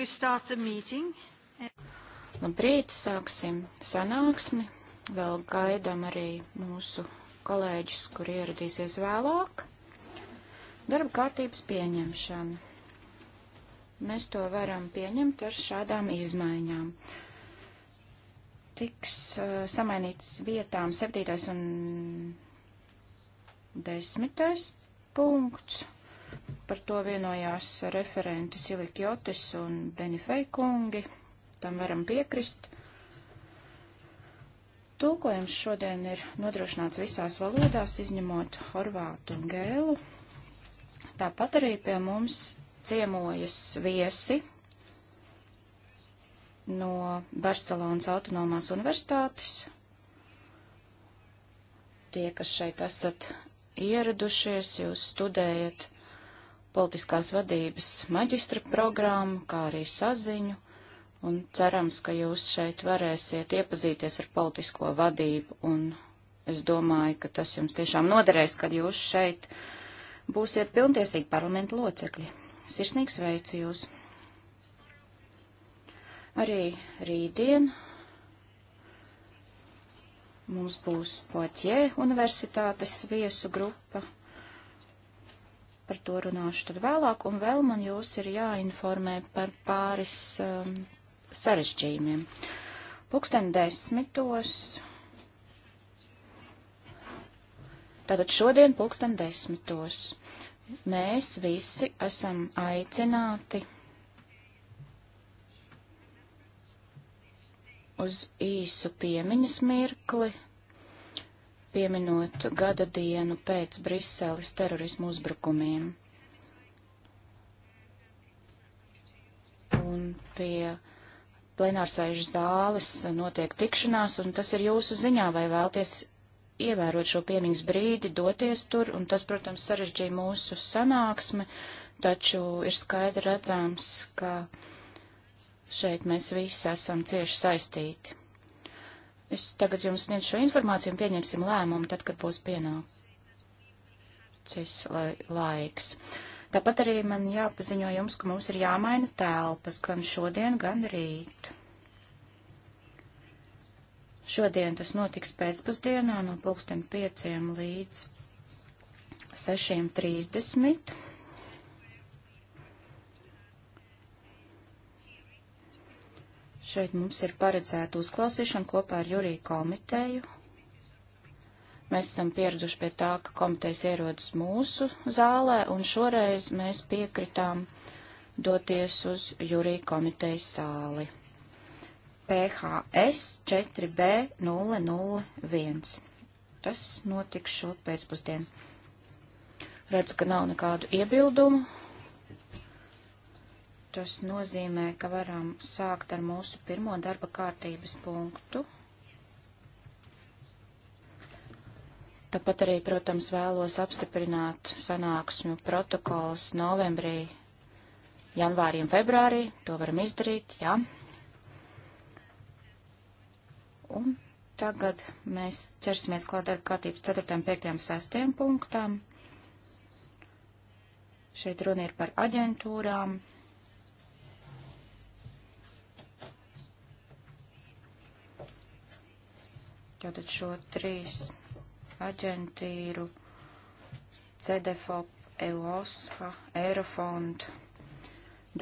We start the meeting. Labrīt, nu, sāksim sanāksmi. Vēl gaidām arī mūsu kolēģis, kur ieradīsies vēlāk. Darba kārtības pieņemšana. Mēs to varam pieņemt ar šādām izmaiņām. Tiks uh, samainīts vietām 7. un 10. punkts. Par to vienojās referenti Silik Jotis un Benifei kungi. Tam varam piekrist. Tulkojums šodien ir nodrošināts visās valodās, izņemot horvātu un gēlu. Tāpat arī pie mums ciemojas viesi no Barcelonas autonomās universitātes. Tie, kas šeit esat ieradušies, jūs studējat politiskās vadības maģistra programmu, kā arī saziņu, un cerams, ka jūs šeit varēsiet iepazīties ar politisko vadību, un es domāju, ka tas jums tiešām noderēs, kad jūs šeit būsiet pilntiesīgi parlamenta locekļi. Sirsnīgi sveicu jūs! Arī rītdien mums būs Poitie universitātes viesu grupa par to runāšu tad vēlāk, un vēl man jūs ir jāinformē par pāris um, sarežģījumiem. Puksten desmitos. Tātad šodien pulksten desmitos mēs visi esam aicināti uz īsu piemiņas mirkli pieminot gada dienu pēc Briseles terorismu uzbrukumiem. Un pie plenārsēžu zāles notiek tikšanās, un tas ir jūsu ziņā, vai vēlties ievērot šo piemiņas brīdi, doties tur, un tas, protams, sarežģīja mūsu sanāksmi, taču ir skaidri redzams, ka šeit mēs visi esam cieši saistīti. Es tagad jums sniegšu šo informāciju un pieņemsim lēmumu tad, kad būs pienācis lai, laiks. Tāpat arī man jāpaziņo jums, ka mums ir jāmaina telpas gan šodien, gan rīt. Šodien tas notiks pēcpusdienā no pulksten 5 līdz 6.30. Šeit mums ir paredzēta uzklausīšana kopā ar Juriju komiteju. Mēs esam pieraduši pie tā, ka komitejas ierodas mūsu zālē, un šoreiz mēs piekritām doties uz Juriju komitejas zāli. PHS 4B001. Tas notiks šo pēcpusdienu. Redz, ka nav nekādu iebildumu, Tas nozīmē, ka varam sākt ar mūsu pirmo darba kārtības punktu. Tāpat arī, protams, vēlos apstiprināt sanāksmju protokols novembrī, janvārī un februārī. To varam izdarīt, jā. Un tagad mēs ķersimies klāt darba kārtības 4., 5., 6. punktām. Šeit runa ir par aģentūrām. tātad šo trīs aģentīru CDFOP, EUOSHA, Eirofond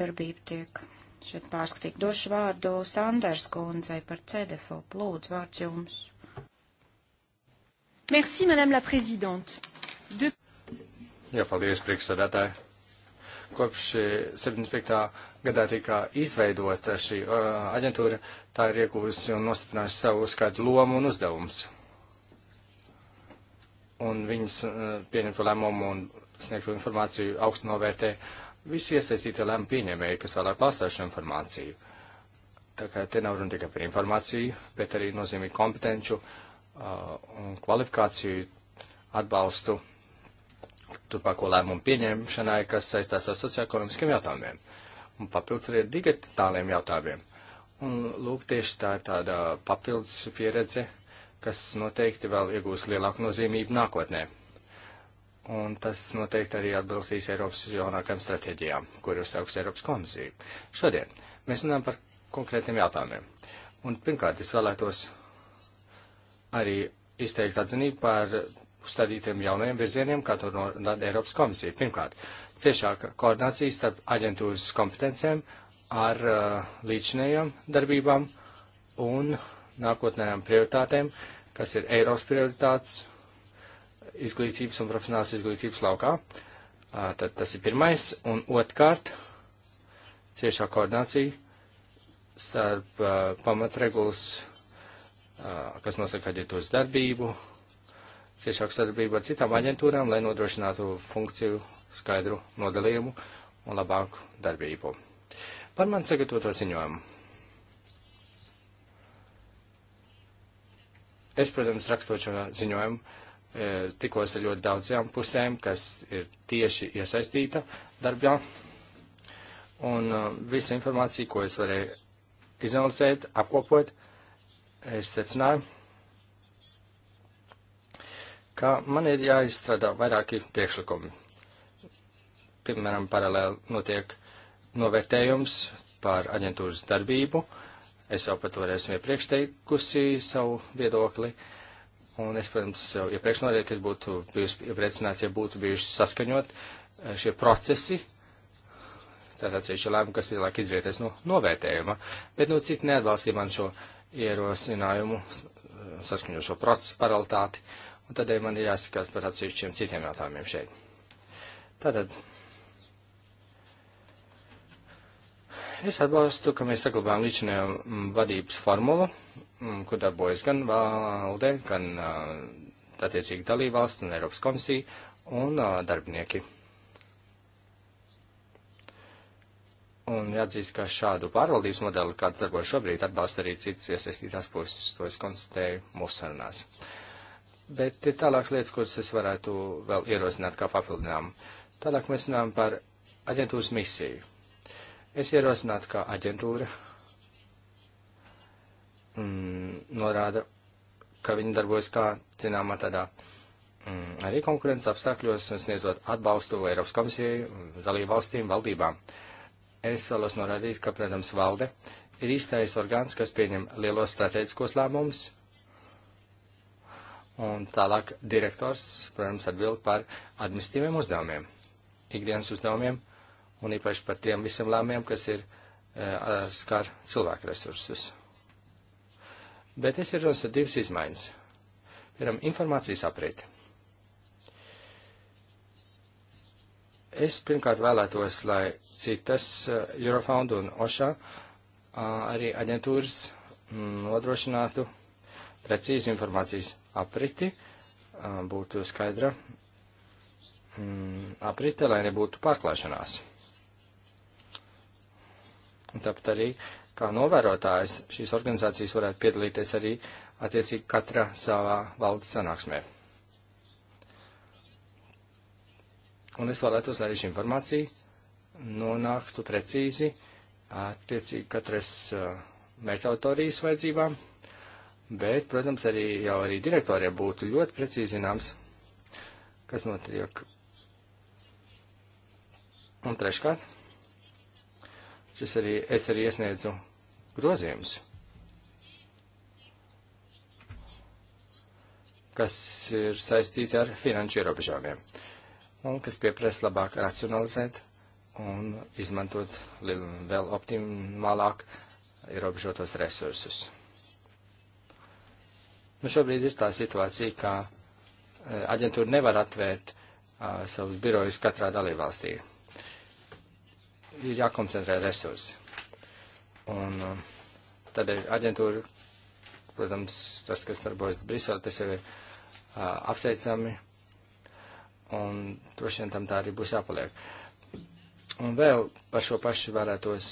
darbība tiek šeit pārskatīt. Došu vārdu Sanders kundzei par CDFOP. Lūdzu, vārds jums. Merci, madame la présidente. De... Jā, paldies, priekšsēdētāji. Kopš 75. Eh, gadā tika izveidota šī eh, aģentūra, tā ir iegūusi un nostiprinājusi savu uzskaitu lomu un uzdevums. Un viņas eh, pieņemto lēmumu un sniegto informāciju augstu novērtē visi iesaistītie lēmumu pieņēmēji, kas vēlāk pārstāv šo informāciju. Tā kā te nav runa tikai par informāciju, bet arī nozīmīgi kompetenču uh, un kvalifikāciju atbalstu turpāko lēmumu pieņemšanai, kas saistās ar socioekonomiskiem jautājumiem un papildus arī digitāliem jautājumiem. Un lūk, tieši tā ir tāda papildus pieredze, kas noteikti vēl iegūs lielāku nozīmību nākotnē. Un tas noteikti arī atbilstīs Eiropas jaunākajām stratēģijām, kur uzsauks Eiropas komisija. Šodien mēs runājam par konkrētiem jautājumiem. Un pirmkārt, es vēlētos arī izteikt atzinību par uzstādītiem jaunajiem virzieniem, kā to norāda Eiropas komisija. Pirmkārt, ciešāka koordinācija starp aģentūras kompetencēm ar uh, līdzinējām darbībām un nākotnējām prioritātēm, kas ir Eiropas prioritātes izglītības un profesionālas izglītības laukā. Uh, tad tas ir pirmais. Un otrkārt, ciešā koordinācija starp uh, pamatregulas, uh, kas nosaka aģentūras darbību, uh, ciešāku sadarbību ar citām aģentūrām, lai nodrošinātu funkciju skaidru nodalījumu un labāku darbību. Par man sagatavoto ziņojumu. Es, protams, rakstot šo ziņojumu, e, tikos ar ļoti daudzajām pusēm, kas ir tieši iesaistīta darbā. Un e, visa informācija, ko es varēju izanalizēt, apkopot, es secināju, ka man ir jāizstrādā vairāki priekšlikumi. Piemēram, paralēli notiek novērtējums par aģentūras darbību. Es jau par to esmu iepriekš teikusi savu viedokli. Un es, protams, jau iepriekš norēju, ka es būtu bijusi iepriecināta, ja būtu bijuši saskaņot eh, šie procesi. Tātad sevišķi lēmumi, kas ir laik izrieties no novērtējuma. Bet, nu, citi neatbalstīja man šo ierosinājumu eh, saskaņošo procesu paralitāti. Uh, Un tādēļ man ir jāskatās par atsevišķiem citiem jautājumiem šeit. Tātad. Es atbalstu, ka mēs saglabājam līdzinējo vadības formulu, mm, kur darbojas gan valde, gan attiecīgi dalībvalsts un Eiropas komisija un darbinieki. Un jāatzīst, ka šādu pārvaldības modeli, kāds darbojas šobrīd, atbalsta arī citas iesaistītās puses, to es konstatēju mūsu sarunās. Uh, Bet ir tālākas lietas, kuras es varētu vēl ierosināt kā papildinājumu. Tālāk mēs runājam par aģentūras misiju. Es ierosinātu, kā aģentūra mm, norāda, ka viņi darbojas kā, zināmā, tādā mm, arī konkurences apstākļos un sniedzot atbalstu Eiropas komisijai, mm, dalību valstīm, valdībām. Es vēlos norādīt, ka, protams, valde ir īstais orgāns, kas pieņem lielos strateģiskos lēmumus Un tālāk direktors, protams, atbild par administratīviem uzdevumiem, ikdienas uzdevumiem un īpaši par tiem visiem lēmumiem, kas ir e, skar cilvēku resursus. Bet es ir runas ar divas izmaiņas. Piemēram, informācijas aprieti. Es pirmkārt vēlētos, lai citas e, Eurofound un OŠA arī aģentūras mm, nodrošinātu precīzu informācijas apriti, būtu skaidra mm, aprite, lai nebūtu pārklāšanās. Un tāpat arī, kā novērotājs, šīs organizācijas varētu piedalīties arī attiecīgi katra savā valdes sanāksmē. Un es vēlētos, lai šī informācija nonāktu precīzi attiecīgi katras mērķautorijas vajadzībām Bet, protams, arī jau arī direktoriem būtu ļoti precīzi zināms, kas notiek. Un treškārt, šis arī, es arī iesniedzu grozījumus, kas ir saistīti ar finanšu ierobežojumiem un kas pieprasa labāk racionalizēt un izmantot vēl optimālāk ierobežotos resursus. Nu, šobrīd ir tā situācija, ka e, aģentūra nevar atvērt uh, savus birojus katrā dalībvalstī. Ir jākoncentrē resursi. Un uh, tādēļ aģentūra, protams, tas, kas darbojas Briselē, tas jau ir uh, apsveicami. Un droši vien tam tā arī būs jāpaliek. Un vēl par šo pašu varētos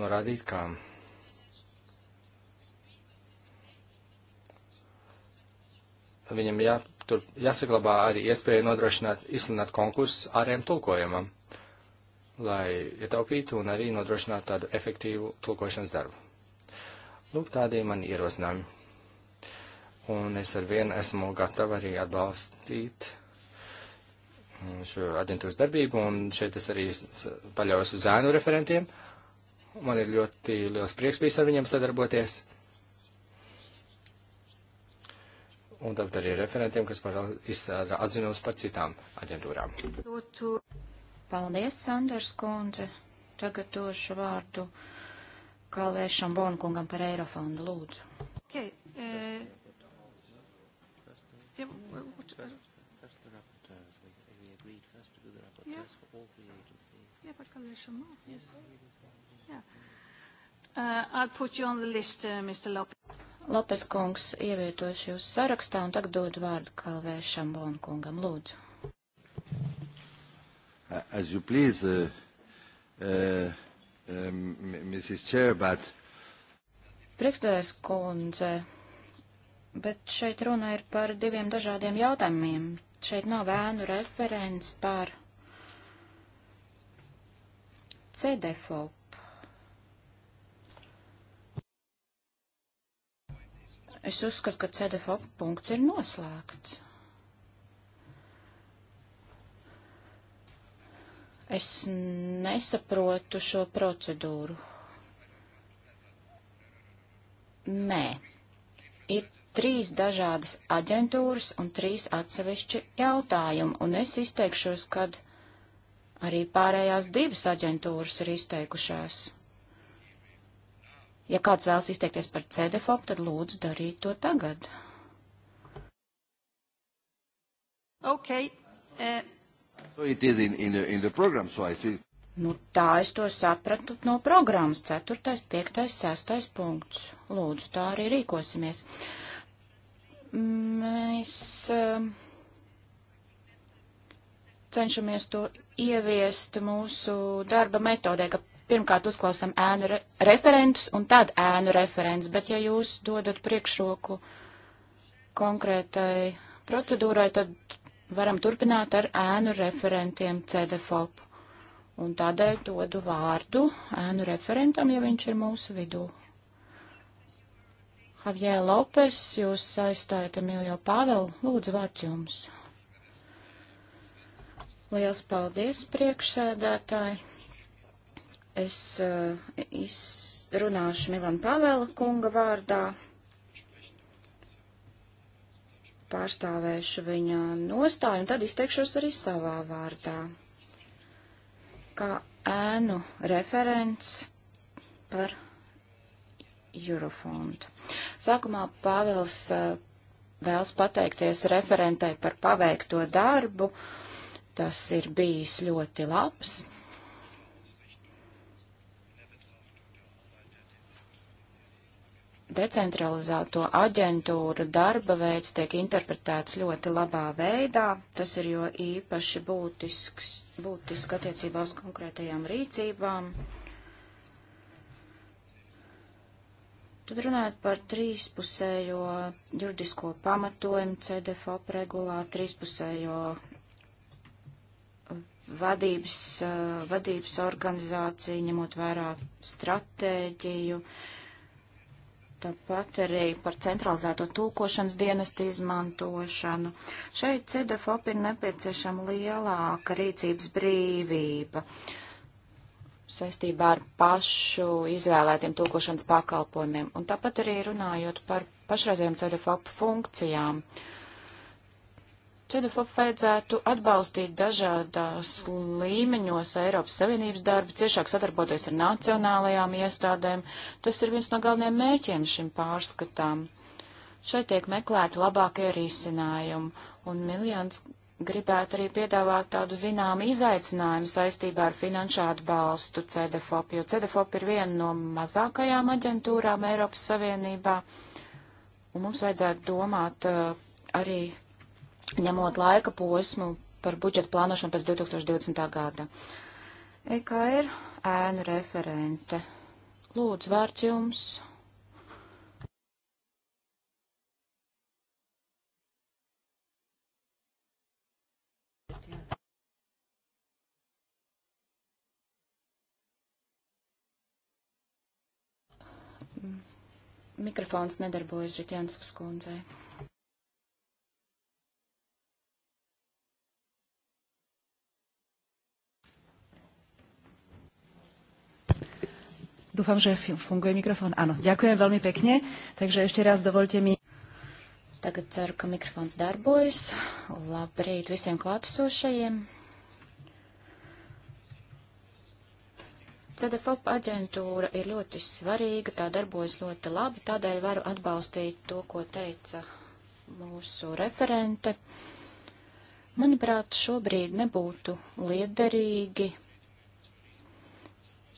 norādīt, kā. Ka viņam jā, tur jāsaglabā arī iespēja nodrošināt, izsludināt konkursus ārējiem tulkojumam, lai ietaupītu un arī nodrošinātu tādu efektīvu tulkošanas darbu. Lūk, tādi ir mani ierosinājumi. Un es ar vienu esmu gatava arī atbalstīt mm, šo aģentūras darbību, un šeit es arī paļaujos uz ēnu referentiem. Man ir ļoti liels prieks bijis ar viņiem sadarboties. un tad arī referentiem, kas par izstrādā atzinos par citām aģentūrām. Paldies, Sanders kundze. Tagad došu vārdu Kalvēšam Bonkungam par Eirofondu lūdzu. Okay, uh, yeah, what, uh, Yeah. for all three agencies. Yeah, but can there's some more. Yes. Yeah. Uh, I'll put you on the list, uh, Mr. Lopez. Lopes kungs ievietošu jūs sarakstā un tagad dodu vārdu Kalvē Šambon kungam. Lūdzu. Uh, as you please, uh, uh, um, Mrs. Chair, but... Priekšstādājs kundze, bet šeit runa ir par diviem dažādiem jautājumiem. Šeit nav vēnu referents par CDFOP Es uzskatu, ka CDFO punkts ir noslēgts. Es nesaprotu šo procedūru. Nē. Ir trīs dažādas aģentūras un trīs atsevišķi jautājumi, un es izteikšos, kad arī pārējās divas aģentūras ir izteikušās. Ja kāds vēlas izteikties par CDFOP, tad lūdzu darīt to tagad. Okay. Uh. So it is in, in, the, in the program, so I see. Nu, tā es to sapratu no programmas 4., 5., 6. punkts. Lūdzu, tā arī rīkosimies. Mēs uh, cenšamies to ieviest mūsu darba metodē, ka pirmkārt uzklausām ēnu re referentus un tad ēnu referents, bet ja jūs dodat priekšroku konkrētai procedūrai, tad varam turpināt ar ēnu referentiem CDFOP. Un tādēļ dodu vārdu ēnu referentam, ja viņš ir mūsu vidū. Javjē Lopes, jūs aizstājat Emilio Pāvelu, lūdzu vārds jums. Liels paldies, priekšsēdētāji! Es eh, runāšu Milana Pavela kunga vārdā, pārstāvēšu viņa nostāju un tad izteikšos arī savā vārdā. Kā ēnu referents par Eurofondu. Sākumā Pāvils eh, vēlas pateikties referentai par paveikto darbu. Tas ir bijis ļoti labs. decentralizēto aģentūru darba veids tiek interpretēts ļoti labā veidā. Tas ir jo īpaši būtisks, būtiski attiecībā uz konkrētajām rīcībām. Tad runājot par trīspusējo juridisko pamatojumu CDFOP regulā, trīspusējo vadības, eh, vadības organizāciju, ņemot vērā stratēģiju, uh, Tāpat arī par centralizēto tūkošanas dienestu izmantošanu. Šeit CDFOP ir nepieciešama lielāka rīcības brīvība saistībā ar pašu izvēlētiem tūkošanas pakalpojumiem. Un tāpat arī runājot par pašreizējiem CDFOP funkcijām. Uh, CEDEFOP vajadzētu atbalstīt dažādās līmeņos Eiropas Savienības darbu, ciešāk sadarboties ar nacionālajām iestādēm. Tas ir viens no galvenajiem mērķiem šim pārskatām. Šeit tiek meklēti labākie risinājumi, un Miljans gribētu arī piedāvāt tādu zināmu izaicinājumu saistībā ar finanšu atbalstu CEDEFOP, jo CEDEFOP ir viena no mazākajām aģentūrām Eiropas Savienībā, un mums vajadzētu domāt uh, arī ņemot laika posmu par budžetu plānošanu pēc 2020. gada. EKR ēnu referente. Lūdzu, vārds jums. Mikrofons nedarbojas Žitjanskas kundzei. Dúfam, že funguje mikrofón. Áno, ďakujem veľmi pekne. Takže ešte raz dovolte mi. Tagad ceru, ka mikrofons darbojas. Labrīt visiem klātesošajiem. CDFOP aģentūra ir ļoti svarīga, tā darbojas ļoti labi, tādēļ varu atbalstīt to, ko teica mūsu referente. Manuprāt, šobrīd nebūtu liederīgi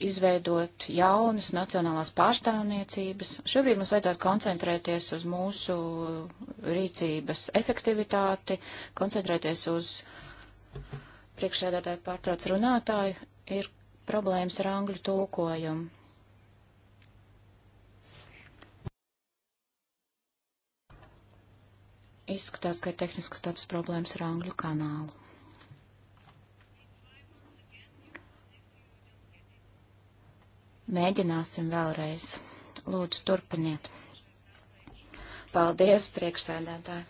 izveidot jaunas nacionālās pārstāvniecības. Šobrīd mums vajadzētu koncentrēties uz mūsu rīcības efektivitāti, koncentrēties uz priekšsēdētāju pārtrauc runātāju. Ir problēmas ar angļu tulkojumu. Izskatās, ka ir tehniskas taps problēmas ar angļu kanālu. Mēģināsim vēlreiz. Lūdzu, turpiniet. Paldies, priekšsēdētāji.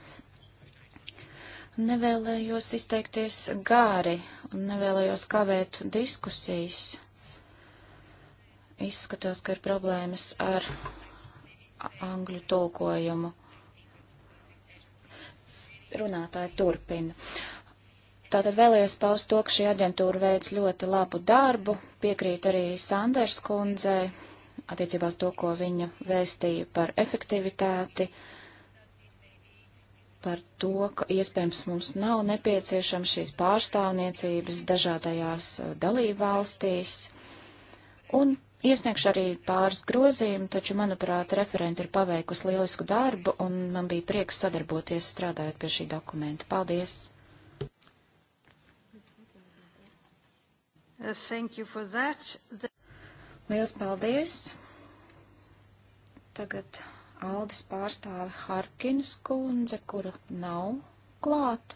Nevēlējos izteikties gāri un nevēlējos kavēt diskusijas. Izskatās, ka ir problēmas ar angļu tulkojumu. Runātāji turpina. Uh, Tātad vēlējos paust to, ka šī aģentūra veic ļoti labu darbu, piekrīt arī Sanders kundzei attiecībās to, ko viņa vēstīja par efektivitāti, par to, ka iespējams mums nav nepieciešams šīs pārstāvniecības dažādajās eh, dalību valstīs. Un iesniegšu arī pāris grozījumu, taču, manuprāt, referenti ir paveikusi lielisku darbu, un man bija prieks sadarboties strādājot pie šī dokumenta. Paldies! Uh, thank you for that. The... Liels paldies. Tagad Aldis pārstāve Harkinas kundze, kura nav klāt.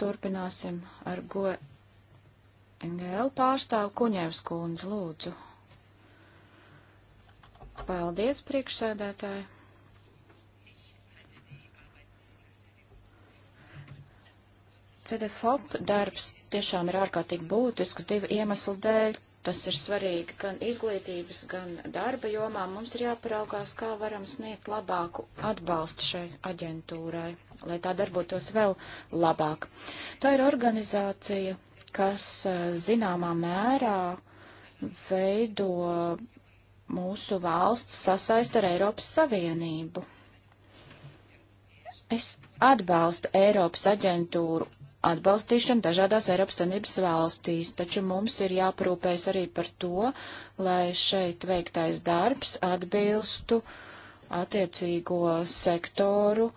Turpināsim ar go NGL pārstāvu Kuņevs kundze, lūdzu. Paldies, priekšsēdētāji. CDFOP darbs tiešām ir ārkārtīgi būtisks divu iemeslu dēļ. Tas ir svarīgi gan izglītības, gan darba jomā. Mums ir jāparaugās, kā varam sniegt labāku atbalstu šai aģentūrai, lai tā darbotos vēl labāk. Tā ir organizācija, kas zināmā mērā veido mūsu valsts sasaist ar Eiropas Savienību. Es atbalstu Eiropas aģentūru atbalstīšanu dažādās Eiropas Savienības valstīs, taču mums ir jāprūpējas arī par to, lai šeit veiktais darbs atbilstu attiecīgo sektoru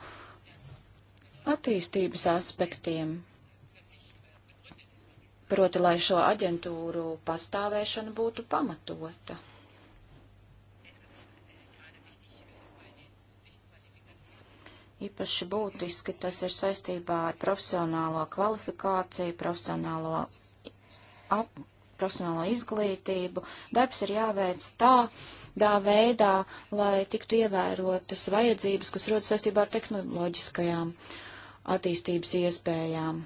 attīstības aspektiem. Proti, lai šo aģentūru pastāvēšana būtu pamatota. Īpaši būtiski tas ir saistībā ar profesionālo kvalifikāciju, profesionālo, ap, profesionālo izglītību. Darbs ir jāveic tā, tā veidā, lai tiktu ievērotas vajadzības, kas rodas saistībā ar tehnoloģiskajām attīstības iespējām.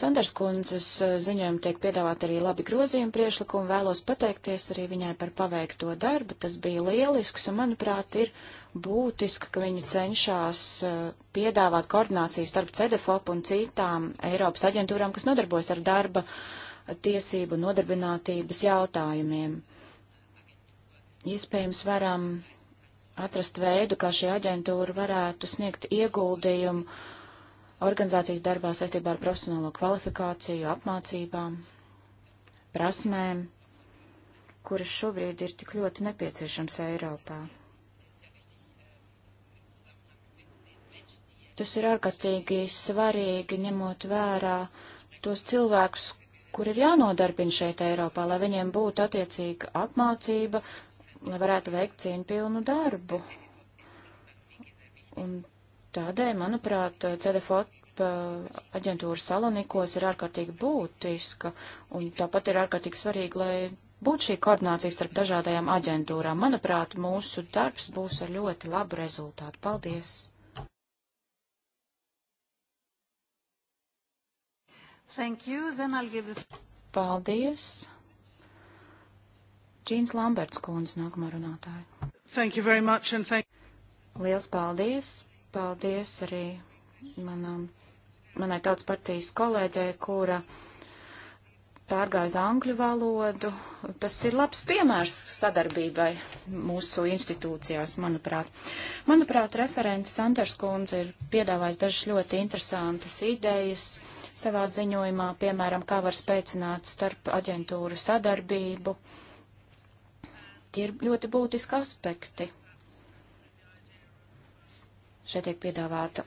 Sanders kundzes eh, ziņojumu tiek piedāvāt arī labi grozījumi priešlikumi. Vēlos pateikties arī viņai par paveikto darbu. Tas bija lielisks un, manuprāt, ir būtiska, ka viņi cenšas eh, piedāvāt koordināciju starp CDFOP un citām Eiropas aģentūrām, kas nodarbojas ar darba tiesību nodarbinātības jautājumiem. Iespējams, varam atrast veidu, kā šī aģentūra varētu sniegt ieguldījumu organizācijas darbā saistībā ar profesionālo kvalifikāciju, apmācībām, prasmēm, kuras šobrīd ir tik ļoti nepieciešams Eiropā. Tas ir ārkārtīgi svarīgi, ņemot vērā tos cilvēkus, kur ir jānodarbina šeit Eiropā, lai viņiem būtu attiecīga apmācība, lai varētu veikt cīņpilnu darbu. Un tādēļ, manuprāt, CDFOT eh, aģentūra Salonikos ir ārkārtīgi būtiska, un tāpat ir ārkārtīgi svarīgi, lai būtu šī koordinācija starp dažādajām aģentūrām. Manuprāt, mūsu darbs būs ar ļoti labu rezultātu. Paldies! Thank you. Then I'll give the... Paldies. Džīns Lamberts kundze nākamā runātāja. Thank you very much and thank Liels paldies. Paldies arī manam, manai tautas partijas kolēģei, kura pārgāja uz angļu valodu. Tas ir labs piemērs sadarbībai mūsu institūcijās, manuprāt. Manuprāt, referents Sanders kundze ir piedāvājis dažas ļoti interesantas idejas savā ziņojumā, piemēram, kā var spēcināt starp aģentūru sadarbību. Tie ir ļoti būtiski aspekti. Šeit tiek piedāvāta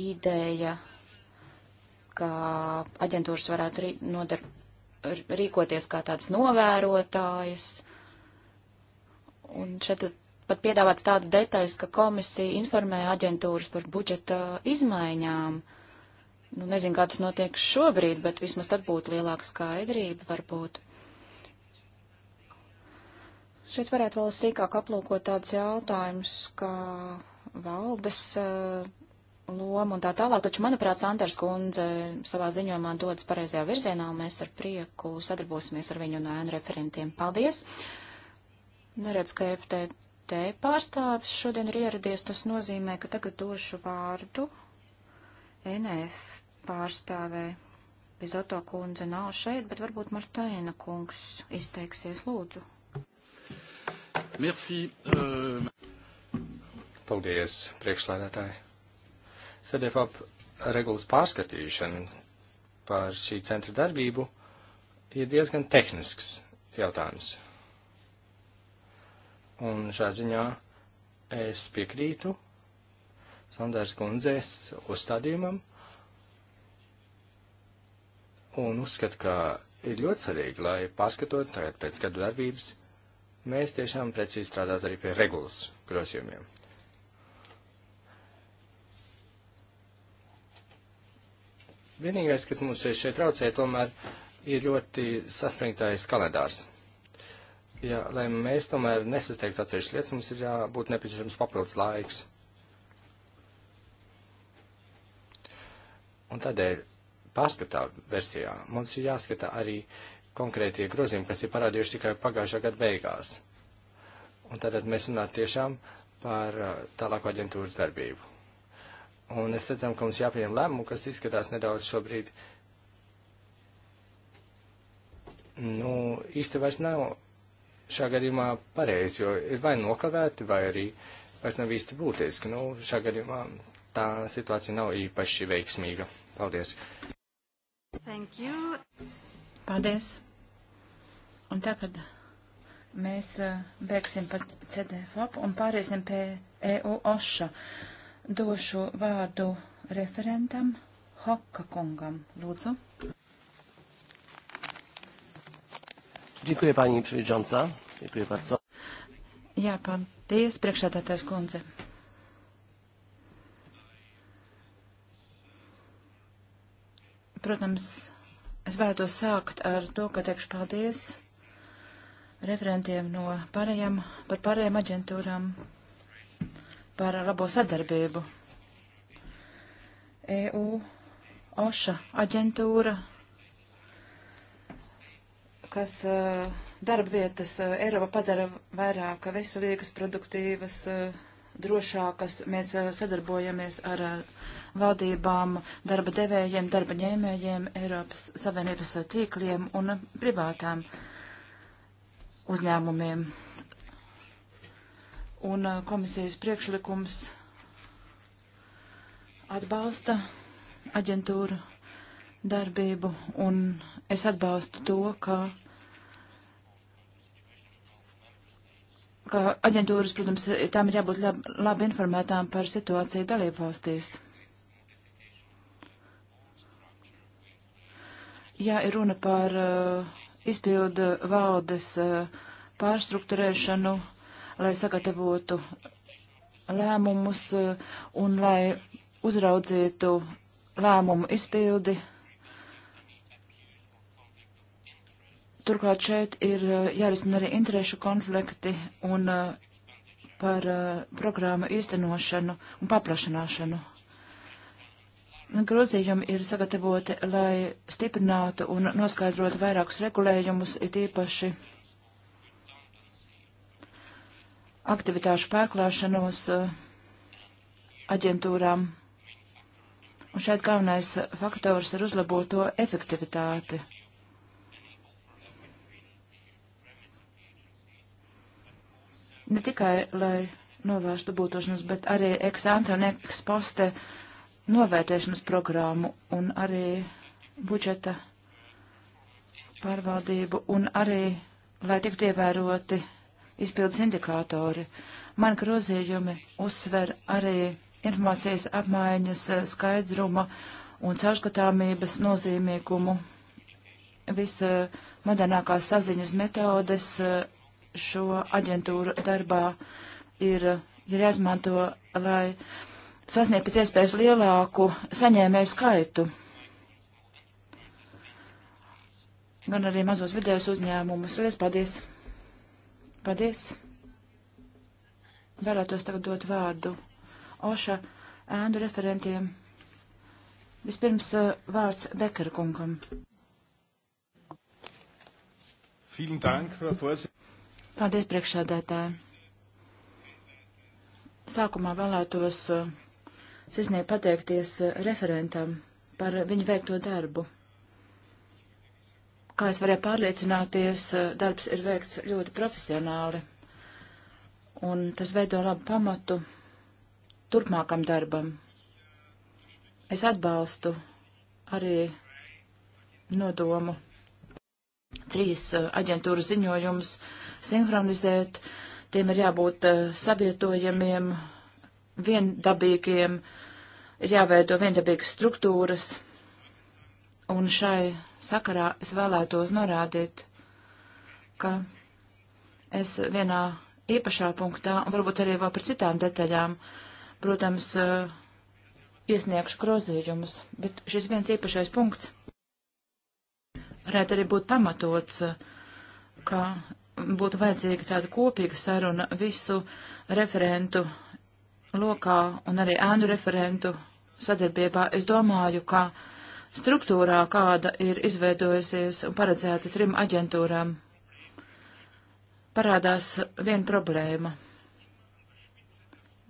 ideja, ka aģentūras varētu rī, nodar, rīkoties kā tāds novērotājs. Un šeit pat piedāvāts tāds detaļas, ka komisija informē aģentūras par budžeta izmaiņām. Uh, Nu, nezinu, kā tas notiek šobrīd, bet vismaz tad būtu lielāka skaidrība varbūt. Šeit varētu vēl sīkāk aplūkot tādus jautājumus, kā valdes uh, loma un tā tālāk, taču, manuprāt, Sanders kundze savā ziņojumā dodas pareizajā virzienā, un mēs ar prieku sadarbosimies ar viņu un ēnu referentiem. Paldies! Neredz, ka FTT pārstāvis šodien ir ieradies, tas nozīmē, ka tagad došu vārdu NF pārstāvē Bizoto kundze nav šeit, bet varbūt Martaina kungs izteiksies lūdzu. Merci. Uh... Paldies, priekšlēdētāji. SEDEFAP regulas pārskatīšana par šī centra darbību ir diezgan tehnisks jautājums. Un šā ziņā es piekrītu Sandērs kundzes uzstādījumam, un uzskatu, ka ir ļoti svarīgi, lai pārskatot tagad pēc gadu darbības, mēs tiešām precīzi strādātu arī pie regulas grozījumiem. Vienīgais, kas mums šeit traucē, tomēr ir ļoti saspringtais kalendārs. Ja, lai mēs tomēr nesasteigtu atsevišķas lietas, mums ir jābūt nepieciešams papildus laiks. Un tādēļ pārskatā versijā mums ir jāskata arī konkrētie grozījumi, kas ir parādījuši tikai pagājušā gada beigās. Un tad mēs runājam tiešām par uh, tālāko aģentūras darbību. Un es redzam, ka mums jāpieņem lēmumu, kas izskatās nedaudz šobrīd, nu, īsti vairs nav šā gadījumā pareizi, jo ir vai nokavēti, vai arī vairs nav īsti būtiski. Nu, šā gadījumā tā situācija nav īpaši veiksmīga. Paldies! Thank you. Paldies. Un tagad mēs eh, bēgsim pa CDFOP un pāriesim pie EU OŠA. Došu vārdu referentam Hokka kungam. Lūdzu. Dziekuja, paņi, Dziekuja, Jā, paldies, priekšsēdētājs kundze. Protams, es vēlētos sākt ar to, ka teikšu paldies referentiem no pārējām, par pārējām aģentūrām par labo sadarbību. EU OŠA aģentūra, kas uh, darba vietas uh, Eiropa padara vairāk veselīgas, produktīvas, uh, drošākas. Mēs sadarbojamies ar valdībām, darba devējiem, darba ņēmējiem, Eiropas Savienības tīkliem un privātām uzņēmumiem. Un uh, komisijas priekšlikums atbalsta aģentūru darbību, un es atbalstu to, ka, ka aģentūras, protams, tām ir jābūt labi informētām par situāciju dalībvalstīs. valstīs. ja ir runa par uh, izpildu valdes uh, pārstruktūrēšanu, lai sagatavotu lēmumus uh, un lai uzraudzītu lēmumu izpildi. Turklāt šeit ir jārisina arī interešu konflikti un par programmu īstenošanu un paplašanāšanu grozījumi ir sagatavoti, lai stiprinātu un noskaidrotu vairākus regulējumus, it īpaši aktivitāšu pārklāšanos eh, aģentūrām. Un šeit galvenais faktors ir uzlabot to efektivitāti. Ne tikai, lai novērstu būtošanas, bet arī eksante un eksposte uh, novērtēšanas programmu un arī budžeta pārvaldību un arī, lai tiktu ievēroti izpildes indikātori. Man grozījumi uzsver arī informācijas apmaiņas eh, skaidruma un caurskatāmības nozīmīgumu, visa modernākās saziņas metodes eh, šo aģentūru darbā ir, ir jāizmanto, lai uh, sasniegt pēc iespējas lielāku saņēmēju skaitu. Gan arī mazos vidējos uzņēmumus. Lies, paldies! Paldies! Vēlētos tagad dot vārdu Oša ēnu referentiem. Vispirms eh, vārds Bekara kungam. Paldies priekšsēdētāji. Sākumā vēlētos uh, sirsnīgi pateikties eh, referentam par viņu veikto darbu. Kā es varēju pārliecināties, eh, darbs ir veikts ļoti profesionāli, un tas veido labu pamatu turpmākam darbam. Es atbalstu arī nodomu trīs eh, aģentūras ziņojumus sinhronizēt, tiem ir jābūt savietojamiem, uh, viendabīgiem, ir jāveido viendabīgas struktūras, un šai sakarā es vēlētos norādīt, ka es vienā īpašā punktā, un varbūt arī vēl par citām detaļām, protams, eh, iesniegšu grozījumus, bet šis viens īpašais punkts varētu arī būt pamatots, ka būtu vajadzīga tāda kopīga saruna visu referentu lokā un arī ēnu referentu sadarbībā, es domāju, ka struktūrā, kāda ir izveidojusies un paredzēta trim aģentūrām, parādās viena problēma.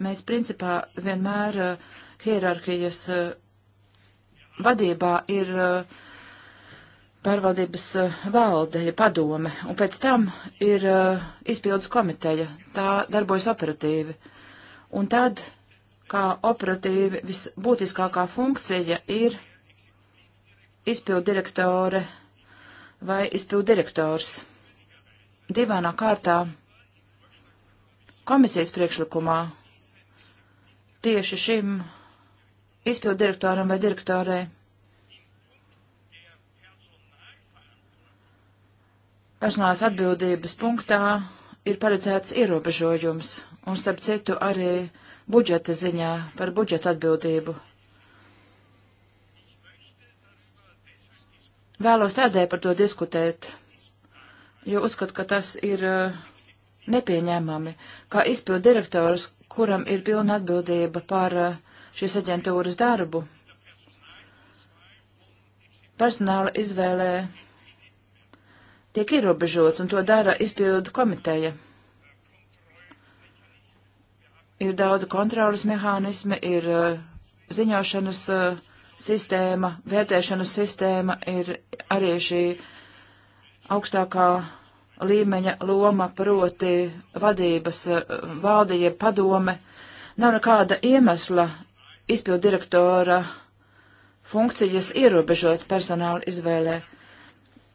Mēs principā vienmēr uh, hierarhijas uh, vadībā ir uh, pārvaldības valde, padome, un pēc tam ir izpildus komiteja. Tā darbojas operatīvi. Uh, Un tad, kā operatīvi visbūtiskākā funkcija ir izpildirektore vai izpildirektors. Divānā kārtā komisijas priekšlikumā tieši šim izpildirektoram vai direktorei personālās atbildības punktā ir paredzēts ierobežojums, un starp citu arī budžeta ziņā par budžeta atbildību. Vēlos tādēļ par to diskutēt, jo uzskatu, ka tas ir eh, nepieņēmami, kā izpildu direktors, kuram ir pilna atbildība par eh, šīs aģentūras darbu. Personāla izvēlē tiek ierobežots, un to dara izpildu komiteja. Ir daudz kontrolas mehānismi, ir uh, ziņošanas uh, sistēma, vērtēšanas sistēma, ir arī šī augstākā līmeņa loma, proti vadības uh, eh, valdīja padome. Nav nekāda iemesla izpildu direktora funkcijas ierobežot personāla izvēlē. Uh,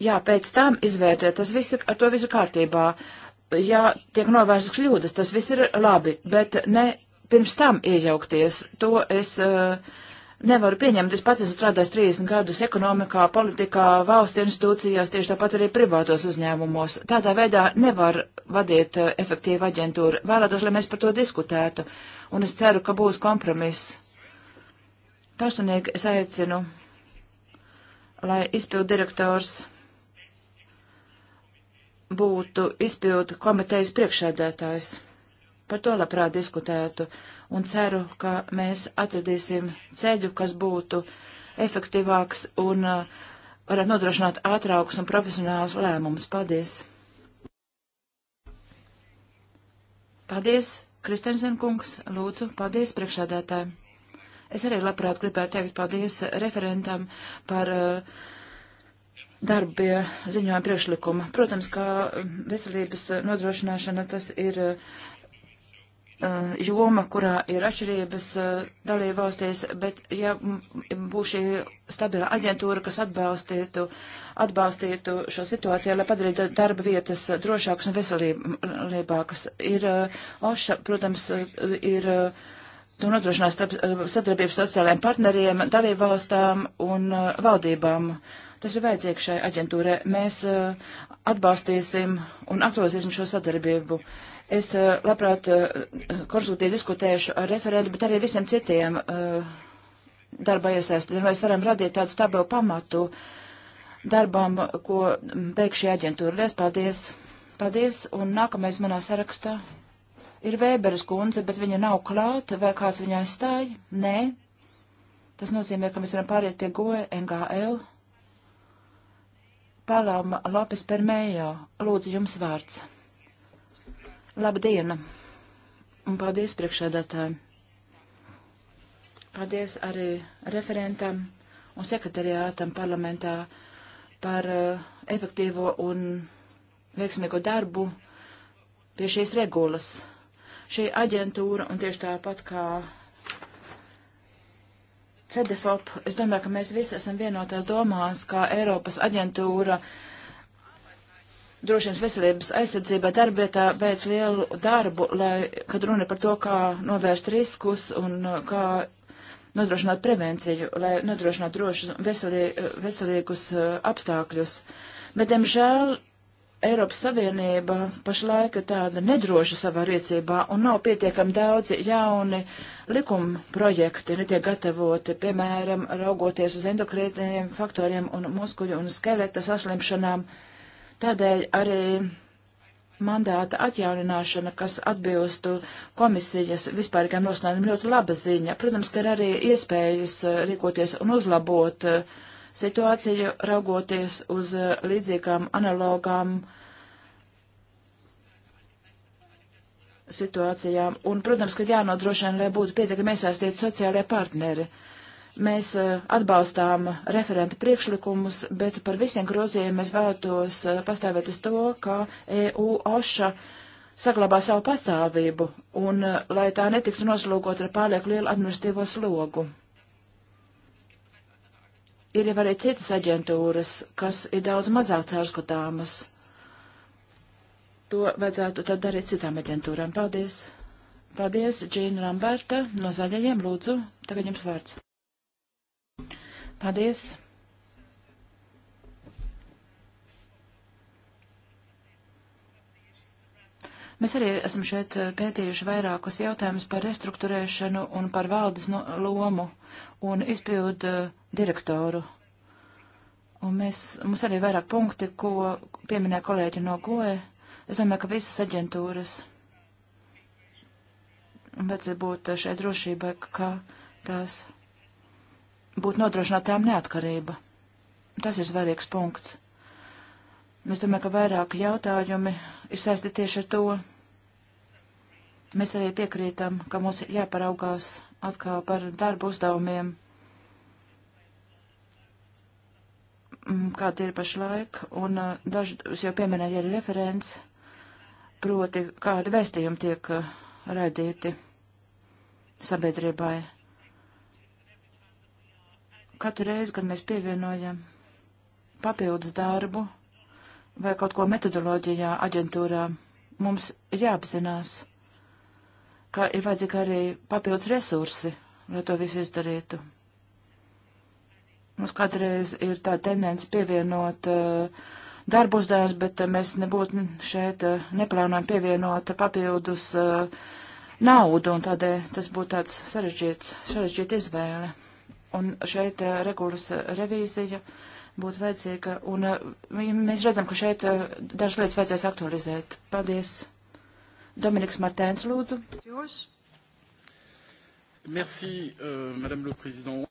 jā, pēc tam izvērtē, tas viss ir, ar to visu kārtībā. Jā, tiek novērstas kļūdas, tas viss ir labi, bet ne pirms tam iejaukties. To es uh, nevaru pieņemt. Es pats esmu strādājis 30 gadus ekonomikā, politikā, valsts institūcijās, tieši tāpat arī privātos uzņēmumos. Tādā veidā nevar vadīt uh, efektīvu aģentūru. Vēlētos, lai mēs par to diskutētu, un es ceru, ka būs kompromiss. Personīgi es aicinu, lai izpildu direktors būtu izpildu komitejas priekšēdētājs. Par to labprāt diskutētu un ceru, ka mēs atradīsim ceļu, kas būtu efektīvāks un uh, varētu nodrošināt ātrākus un profesionālus lēmumus. Paldies! Paldies, Kristensen kungs, lūdzu, paldies priekšādātājiem. Es arī labprāt gribētu teikt paldies referentam par uh, darbu pie ziņojuma priekšlikuma. Protams, kā mm, veselības eh, nodrošināšana tas ir uh, joma, kurā ir atšķirības uh, dalība valstīs, bet mm, ja būs šī stabilā aģentūra, kas atbalstītu, atbalstītu šo situāciju, lai padarītu darba vietas drošākas un veselībākas, ir uh, OŠA, protams, ir. To nodrošinās starp sadarbību sociālajiem partneriem, dalībvalstām un valdībām. Uh, Tas ir vajadzīgs šai aģentūrai. Mēs uh, atbalstīsim un aktualizēsim šo sadarbību. Es uh, labprāt uh, eh, konsultēju, diskutēšu ar referentu, bet arī visiem citiem darba iesaistītiem. Mēs varam radīt tādu stabilu pamatu darbam, ko beig mm, šī aģentūra. Lies, paldies! Paldies! Un nākamais manā sarakstā ir Vēberas kundze, bet viņa nav klāta, vai kāds viņai stāja? Nē. Tas nozīmē, ka mēs varam pāriet pie GOE, NGL. Palama Lopes Permējo. Lūdzu, jums vārds. Labdien! Un paldies priekšādātājiem. Paldies arī referentam un sekretariātam parlamentā par uh, efektīvo un veiksmīgo darbu pie šīs regulas. Šī aģentūra un tieši tāpat kā CDFOP, es domāju, ka mēs visi esam vienotās domās, kā Eiropas aģentūra drošības veselības aizsardzībā darbietā veic lielu darbu, lai, kad runa par to, kā novērst riskus un uh, kā nodrošināt prevenciju, lai nodrošinātu drošus uh, veselīgus uh, apstākļus. Bet, diemžēl, Eiropas Savienība pašlaik ir tāda nedroša savā rīcībā un nav pietiekami daudzi jauni likuma projekti, netiek gatavoti, piemēram, raugoties uz endokrītiem faktoriem un muskuļu un skeleta saslimšanām. Tādēļ arī mandāta atjaunināšana, kas atbilstu komisijas vispārīgām nosnādēm, ļoti laba ziņa. Protams, ka ir arī iespējas uh, rīkoties un uzlabot uh, situāciju, raugoties uz eh, līdzīgām analogām situācijām. Un, protams, ka jānodrošina, lai būtu pietiekami iesaistīti sociālie partneri. Mēs eh, atbalstām referenta priekšlikumus, bet par visiem grozījumiem mēs vēlētos eh, pastāvēt uz to, ka EU OŠA saglabā savu pastāvību un lai tā netiktu noslogot ar pārlieku lielu administratīvo slogu ir jau arī citas aģentūras, kas ir daudz mazāk caurskatāmas. To vajadzētu tad darīt citām aģentūrām. Paldies! Paldies, Džīna Lamberta no Zaļajiem, lūdzu, tagad jums vārds. Paldies! Mēs arī esam šeit eh, pētījuši vairākus jautājumus par restruktūrēšanu un par valdes no, lomu un izpildu uh, direktoru. Un mēs, mums arī vairāk punkti, ko pieminē kolēģi no GOE. Es domāju, ka visas aģentūras vajadzētu būt šai drošībai, ka tās būtu nodrošinātām neatkarība. Tas ir svarīgs punkts. Es domāju, ka vairāki jautājumi ir saistīti tieši ar to. Mēs arī piekrītam, ka mums jāparaugās atkal par darbu uzdevumiem, mm, kādi ir pašlaik, un dažus jau pieminēja arī referents, proti, kādi vēstījumi tiek raidīti sabiedrībai. Katru reizi, kad mēs pievienojam papildus darbu vai kaut ko metodoloģijā aģentūrā, mums ir jāapzinās ka ir vajadzīgi arī papildus resursi, lai to visu izdarītu. Mums kādreiz ir tā tendence pievienot uh, darbu uzdevums, bet uh, mēs nebūtu šeit uh, neplānojam pievienot papildus uh, naudu, un tādēļ tas būtu tāds sarežģīts, sarežģīta izvēle. Un šeit uh, regulas uh, revīzija būtu vajadzīga, un mēs redzam, ka šeit dažas lietas vajadzēs aktualizēt. Paldies! Dominiks Martēns, lūdzu. Jūs. Merci, uh, Madame le Président.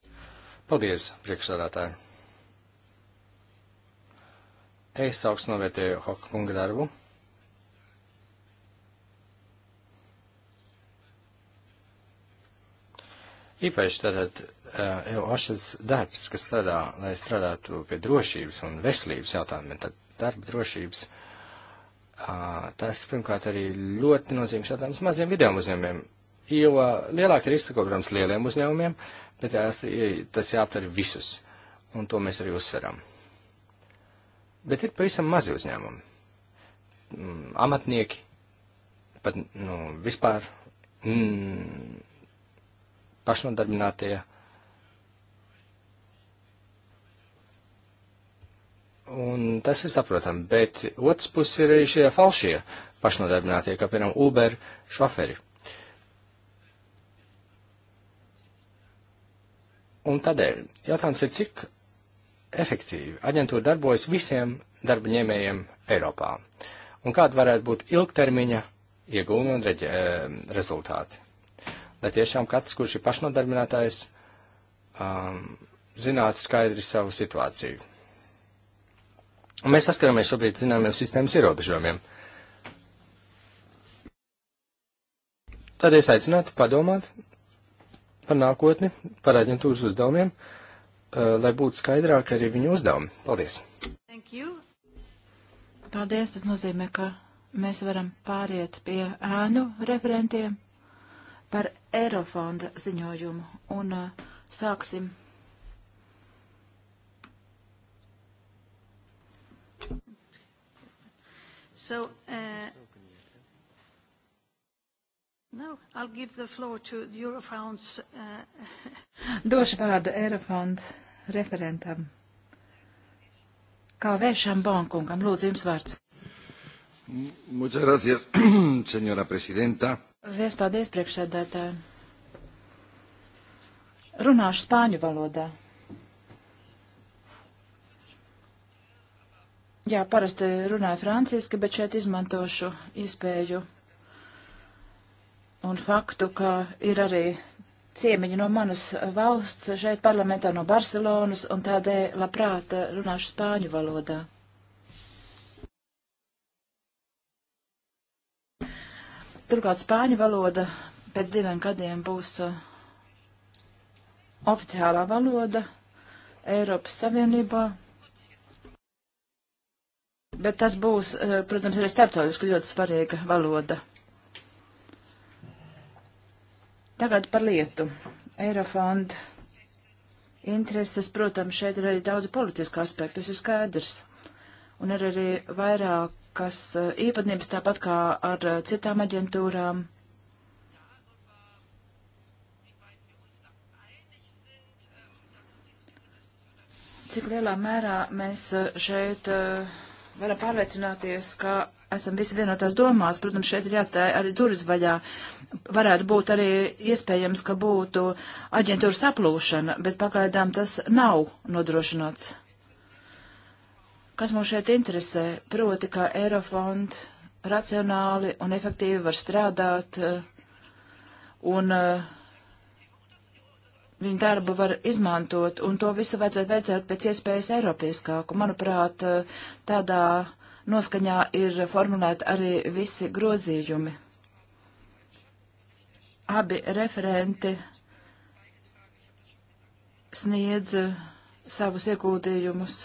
Paldies, priekšsādātāji. Es augstu novērtēju Hokunga darbu. Īpaši tātad uh, Ošas darbs, kas strādā, lai strādātu pie drošības un veselības jautājumiem, tad darba drošības uh, tas, pirmkārt, arī ļoti nozīmīgs jautājums maziem video uzņēmumiem, jo lielāk ir izsakograms lieliem uzņēmumiem, bet tās, tas jāaptver visus, un to mēs arī uzsveram. Bet ir pavisam mazi uzņēmumi, mm, amatnieki, pat, nu, vispār mm, pašnodarbinātie, uh, Un tas ir saprotami, bet otrs puses ir arī šie falšie pašnodarbinātie, kā piemēram Uber šoferi. Un tādēļ jautājums ir, cik efektīvi aģentūra darbojas visiem darba ņēmējiem Eiropā? Un kāda varētu būt ilgtermiņa iegūmi un reģe, eh, rezultāti? Lai tiešām katrs, kurš ir pašnodarbinātājs, um, zinātu skaidri savu situāciju. Un mēs saskaramies šobrīd zināmiem sistēmas ierobežojumiem. Tad es aicinātu padomāt par nākotni, par aģentūras uzdevumiem, uh, lai būtu skaidrāk arī viņu uzdevumi. Paldies! Paldies, tas nozīmē, ka mēs varam pāriet pie ēnu referentiem par Eirofonda ziņojumu un uh, sāksim So, uh, no, I'll give the floor to Eurofound's... Uh, Došu vārdu Eurofond referentam. Kā vēršam bankungam, lūdzu jums vārds. Muchas gracias, señora presidenta. Lies paldies, priekšsēdētāji. Runāšu spāņu valodā. Jā, parasti runāju franciski, bet šeit izmantošu iespēju un faktu, ka ir arī ciemiņi no manas valsts šeit parlamentā no Barcelonas, un tādēļ labprāt runāšu spāņu valodā. Turklāt spāņu valoda pēc diviem gadiem būs uh, oficiālā valoda Eiropas Savienībā, Bet tas būs, eh, protams, arī starptautiski ļoti svarīga valoda. Tagad par lietu. Eirofonda intereses, protams, šeit ir arī daudz politiska aspekta, tas ir skaidrs. Un ir arī vairākas eh, īpatnības, tāpat kā ar eh, citām aģentūrām. Cik lielā mērā mēs šeit uh, varam pārliecināties, ka esam visi vienotās domās. Protams, šeit ir jāatstāja arī durvis vaļā. Varētu būt arī iespējams, ka būtu aģentūras aplūšana, bet pagaidām tas nav nodrošināts. Kas mums šeit interesē? Proti, ka Eirofond racionāli un efektīvi var strādāt eh, un uh, viņu darbu var izmantot, un to visu vajadzētu veidot pēc iespējas eiropieskāku. Manuprāt, tādā noskaņā ir formulēti arī visi grozījumi. Abi referenti sniedz savus iegūdījumus.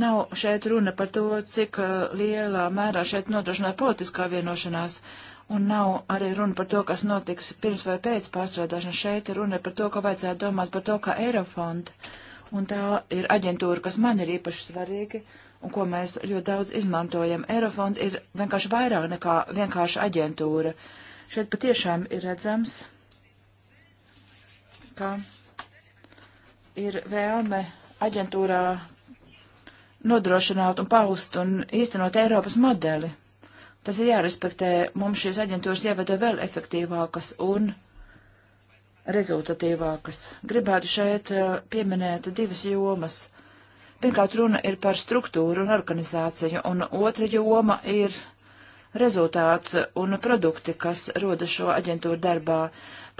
Nav šeit runa par to, cik lielā mērā šeit nodrošināja politiskā vienošanās. Uh, Un nav arī runa par to, kas notiks pirms vai pēc pārstrādāšanas. Šeit ir runa par to, ka vajadzētu domāt par to, kā Eirofonda. Un tā ir aģentūra, kas man ir īpaši svarīga un ko mēs ļoti daudz izmantojam. Eirofonda ir vienkārši vairāk nekā vienkārši aģentūra. Šeit patiešām ir redzams, ka ir vēlme aģentūrā nodrošināt un paust un īstenot Eiropas modeli. Tas ir jārespektē. Mums šīs aģentūras jāveido vēl efektīvākas un rezultatīvākas. Gribētu šeit uh, pieminēt divas jomas. Pirmkārt, runa ir par struktūru un organizāciju, un otra joma ir rezultāts un produkti, kas roda šo aģentūru darbā.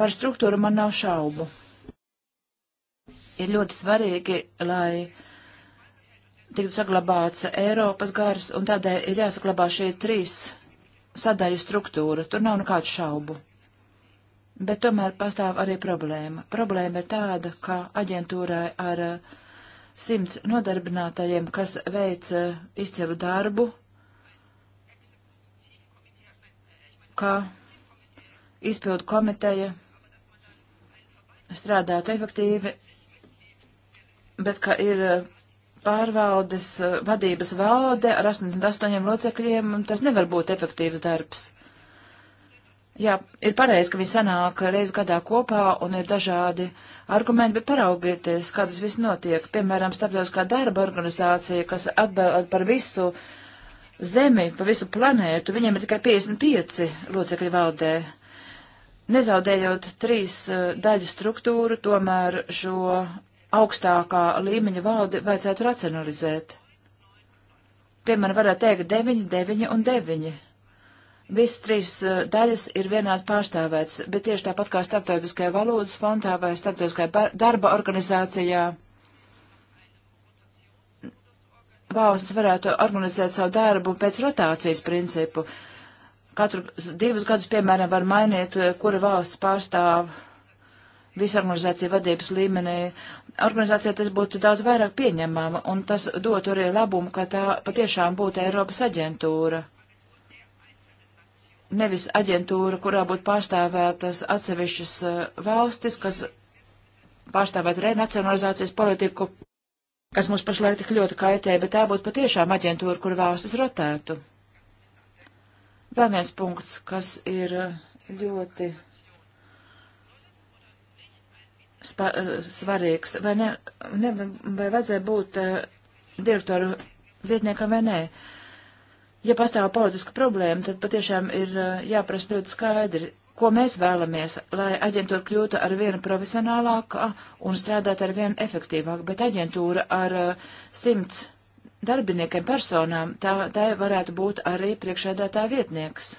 Par struktūru man nav šaubu. Ir ļoti svarīgi, lai tiktu saglabāts Eiropas gars, un tādēļ ir jāsaglabā šie trīs sadaļu struktūra. Tur nav nekādu šaubu. Bet tomēr pastāv arī problēma. Problēma ir tāda, ka aģentūrai ar eh, simts nodarbinātajiem, kas veic eh, izcilu darbu, ka izpildu komiteja strādātu efektīvi, bet ka ir eh, pārvaldes eh, vadības valde ar 88 locekļiem, tas nevar būt efektīvs darbs. Jā, ir pareizi, ka viņi sanāk reiz gadā kopā un ir dažādi argumenti, bet paraugieties, kā tas viss notiek. Piemēram, starptautiskā darba organizācija, kas atbild par visu zemi, par visu planētu, viņiem ir tikai 55 locekļi valdē. Nezaudējot trīs eh, daļu struktūru, tomēr šo augstākā līmeņa valdi vajadzētu racionalizēt. Piemēram, varētu teikt 9, 9 un 9. Visas trīs eh, daļas ir vienādi pārstāvēts, bet tieši tāpat kā starptautiskajā valūtas fondā vai starptautiskajā darba organizācijā valsts varētu organizēt savu darbu pēc rotācijas principu. Katru divus gadus, piemēram, var mainīt, eh, kura valsts pārstāv visu organizāciju vadības līmenī, organizācijā tas būtu daudz vairāk pieņemama, un tas dotu arī labumu, ka tā patiešām būtu Eiropas aģentūra. Nevis aģentūra, kurā būtu pārstāvētas atsevišķas uh, valstis, kas pārstāvētu renacionalizācijas politiku, kas mums pašlaik tik ļoti kaitē, bet tā būtu patiešām aģentūra, kur valstis rotētu. Vēl viens punkts, kas ir uh, ļoti spa, eh, svarīgs, vai, ne, ne, vai vajadzēja būt eh, direktoru vietniekam vai nē. Ja pastāv politiska problēma, tad patiešām ir eh, jāprasa ļoti skaidri, ko mēs vēlamies, lai aģentūra kļūtu ar vienu profesionālākā un strādāt ar vienu efektīvāk, bet aģentūra ar simts darbiniekiem personām, tā, tā varētu būt arī priekšēdētā vietnieks.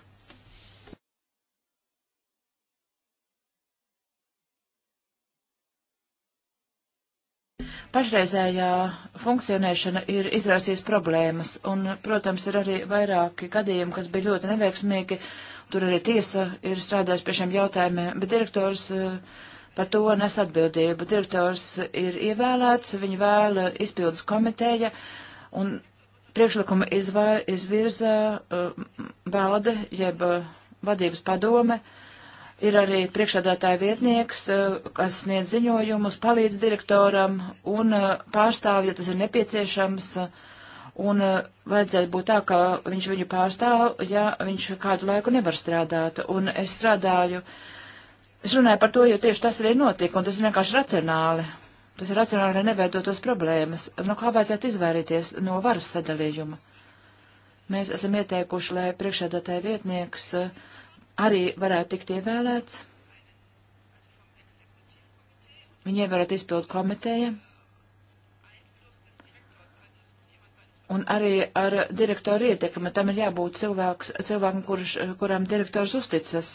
pašreizējā funkcionēšana ir izraisījusi problēmas, un, protams, ir arī vairāki gadījumi, kas bija ļoti neveiksmīgi, tur arī tiesa ir strādājusi pie šiem jautājumiem, bet direktors eh, par to nes atbildību. Direktors ir ievēlēts, viņu vēla izpildes komiteja, un priekšlikumu izvā, izvirza uh, eh, valde, jeb uh, vadības padome. Uh, Ir arī priekšādātāja vietnieks, eh, kas sniedz ziņojumus, palīdz direktoram un eh, pārstāv, ja tas ir nepieciešams. Un eh, vajadzētu būt tā, ka viņš viņu pārstāv, ja viņš kādu laiku nevar strādāt. Un es strādāju, es runāju par to, jo tieši tas arī notiek, un tas ir vienkārši racionāli. Tas ir racionāli, lai neveidotos problēmas. No nu, kā vajadzētu izvairīties no varas sadalījuma? Mēs esam ieteikuši, lai priekšādātāja vietnieks uh, arī varētu tikt ievēlēts. Viņi ievēlēt izpildu komiteja. Un arī ar direktoru ietekmi tam ir jābūt cilvēks, cilvēkam, kurš, kuram direktors uzticas.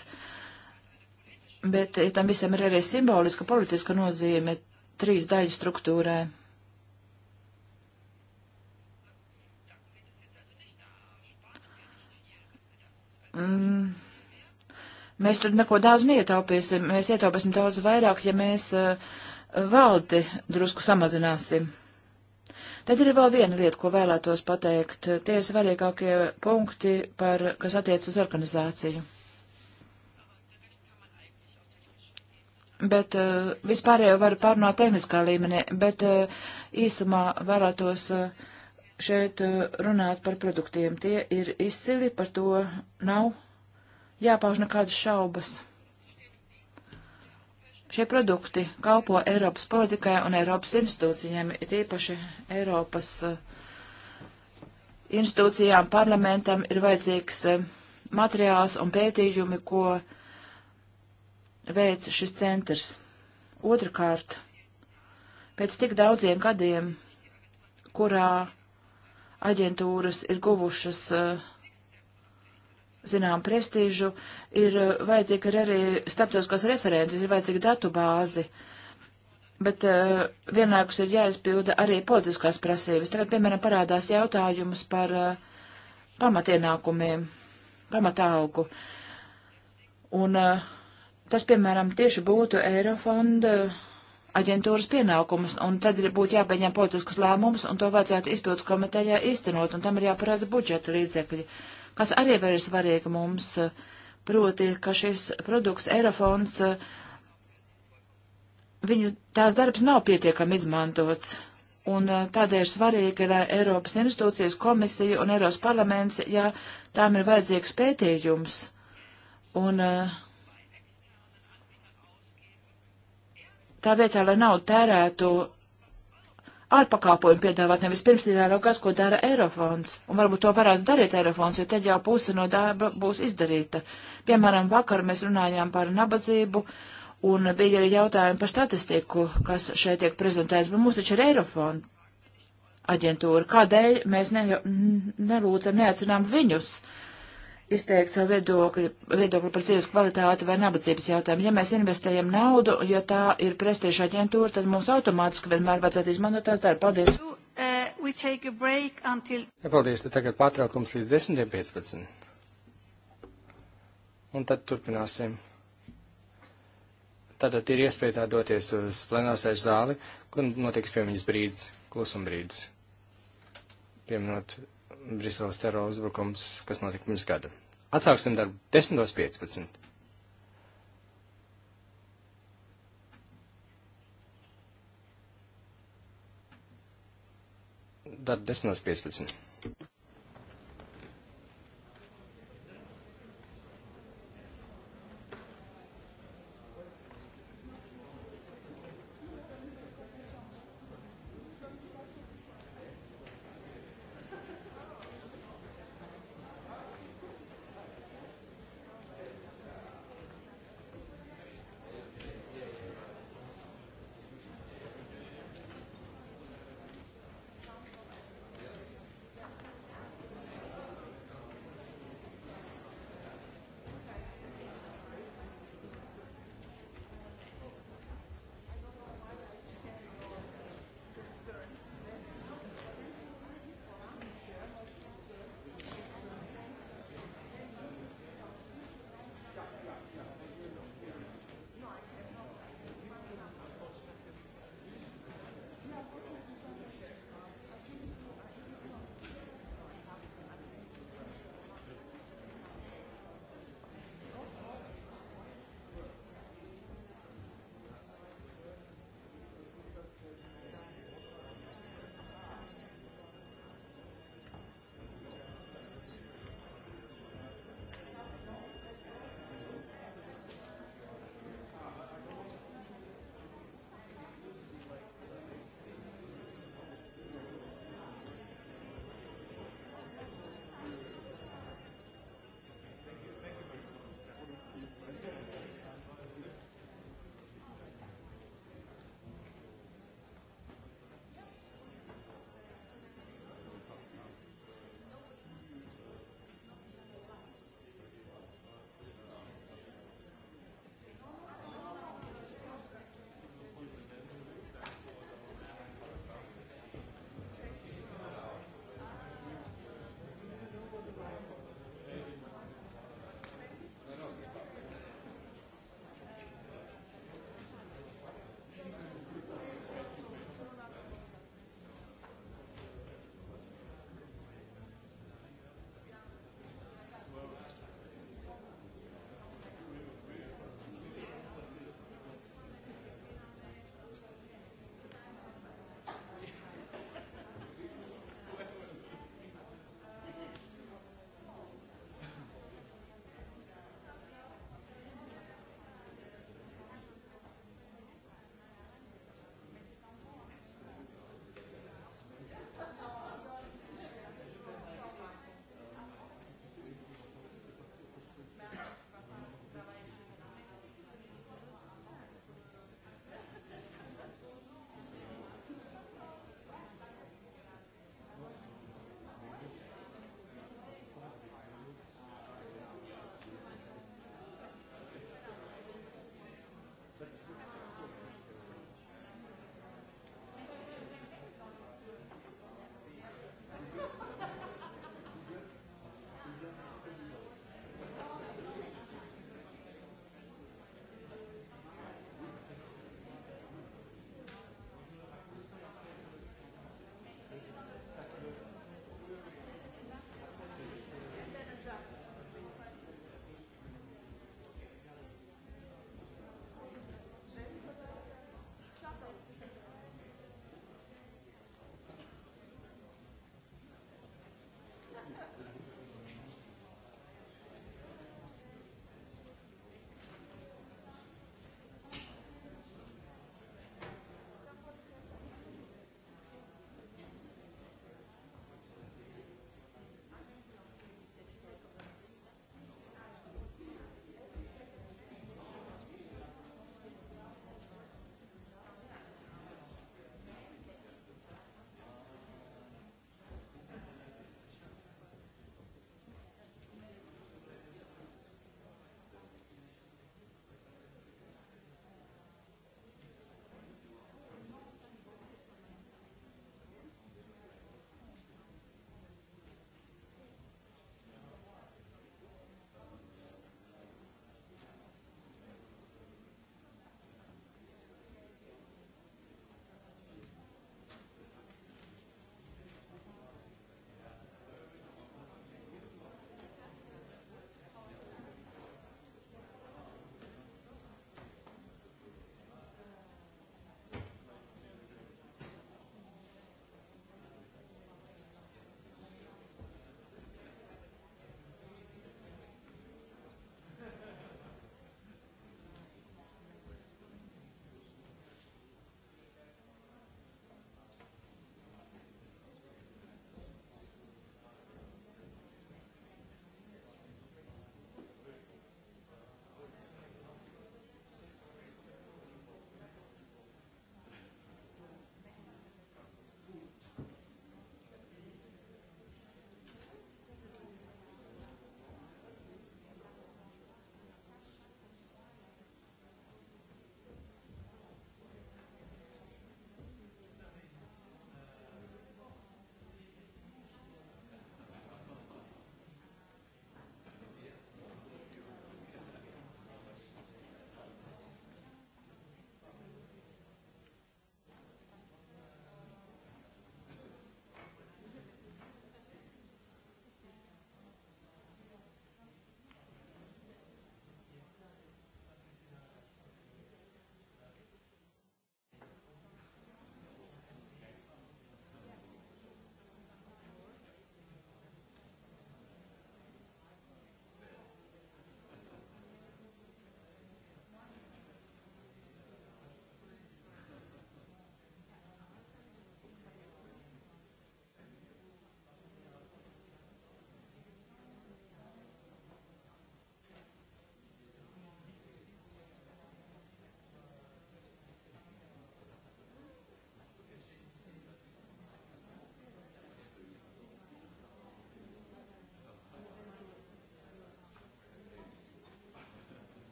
Bet ja tam visam ir arī simboliska politiska nozīme trīs daļu struktūrai. Mm Mēs tur neko daudz neietaupīsim, mēs ietaupīsim daudz vairāk, ja mēs uh, valdi drusku samazināsim. Tad ir vēl viena lieta, ko vēlētos pateikt. Tie ir svarīgākie punkti, par, kas attiec uz organizāciju. Bet uh, vispārējo varu pārnāt tehniskā līmenī, bet uh, īsumā vēlētos. Uh, šeit runāt par produktiem. Tie ir izcili, par to nav jāpauž nekādas šaubas. Šie produkti kalpo Eiropas politikai un Eiropas institūcijiem, ir īpaši Eiropas eh, institūcijām, parlamentam ir vajadzīgs eh, materiāls un pētījumi, ko veic šis centrs. Otrakārt, pēc tik daudziem gadiem, kurā aģentūras ir guvušas uh, zinām, prestīžu, ir eh, vajadzīga arī starptautiskās references, ir vajadzīga datu bāzi. Bet uh, vienlaikus ir jāizpilda arī politiskās prasības. Tagad, piemēram, parādās jautājums par uh, pamatienākumiem, pamatāugu. Un uh, tas, piemēram, tieši būtu Eirofonda aģentūras pienākumus, un tad būtu jāpieņem politiskas lēmumus, un to vajadzētu izpildus komitejā īstenot, un tam ir jāparādz budžeta līdzekļi. Uh, kas arī vēl ir svarīga mums, proti, ka šis produkts Eirofons, viņas tās darbs nav pietiekami izmantots. Un tādēļ ir svarīgi, lai Eiropas institūcijas komisija un Eiropas parlaments, ja tām ir vajadzīgs pētījums. Un tā vietā, lai naudu tērētu ar pakāpojumu piedāvāt, nevis pirms ir jāraugās, ko dara Eirofons. Un varbūt to varētu darīt Eirofons, jo tad jau puse no darba būs izdarīta. Piemēram, vakar mēs runājām par nabadzību, un bija arī jautājumi par statistiku, kas šeit tiek prezentēts, bet mums taču ir Eirofons aģentūra. Kādēļ mēs ne, nelūdzam, neaicinām viņus? Uh, izteikt savu viedokli, viedokli par dzīves kvalitāti vai nabadzības jautājumu. Ja mēs investējam naudu, ja tā ir prestīža aģentūra, tad mums automātiski vienmēr vajadzētu izmantot tās darbu. Paldies! Uh, until... ja, paldies, tad tagad pārtraukums līdz 10.15. Un tad turpināsim. Tātad ir iespēja tā doties uz plenāsēžu zāli, kur notiks piemiņas brīdis, klusuma brīdis. Pieminot Briseles terora uzbrukums, kas notika pirms gada. Atsāksim darbu 10.15. Darbu 10.15.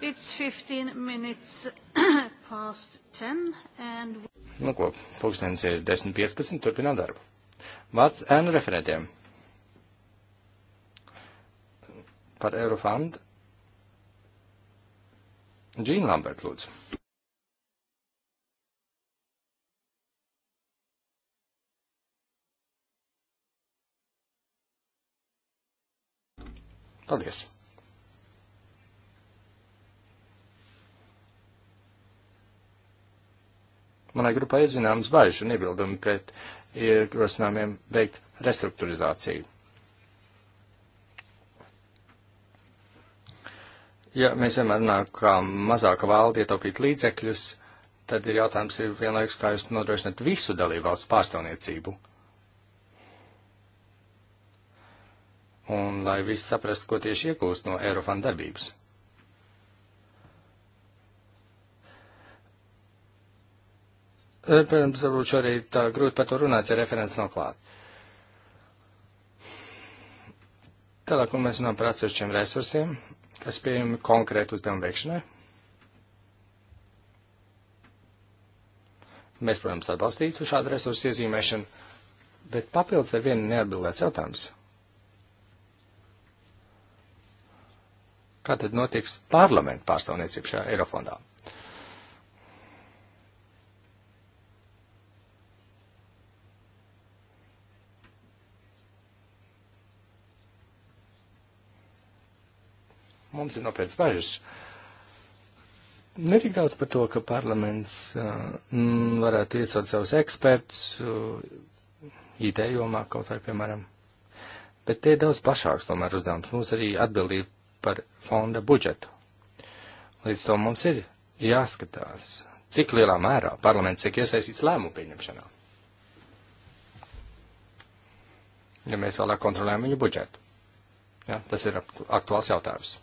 It's 15 minutes past 10 and... Nu ko, pulkstenis ir 10.15, turpinām darbu. Vārds ēnu referentiem. Par Eurofondu. Džīna Lambert, lūdzu. Paldies. Manai grupai ir zināmas bažas un iebildumi pret ierosinājumiem veikt restruktūrizāciju. Ja mēs vienmēr runājam, kā mazāka valde ietaupīt līdzekļus, tad ir jautājums ir vienlaikus, kā jūs nodrošināt visu dalībvalstu pārstāvniecību. Un lai viss saprast, ko tieši iegūst no Eurofanda darbības. Protams, varbūt šorīt tā grūti par to runāt, ja referents nav klāt. Tālāk, un mēs runājam par atsevišķiem resursiem, kas pieejami konkrēti uzdevumu veikšanai. Mēs, protams, atbalstītu šādu resursu iezīmēšanu, bet papildus ar vienu neatbildēts jautājums. Kā tad notiks parlamentu pārstāvniecība šajā Eirofondā? mums ir nopietnas bažas. Ir tik daudz par to, ka parlaments mm, varētu iecelt savus ekspertus IT jomā kaut vai, piemēram. Bet te ir daudz plašāks tomēr uzdevums. Mums arī atbildība par fonda budžetu. Līdz to mums ir jāskatās, cik lielā mērā parlaments tiek iesaistīts lēmumu pieņemšanā. Ja mēs vēlāk kontrolējam viņu budžetu. Ja, tas ir aktuāls jautājums.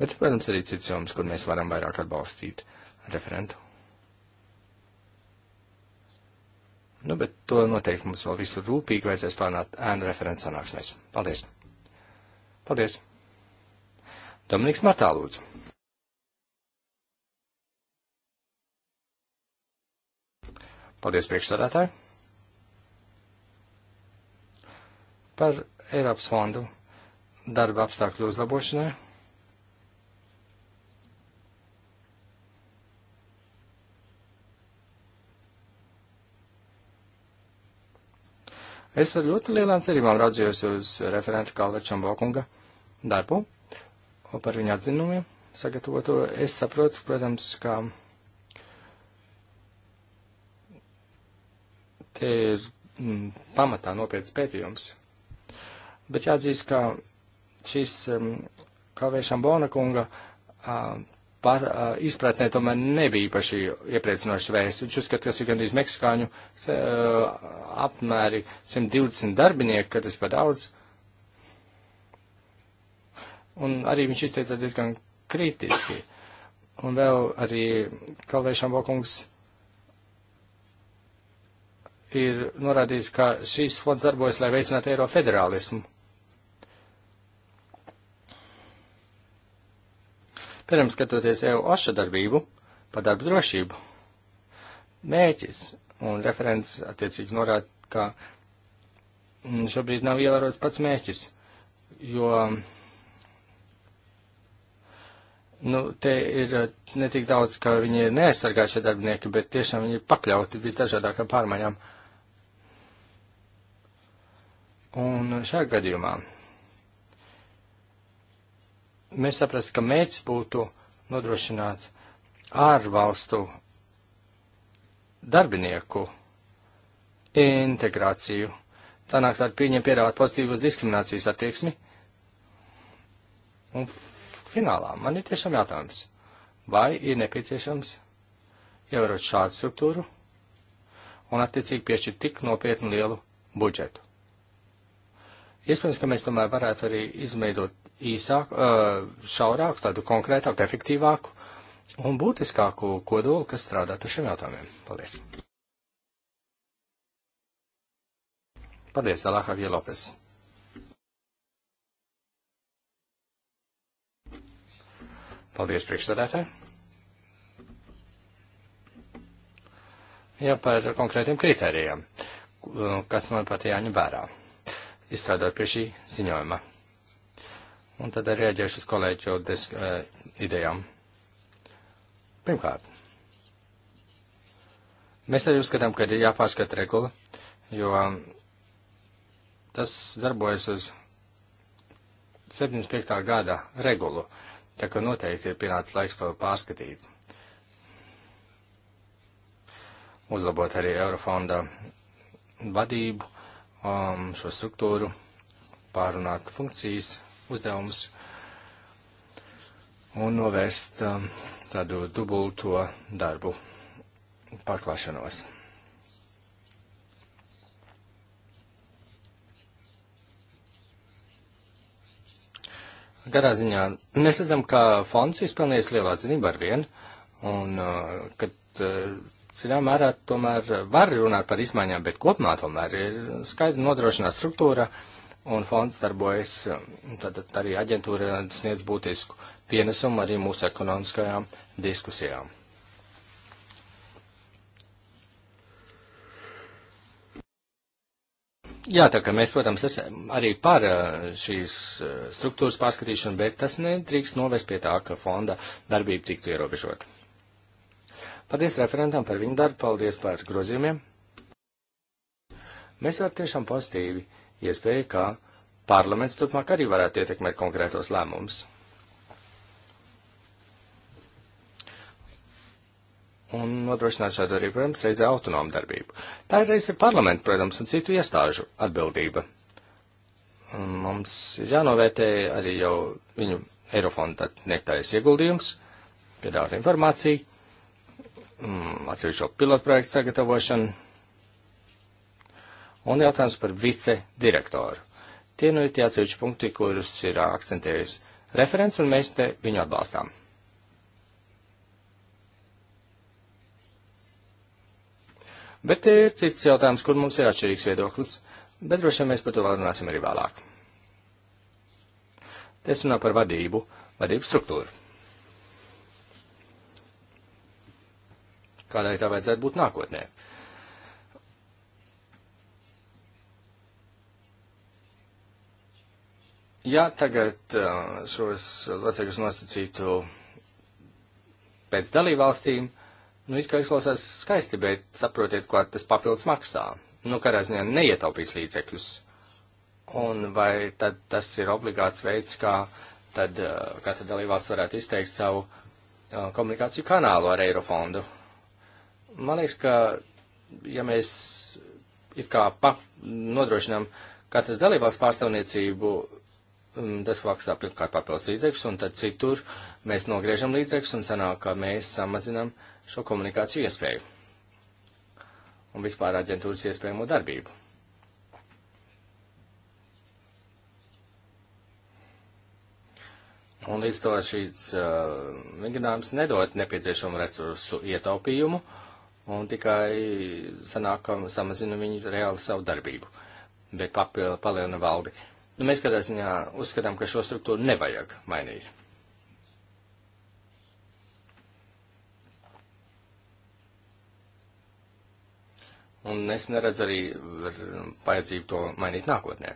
Bet, protams, arī cits joms, kur mēs varam vairāk atbalstīt referentu. Nu, bet to noteikti mums vēl visu rūpīgi vajadzēs plānāt ēnu referents sanāksmēs. Paldies! Paldies! Dominiks Martā lūdzu! Paldies priekšsādātāji! Par Eiropas fondu darba apstākļu uzlabošanai. Es ar ļoti lielām cerībām raudzījos uz referentu Kalvečam Bokunga darbu par viņa atzinumiem sagatavoto. Es saprotu, protams, ka te ir m, mm, pamatā nopietns pētījums. Bet jāatzīst, ka šis um, mm, Kalvēšana Bona kunga uh, par uh, izpratnē tomēr nebija īpaši iepriecinošs vēsts. Viņš uzskata, ka ir gandrīz meksikāņu uh, apmēri 120 darbinieki, ka tas par daudz. Un arī viņš izteicās diezgan kritiski. Un vēl arī Kalvēšana Bokungs ir norādījis, ka šīs fonds darbojas, lai veicinātu eiro federālismu. Pirms skatoties jau aša darbību par darbu drošību, mēķis un referents attiecīgi norāda, ka mm, šobrīd nav ievērots pats mēķis, jo, nu, te ir uh, ne tik daudz, ka viņi ir neaizsargājušie darbinieki, bet tiešām viņi ir pakļauti visdažādākām pārmaiņām. Un šajā gadījumā mēs saprast, ka mērķis būtu nodrošināt ārvalstu darbinieku integrāciju. Sanāk tādu pieņem piedāvāt pozitīvas diskriminācijas attieksmi. Un finālā man ir tiešām jautājums, vai ir nepieciešams ievērot šādu struktūru un attiecīgi piešķirt tik nopietnu lielu budžetu. Iespējams, ka mēs tomēr varētu arī izveidot īsāku, šaurāku, tādu konkrētāku, efektīvāku un būtiskāku kodolu, kas strādātu ar šiem jautājumiem. Paldies! Paldies, Dalā Havija Lopes! Paldies, priekšsēdētāji! Jā, par konkrētiem kritērijiem, kas man pat jāņem vērā izstrādāt pie šī ziņojuma. Un tad arī rēģēšu uz kolēģi jau des, uh, idejām. Pirmkārt, mēs arī uzskatām, ka ir jāpārskata regula, jo tas darbojas uz 75. gada regulu, tā ka noteikti ir pienācis laiks to pārskatīt. Uzlabot arī Eurofonda vadību um, šo struktūru, pārunāt funkcijas, uzdevumus un novērst um, tādu dubulto darbu pārklāšanos. Garā ziņā mēs redzam, ka fonds izpelnījis lielā zinība ar vienu, un uh, kad uh, Zinām, mērā tomēr var runāt par izmaiņām, bet kopumā tomēr ir skaidri nodrošināta struktūra un fonds darbojas, tad arī aģentūra sniedz būtisku pienesumu arī mūsu ekonomiskajām diskusijām. Jā, tā kā mēs, protams, esam arī par šīs struktūras pārskatīšanu, bet tas nedrīkst novest pie tā, ka fonda darbība tiktu ierobežota. Paldies referentam par viņu darbu, paldies par grozījumiem. Mēs varam tiešām pozitīvi iespēju, ka parlaments turpmāk arī varētu ietekmēt konkrētos lēmumus. Un nodrošināt šādu arī, protams, reizē autonomu darbību. Tā ir reizē parlamenta, protams, un citu iestāžu atbildība. Un mums jānovērtē arī jau viņu Eirofonda netais ieguldījums, piedāvāt informāciju, mm, atsevišķo pilotprojektu sagatavošanu. Un jautājums par vicedirektoru. Tie nu ir tie atsevišķi punkti, kurus ir akcentējis referents, un mēs te viņu atbalstām. Bet ir cits jautājums, kur mums ir atšķirīgs viedoklis, bet droši vien mēs par to vēl runāsim arī vēlāk. Te es runāju par vadību, vadību struktūru. kādai tā vajadzētu būt nākotnē. Ja tagad uh, šos locekļus nosacītu pēc dalībvalstīm, nu, it kā izklausās skaisti, bet saprotiet, ko tas papildus maksā. Nu, kādā ziņā neietaupīs līdzekļus. Un vai tad tas ir obligāts veids, kā tad uh, katra dalībvalsts varētu izteikt savu uh, komunikāciju kanālu ar Eirofondu? Man liekas, ka ja mēs it kā pa, nodrošinām katras dalībās pārstāvniecību, mm, tas maksā pirmkārt papildus līdzekļus, un tad citur mēs nogriežam līdzekļus, un sanāk, ka mēs samazinām šo komunikāciju iespēju un vispār aģentūras iespējamo darbību. Un līdz to šīs uh, vingrinājums nedod nepieciešamu resursu ietaupījumu, uh, un tikai sanāk, ka samazina viņu reāli savu darbību, bet papil, palielina valdi. Nu, mēs kādā ziņā uzskatām, ka šo struktūru nevajag mainīt. Un es neredzu arī vajadzību to mainīt nākotnē.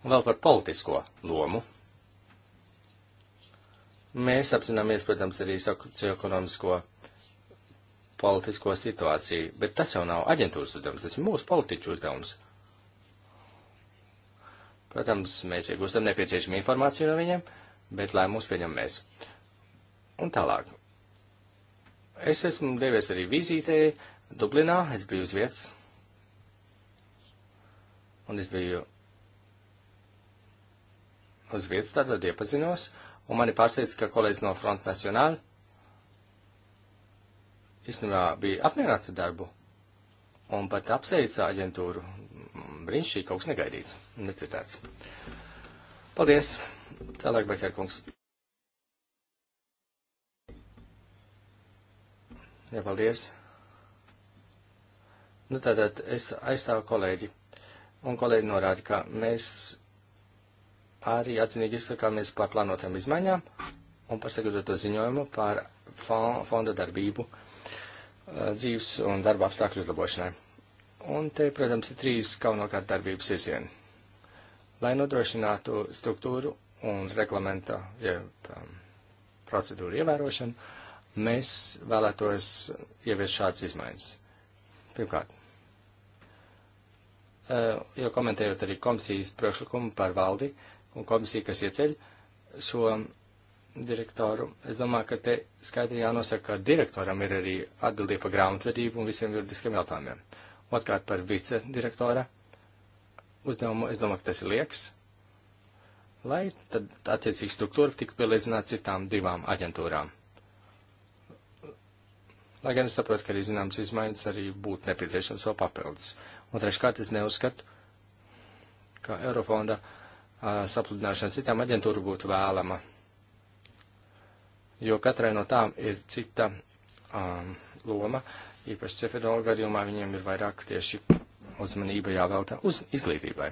Un vēl par politisko lomu. Mēs apzināmies, protams, arī socioekonomisko politisko situāciju, bet tas jau nav aģentūras uzdevums, tas ir mūsu politiķu uzdevums. Protams, mēs iegūstam nepieciešamu informāciju no viņiem, bet lai mūs pieņem mēs. Un tālāk. Es esmu devies arī vizītē Dublinā, es biju uz vietas. Un es biju uz vietas, tātad iepazinos. Uh, un mani pārsteidz, ka kolēģis no Front National īstenībā bija apmierināts ar darbu un pat apsveica aģentūru. Brīnišķīgi kaut kas negaidīts, necirdēts. Paldies! Tālāk, Bekerkungs. Jā, paldies. Nu, tātad es aizstāvu kolēģi, un kolēģi norāda, ka mēs arī atzinīgi izsakāmies par plānotām izmaiņām un par sagatavoto ziņojumu par fonda darbību dzīves un darba apstākļu uzlabošanai. Un te, protams, ir trīs galvenokārt darbības virzieni. Lai nodrošinātu struktūru un reglamenta ja, procedūru ievērošanu, mēs vēlētos ieviest šādas izmaiņas. Pirmkārt, jau komentējot arī komisijas priekšlikumu par valdi, uh, un komisija, kas ieceļ šo direktoru. Es domāju, ka te skaidri jānosaka, ka direktoram ir arī atbildība par grāmatvedību un visiem juridiskiem jautājumiem. Otkārt par vicedirektora uzdevumu, es domāju, ka tas ir liekas, lai tad attiecīgi struktūra tiktu pielīdzināta citām divām aģentūrām. Lai gan es saprotu, ka arī zināmas izmaiņas arī būtu nepieciešams vēl papildus. Un treškārt es neuzskatu, ka Eurofonda uh, sapludināšana citām aģentūru būtu vēlama, jo katrai no tām ir cita um, loma, īpaši cefedola gadījumā viņiem ir vairāk tieši uzmanība jāvelta uz izglītībai.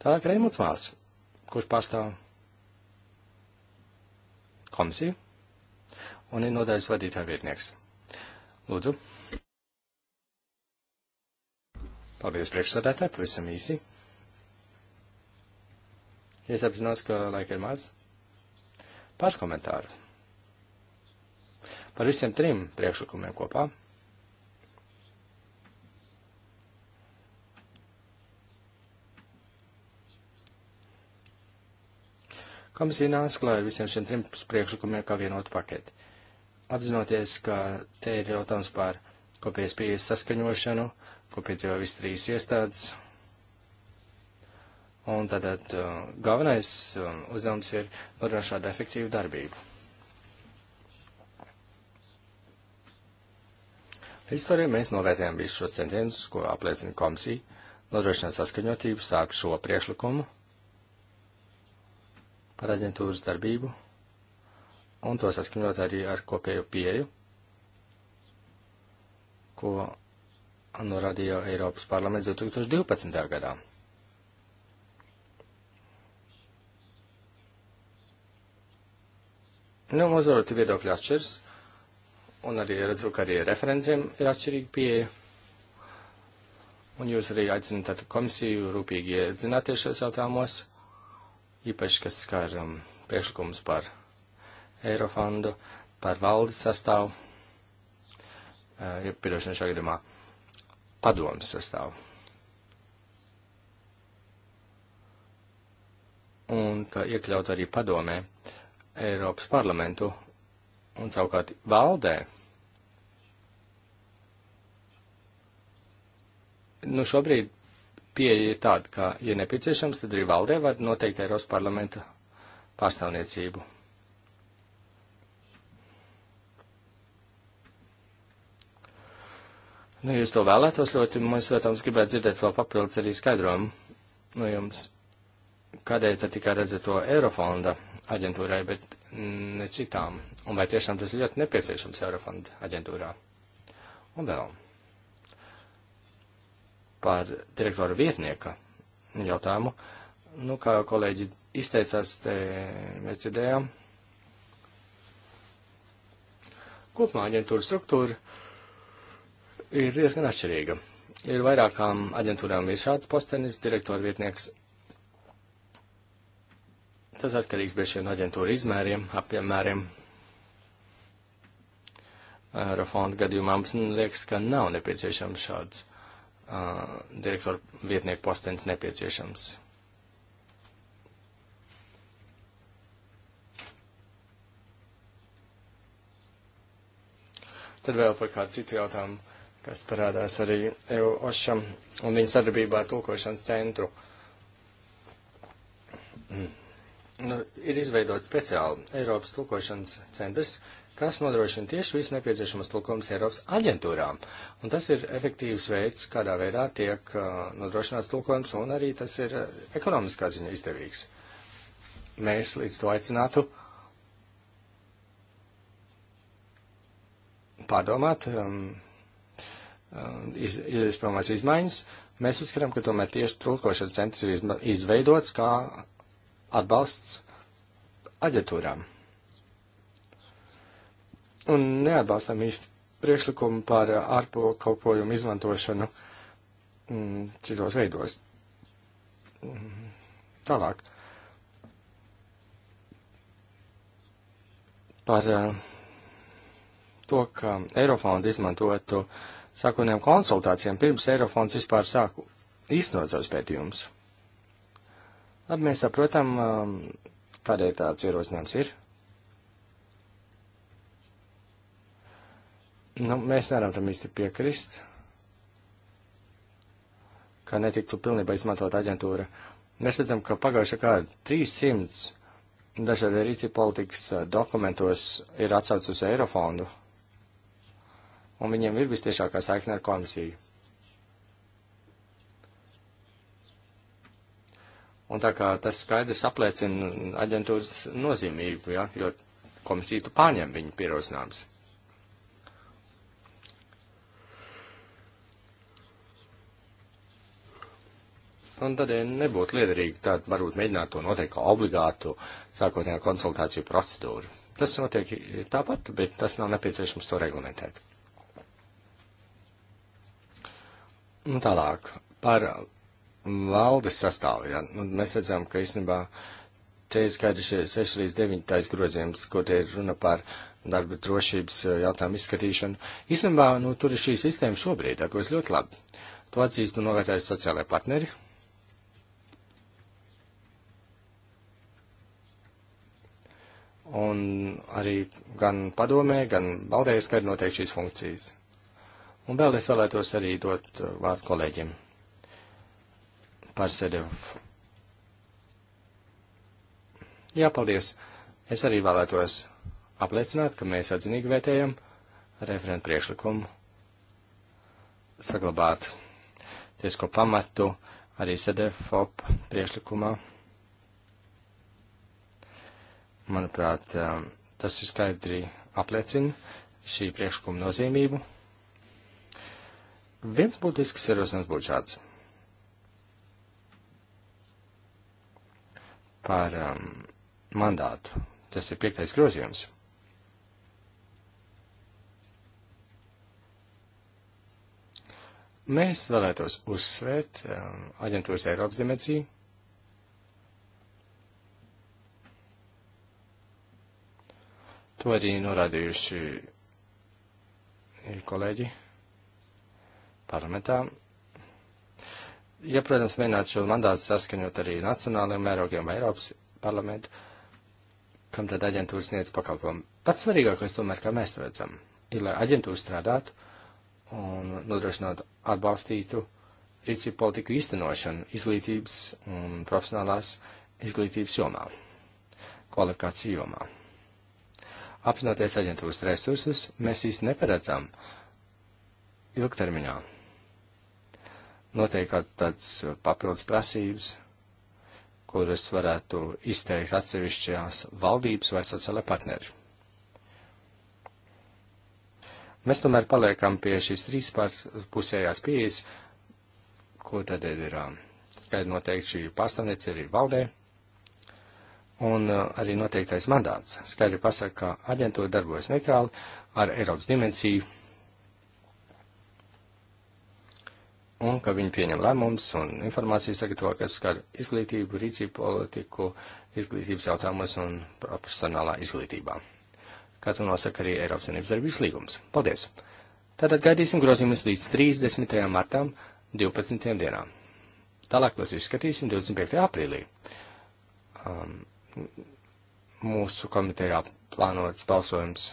Tālāk Reimuts Vāls, kurš pārstāv komisiju un ir nodaļas vadītāja vietnieks. Lūdzu. Paldies priekšsādātāji, pavisam īsi. Es apzinos, ka laika ir maz. Pāris komentāru. Par visiem trim priekšlikumiem kopā. Komisija nāsklāja visiem šiem trim priekšlikumiem kā vienotu paketi. Apzinoties, ka te ir jautājums par kopējas pieejas saskaņošanu, uh, ko piedzīvo visas trīs iestādes. Un tātad uh, galvenais um, uzdevums ir nodrošināt efektīvu darbību. Historijā mēs novērtējam visus šos centienus, ko apliecina komisija, nodrošināt saskaņotību starp šo priekšlikumu par aģentūras darbību un to saskaņot arī ar kopējo pieju, ko norādīja Eiropas parlaments 2012. gadā. Nu, mums varbūt viedokļi atšķirs, un arī redzu, ka arī referenciem ir atšķirīga pieeja. Un jūs arī aicināt komisiju rūpīgi iedzināties šos jautājumos, īpaši, kas skar um, priekšlikumus par Eirofondu, par valdes sastāvu, uh, ja piedošanu šā gadījumā. Uh, padomu sastāvu. Un ka iekļaut arī padomē Eiropas parlamentu un savukārt valdē. Nu, šobrīd pieeja ir tāda, ka, ja nepieciešams, tad arī valdē var noteikt Eiropas parlamenta pārstāvniecību. Nu, jūs to vēlētos ļoti, mēs, protams, gribētu dzirdēt vēl papildus arī skaidrojumu no jums, kādēļ tad tikai redzat to Eirofonda aģentūrai, bet ne citām, un vai tiešām tas ir ļoti nepieciešams Eirofonda aģentūrā. Un vēl par direktoru vietnieka jautājumu. Nu, kā jau kolēģi izteicās, te mēs dzirdējām. Kopumā aģentūra struktūra ir diezgan atšķirīga. Ir vairākām aģentūrām ir šāds postenis, direktora vietnieks. Tas atkarīgs bieži vien no aģentūra izmēriem, apjomēriem. Aerofonda gadījumā mums liekas, ka nav nepieciešams šāds uh, direktora vietnieku postenis nepieciešams. Tad vēl par kādu citu jautājumu kas parādās arī EOŠA un viņa sadarbībā ar tulkošanas centru. Nu, ir izveidot speciāli Eiropas tulkošanas centrs, kas nodrošina tieši visu nepieciešamos tulkojumus Eiropas aģentūrām. Un tas ir efektīvs veids, kādā veidā tiek uh, nodrošināts tulkojums, un arī tas ir uh, ekonomiskā ziņa izdevīgs. Mēs līdz to aicinātu pārdomāt. Um, Uh, iz, izpilnās izmaiņas, mēs uzskatām, ka tomēr tieši trūkošais centrs ir izveidots kā atbalsts aģentūrām. Un neatbalstam īsti priekšlikumu par ārpo kalpojumu izmantošanu mm, citos veidos. Mm, tālāk. Par uh, to, ka Eirofondu izmantotu uh, sākotnējām konsultācijām pirms Eirofons vispār sāku īstenot savus pētījumus. Labi, mēs saprotam, um, kādēļ tāds ierosinājums ir. Nu, mēs nevaram tam īsti piekrist, ka netiktu pilnībā izmantot aģentūra. Mēs redzam, ka pagājušā gada 300 dažādi rīci politikas uh, dokumentos ir atsaucis uz Eirofondu un viņiem ir vistiešākā saikne ar komisiju. Un tā kā tas skaidrs apliecina aģentūras nozīmību, ja, jo komisija tu pārņem viņu pierosinājums. Un tādēļ ja nebūtu liederīgi tādu varbūt mēģināt to noteikt kā obligātu sākotnējā konsultāciju procedūru. Tas notiek tāpat, bet tas nav nepieciešams to reglamentēt. Un nu, tālāk par valdes sastāvu. Ja? Nu, mēs redzam, ka īstenībā te ir skaidrs 6 līdz 9 grozījums, ko te ir runa par darba drošības eh, jautājumu izskatīšanu. Īstenībā nu, tur ir šī sistēma šobrīd, ar ko es ļoti labi. To atzīst un novērtēju sociālai partneri. Un arī gan padomē, gan valdē ir skaidri noteikti šīs funkcijas. Un vēl es vēlētos arī dot uh, vārdu kolēģiem par Sedevu. Jā, paldies. Es arī vēlētos apliecināt, ka mēs atzinīgi vērtējam referentu priekšlikumu saglabāt tiesko pamatu arī SEDEFOP priešlikumā. Manuprāt, um, tas ir skaidri apliecina šī priekšlikuma nozīmību. Viens būtisks ierosinājums būtu šāds. Par um, mandātu. Tas ir piektais grozījums. Mēs vēlētos uzsvērt um, aģentūras Eiropas dimensiju. To arī norādījuši kolēģi parlamentā. Ja, protams, mēģināt šo mandātu saskaņot arī nacionālajiem mērogiem Eiropas parlamentu, kam tad aģentūra sniedz pakalpojumu. Pats svarīgākais tomēr, kā mēs redzam, ir, lai aģentūra strādātu un nodrošinātu atbalstītu rīcību politiku īstenošanu izglītības un profesionālās izglītības jomā, kvalifikāciju jomā. Apzinoties aģentūras resursus, mēs īsti neparedzam ilgtermiņā noteikti tāds uh, papildus prasības, kuras varētu izteikt atsevišķās valdības vai sociālai partneri. Mēs tomēr paliekam pie šīs trīs pusējās pieejas, ko tad ir uh, skaidri noteikti šī pastāvniece arī valdē, un uh, arī noteiktais mandāts. Skaidri pasaka, ka aģentūra darbojas neitrāli ar Eiropas dimensiju un ka viņi pieņem lēmumus un informāciju sagatavo, kas skar izglītību, rīcību politiku, izglītības jautājumus un profesionālā izglītībā. Kā to nosaka arī Eiropas Savienības darbības līgums. Paldies! Tātad gaidīsim grozījumus līdz 30. martam 12. dienā. Tālāk mēs izskatīsim 25. aprīlī. Um, mūsu komitejā plānots balsojums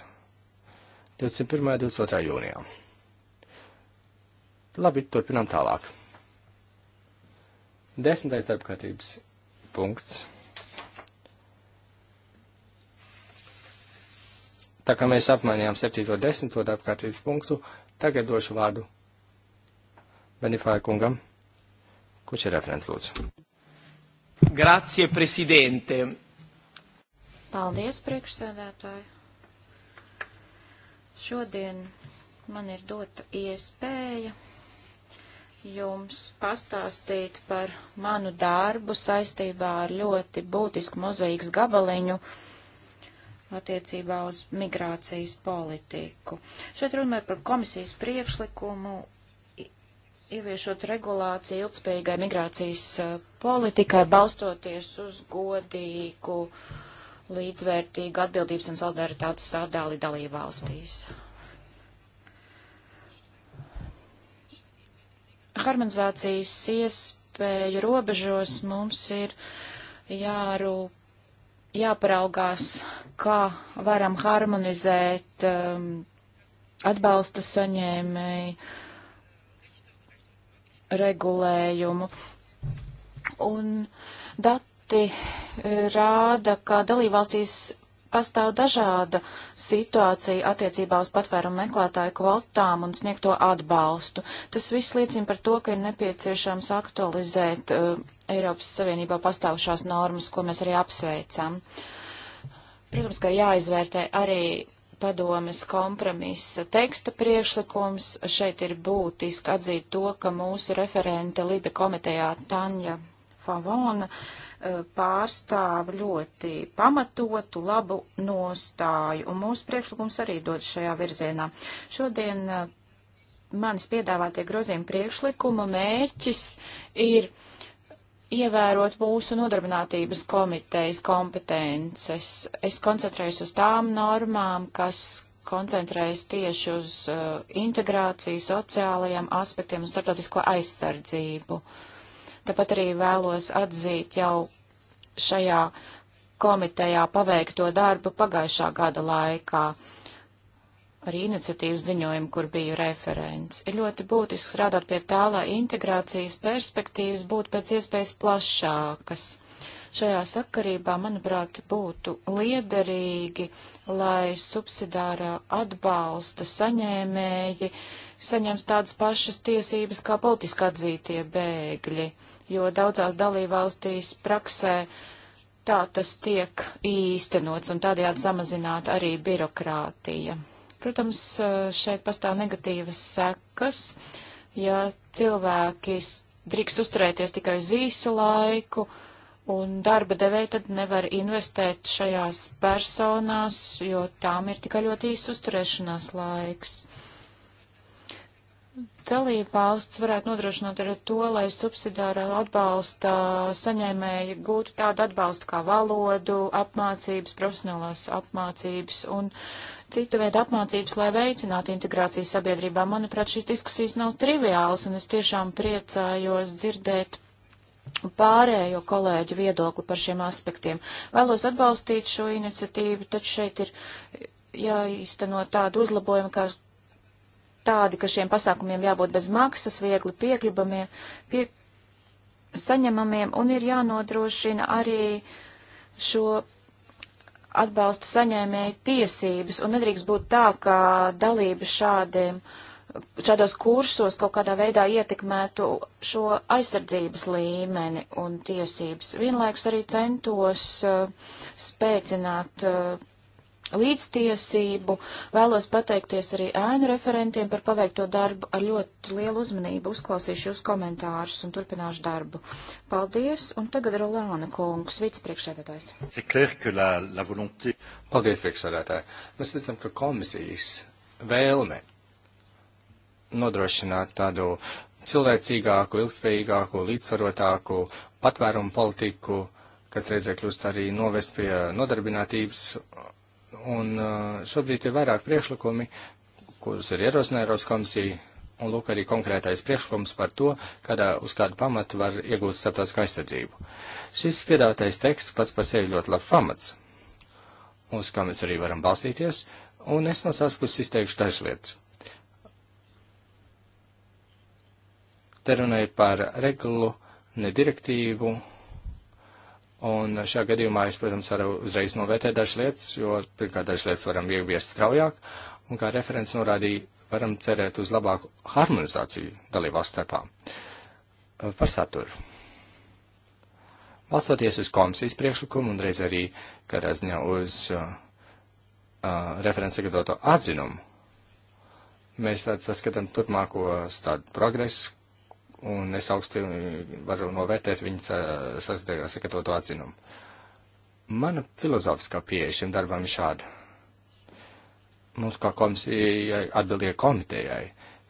21. un 22. jūnijā. Labi, turpinām tālāk. Desmitais darbkārtības punkts. Tā kā mēs apmainījām 7.10. darbkārtības punktu, tagad došu vārdu Benifāja kungam. Kurš ir referents, lūdzu? Grazie, prezidente. Paldies, priekšsēdētāji. Šodien man ir dota iespēja jums pastāstīt par manu darbu saistībā ar ļoti būtisku mozaīkas gabaliņu attiecībā uz migrācijas politiku. Šeit runāju par komisijas priekšlikumu ieviešot regulāciju ilgspējīgai migrācijas politikai, balstoties uz godīgu, līdzvērtīgu atbildības un solidaritātes sadāli dalībvalstīs. valstīs. harmonizācijas iespēju robežos mums ir jārūp, jāparaugās, kā varam harmonizēt um, atbalsta saņēmēju regulējumu. Un dati eh, rāda, ka dalībvalstīs pastāv dažāda situācija attiecībā uz patvērumu meklētāju kvotām un sniegto atbalstu. Tas viss liecina par to, ka ir nepieciešams aktualizēt uh, Eiropas Savienībā pastāvušās normas, ko mēs arī apsveicam. Protams, ka ir jāizvērtē arī padomes kompromisa teksta priekšlikums. Šeit ir būtiski atzīt to, ka mūsu referente Libe komitejā Tanja Favona uh, Eh, pārstāv ļoti pamatotu, labu nostāju, un mūsu priekšlikums arī dod šajā virzienā. Šodien eh, manis piedāvātie grozījuma priekšlikuma mērķis ir ievērot mūsu nodarbinātības komitejas kompetences. Es koncentrējos uz tām normām, kas koncentrējas tieši uz uh, integrāciju, sociālajiem aspektiem un starptautisko aizsardzību. Uh, Tāpat arī vēlos atzīt jau šajā komitejā paveikto darbu pagājušā gada laikā, arī iniciatīvas ziņojumu, kur biju referents. Ir ļoti būtiski strādāt pie tā, lai integrācijas perspektīvas būtu pēc iespējas plašākas. Šajā sakarībā, manuprāt, būtu liederīgi, lai subsidārā atbalsta saņēmēji saņemtu tādas pašas tiesības kā politiski atzītie bēgļi jo daudzās dalībvalstīs praksē tā tas tiek īstenots un tādējādi samazināt arī birokrātija. Protams, šeit pastāv negatīvas sekas, ja cilvēki drīkst uzturēties tikai uz īsu laiku, un darba devēja tad nevar investēt šajās personās, jo tām ir tikai ļoti īsts uzturēšanās laiks dalībvalsts varētu nodrošināt ar to, lai subsidārā atbalsta saņēmēji gūtu tādu atbalstu kā valodu, apmācības, profesionālās apmācības un citu veidu apmācības, lai veicinātu integrāciju sabiedrībā. Manuprāt, šīs diskusijas nav triviālas, un es tiešām priecājos dzirdēt pārējo kolēģu viedokli par šiem aspektiem. Vēlos atbalstīt šo iniciatīvu, taču šeit ir jāīsteno tādu uzlabojumu, kā tādi, ka šiem pasākumiem jābūt bez maksas, viegli piekļuvamiem, pie, saņemamiem un ir jānodrošina arī šo atbalsta saņēmēju tiesības un nedrīkst būt tā, ka dalība šādiem, šādos kursos kaut kādā veidā ietekmētu šo aizsardzības līmeni un tiesības. Vienlaikus arī centos uh, spēcināt uh, līdztiesību. Vēlos pateikties arī ēnu referentiem par paveikto darbu ar ļoti lielu uzmanību. Uzklausīšu jūs komentārus un turpināšu darbu. Paldies, un tagad Rolāna kungs, vicepriekšsēdētājs. Paldies, priekšsēdētāji. Mēs redzam, ka komisijas vēlme nodrošināt tādu cilvēcīgāku, ilgspējīgāku, līdzsvarotāku patvērumu politiku, kas reizē kļūst arī novest pie nodarbinātības Un uh, šobrīd ir vairāk priekšlikumi, kurus ir ierosinājusi Eiropas komisija, un lūk arī konkrētais priekšlikums par to, kādā, uz kādu pamatu var iegūt starptautisku aizsardzību. Šis piedāvātais teksts pats par sevi ļoti labs pamats, uz kā mēs arī varam balstīties, un es no savas puses izteikšu dažas lietas. Te runāju par regulu, ne direktīvu, Un šajā gadījumā es, protams, varu uzreiz novērtēt dažas lietas, jo pirmkārt dažas lietas varam ieviest straujāk, un kā referents norādīja, varam cerēt uz labāku harmonizāciju dalībās starpā. Par saturu. Balstoties uz komisijas priekšlikumu un reiz arī, kā raziņā, uz uh, uh referents sagatavoto atzinumu, mēs tādu saskatām turpmākos tādu progresu, un es augstu varu novērtēt viņas sasaistībā sagatavotu atzinumu. Mana filozofiskā pieeja šim darbam ir šāda. Mums kā komisijai atbildīgai komitejai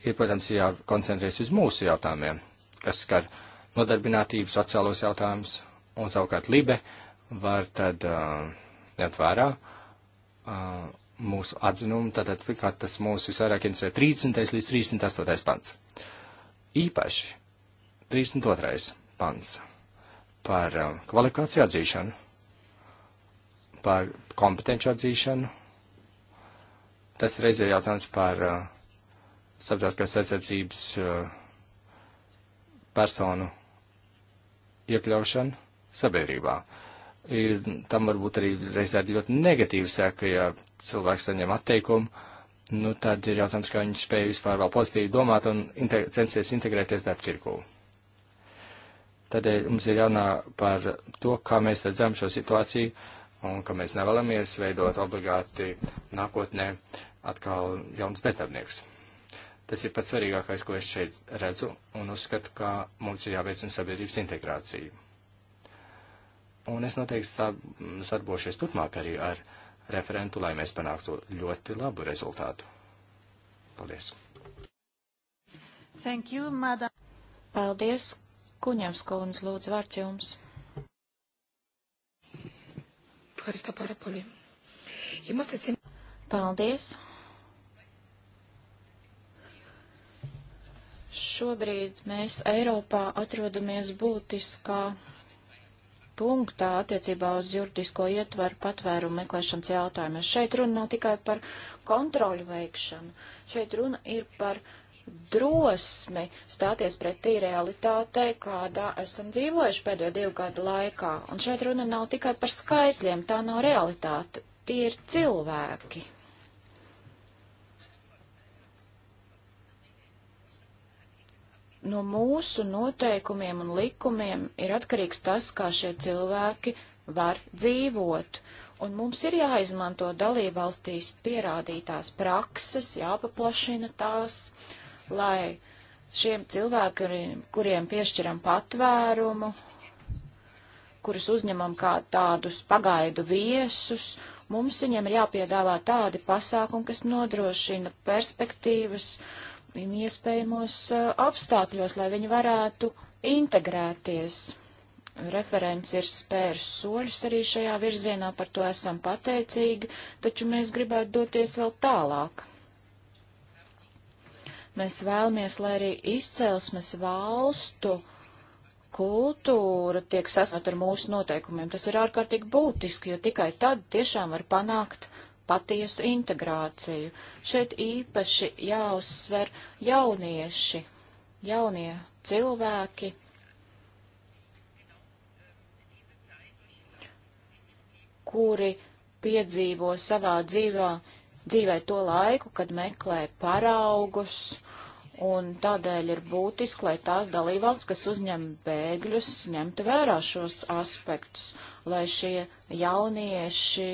ir, protams, jākoncentrēs uz mūsu jautājumiem, kas skar nodarbinātību, sociālos jautājumus, un savukārt Libe var tad uh, ņemt vērā uh, mūsu atzinumu, tātad pirmkārt tas mūs visvairāk interesē 30. līdz 38. pants. Uh, Īpaši 32. pants par um, kvalifikāciju atzīšanu, par kompetenci atzīšanu. Tas reiz ir jautājums par uh, starptautiskās aizsardzības uh, personu iekļaušanu sabiedrībā. Ir, tam var būt arī reizē ļoti negatīva sēka, ja cilvēks saņem atteikumu, nu tad ir jautājums, kā viņi spēja vispār vēl pozitīvi domāt un integ censties integrēties darba tirgū. Tādēļ mums ir jānā par to, kā mēs redzam šo situāciju un ka mēs nevēlamies veidot obligāti nākotnē atkal jauns bezdarbnieks. Tas ir pats svarīgākais, ko es šeit redzu un uzskatu, ka mums ir jāveicina sabiedrības integrācija. Un es noteikti sadarbošos turpmāk arī ar. Uh, referentu, lai mēs panāktu ļoti labu rezultātu. Paldies! Thank you, madam. Paldies, Kuņams kundze, lūdzu, vārds jums. Paldies. Šobrīd mēs Eiropā atrodamies būtiskā punktā attiecībā uz juridisko ietvaru patvērumu meklēšanas jautājumos. Šeit runa nav tikai par kontroļu veikšanu, šeit runa ir par drosmi stāties pretī realitātei, kādā esam dzīvojuši pēdējo divu gadu laikā. Un šeit runa nav tikai par skaitļiem, tā nav realitāte, tie ir cilvēki. no mūsu noteikumiem un likumiem ir atkarīgs tas, kā šie cilvēki var dzīvot. Un mums ir jāizmanto dalībvalstīs pierādītās prakses, jāpaplašina tās, lai šiem cilvēkiem, kuriem piešķiram patvērumu, kurus uzņemam kā tādus pagaidu viesus, mums viņiem ir jāpiedāvā tādi pasākumi, kas nodrošina perspektīvas uh, iespējamos apstākļos, lai viņi varētu integrēties. Referents ir spērs soļus arī šajā virzienā, par to esam pateicīgi, taču mēs gribētu doties vēl tālāk. Mēs vēlamies, lai arī izcelsmes valstu kultūra tiek sasnot ar mūsu noteikumiem. Tas ir ārkārtīgi būtiski, jo tikai tad tiešām var panākt patiesu integrāciju. Šeit īpaši jāuzsver jaunieši, jaunie cilvēki. kuri piedzīvo savā dzīvā, dzīvē to laiku, kad meklē paraugus, un tādēļ ir būtiski, lai tās dalībvalsts, kas uzņem bēgļus, ņemtu vērā šos aspektus lai šie jaunieši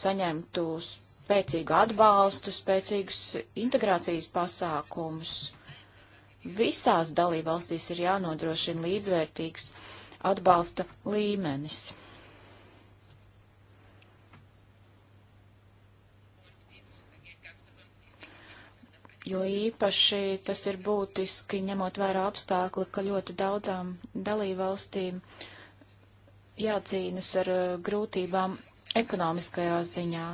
saņemtu spēcīgu atbalstu, spēcīgus integrācijas pasākumus. Visās dalībvalstīs ir jānodrošina līdzvērtīgs atbalsta līmenis. jo īpaši tas ir būtiski ņemot vērā apstākli, ka ļoti daudzām dalībvalstīm uh, jācīnas ar uh, grūtībām ekonomiskajā ziņā.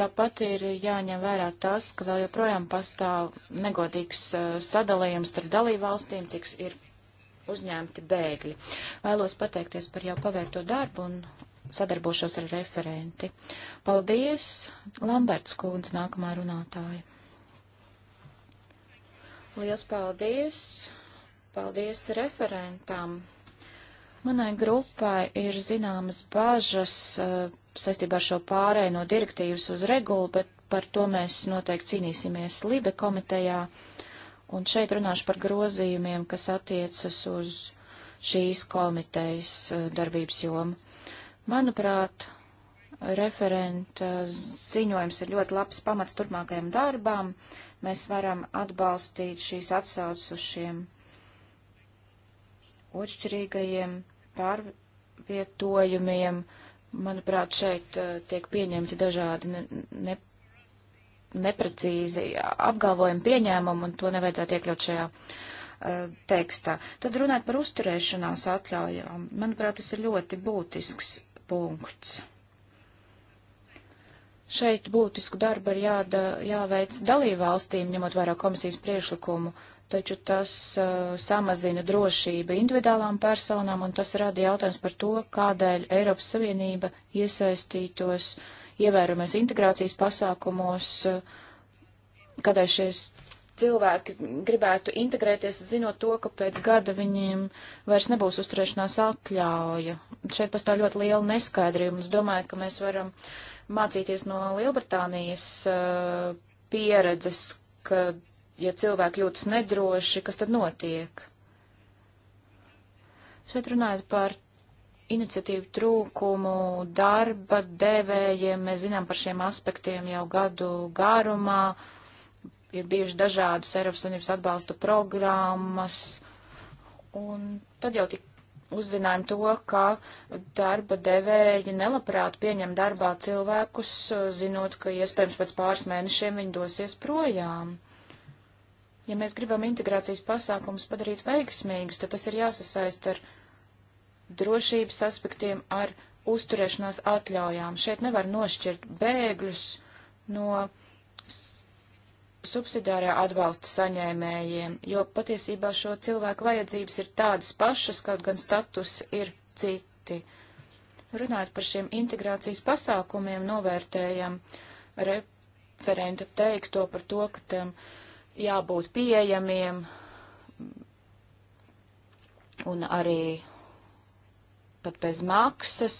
Tāpat ir jāņem vērā tas, ka vēl joprojām pastāv negodīgs uh, sadalījums starp dalībvalstīm, cik ir uzņemti bēgļi. Vēlos pateikties par jau paveikto darbu un sadarbošos ar referenti. Paldies, Lamberts kundze, nākamā runātāja. Liels paldies! Paldies referentam! Manai grupai ir zināmas bažas uh, saistībā ar šo pārēju no direktīvas uz regulu, bet par to mēs noteikti cīnīsimies Libe komitejā. Un šeit runāšu par grozījumiem, kas attiecas uz šīs komitejas uh, darbības jomu. Manuprāt, referenta ziņojums ir ļoti labs pamats turpmākajam darbām. Mēs varam atbalstīt šīs atsaucas uz šiem otršķirīgajiem pārvietojumiem, manuprāt, šeit uh, tiek pieņemti dažādi ne, ne, neprecīzi apgalvojumi pieņēmumi, un to nevajadzētu iekļaut šajā uh, tekstā. Tad runāt par uzturēšanās atļaujām. Manuprāt, tas ir ļoti būtisks punkts. Šeit būtisku darbu ir jāda, jāveic dalībvalstīm, ņemot vērā komisijas priešlikumu. Uh, taču tas uh, samazina drošību individuālām personām, un tas rada jautājums par to, kādēļ Eiropas Savienība iesaistītos ievēramais integrācijas pasākumos, uh, kādēļ šies cilvēki gribētu integrēties, zinot to, ka pēc gada viņiem vairs nebūs uzturēšanās atļauja. Šeit pastāv ļoti liela neskaidrība. Es domāju, ka mēs varam mācīties no Lielbritānijas uh, pieredzes, kad ja cilvēki jūtas nedroši, kas tad notiek? Šeit runājot par iniciatīvu trūkumu darba devējiem, mēs zinām par šiem aspektiem jau gadu garumā, ir bijuši dažādas Eiropas Unības atbalsta programmas, un tad jau tik uzzinājām to, ka darba devēji nelabprāt pieņem darbā cilvēkus, zinot, ka iespējams pēc pāris mēnešiem viņi dosies projām. Ja mēs gribam integrācijas pasākumus padarīt veiksmīgus, tad tas ir jāsasaist ar drošības aspektiem, ar uzturēšanās atļaujām. Šeit nevar nošķirt bēgļus no subsidiārā atbalsta saņēmējiem, jo patiesībā šo cilvēku vajadzības ir tādas pašas, kaut gan status ir citi. Runājot par šiem integrācijas pasākumiem, novērtējam referenta teikto par to, ka tam. Um, jābūt pieejamiem un arī pat bez maksas.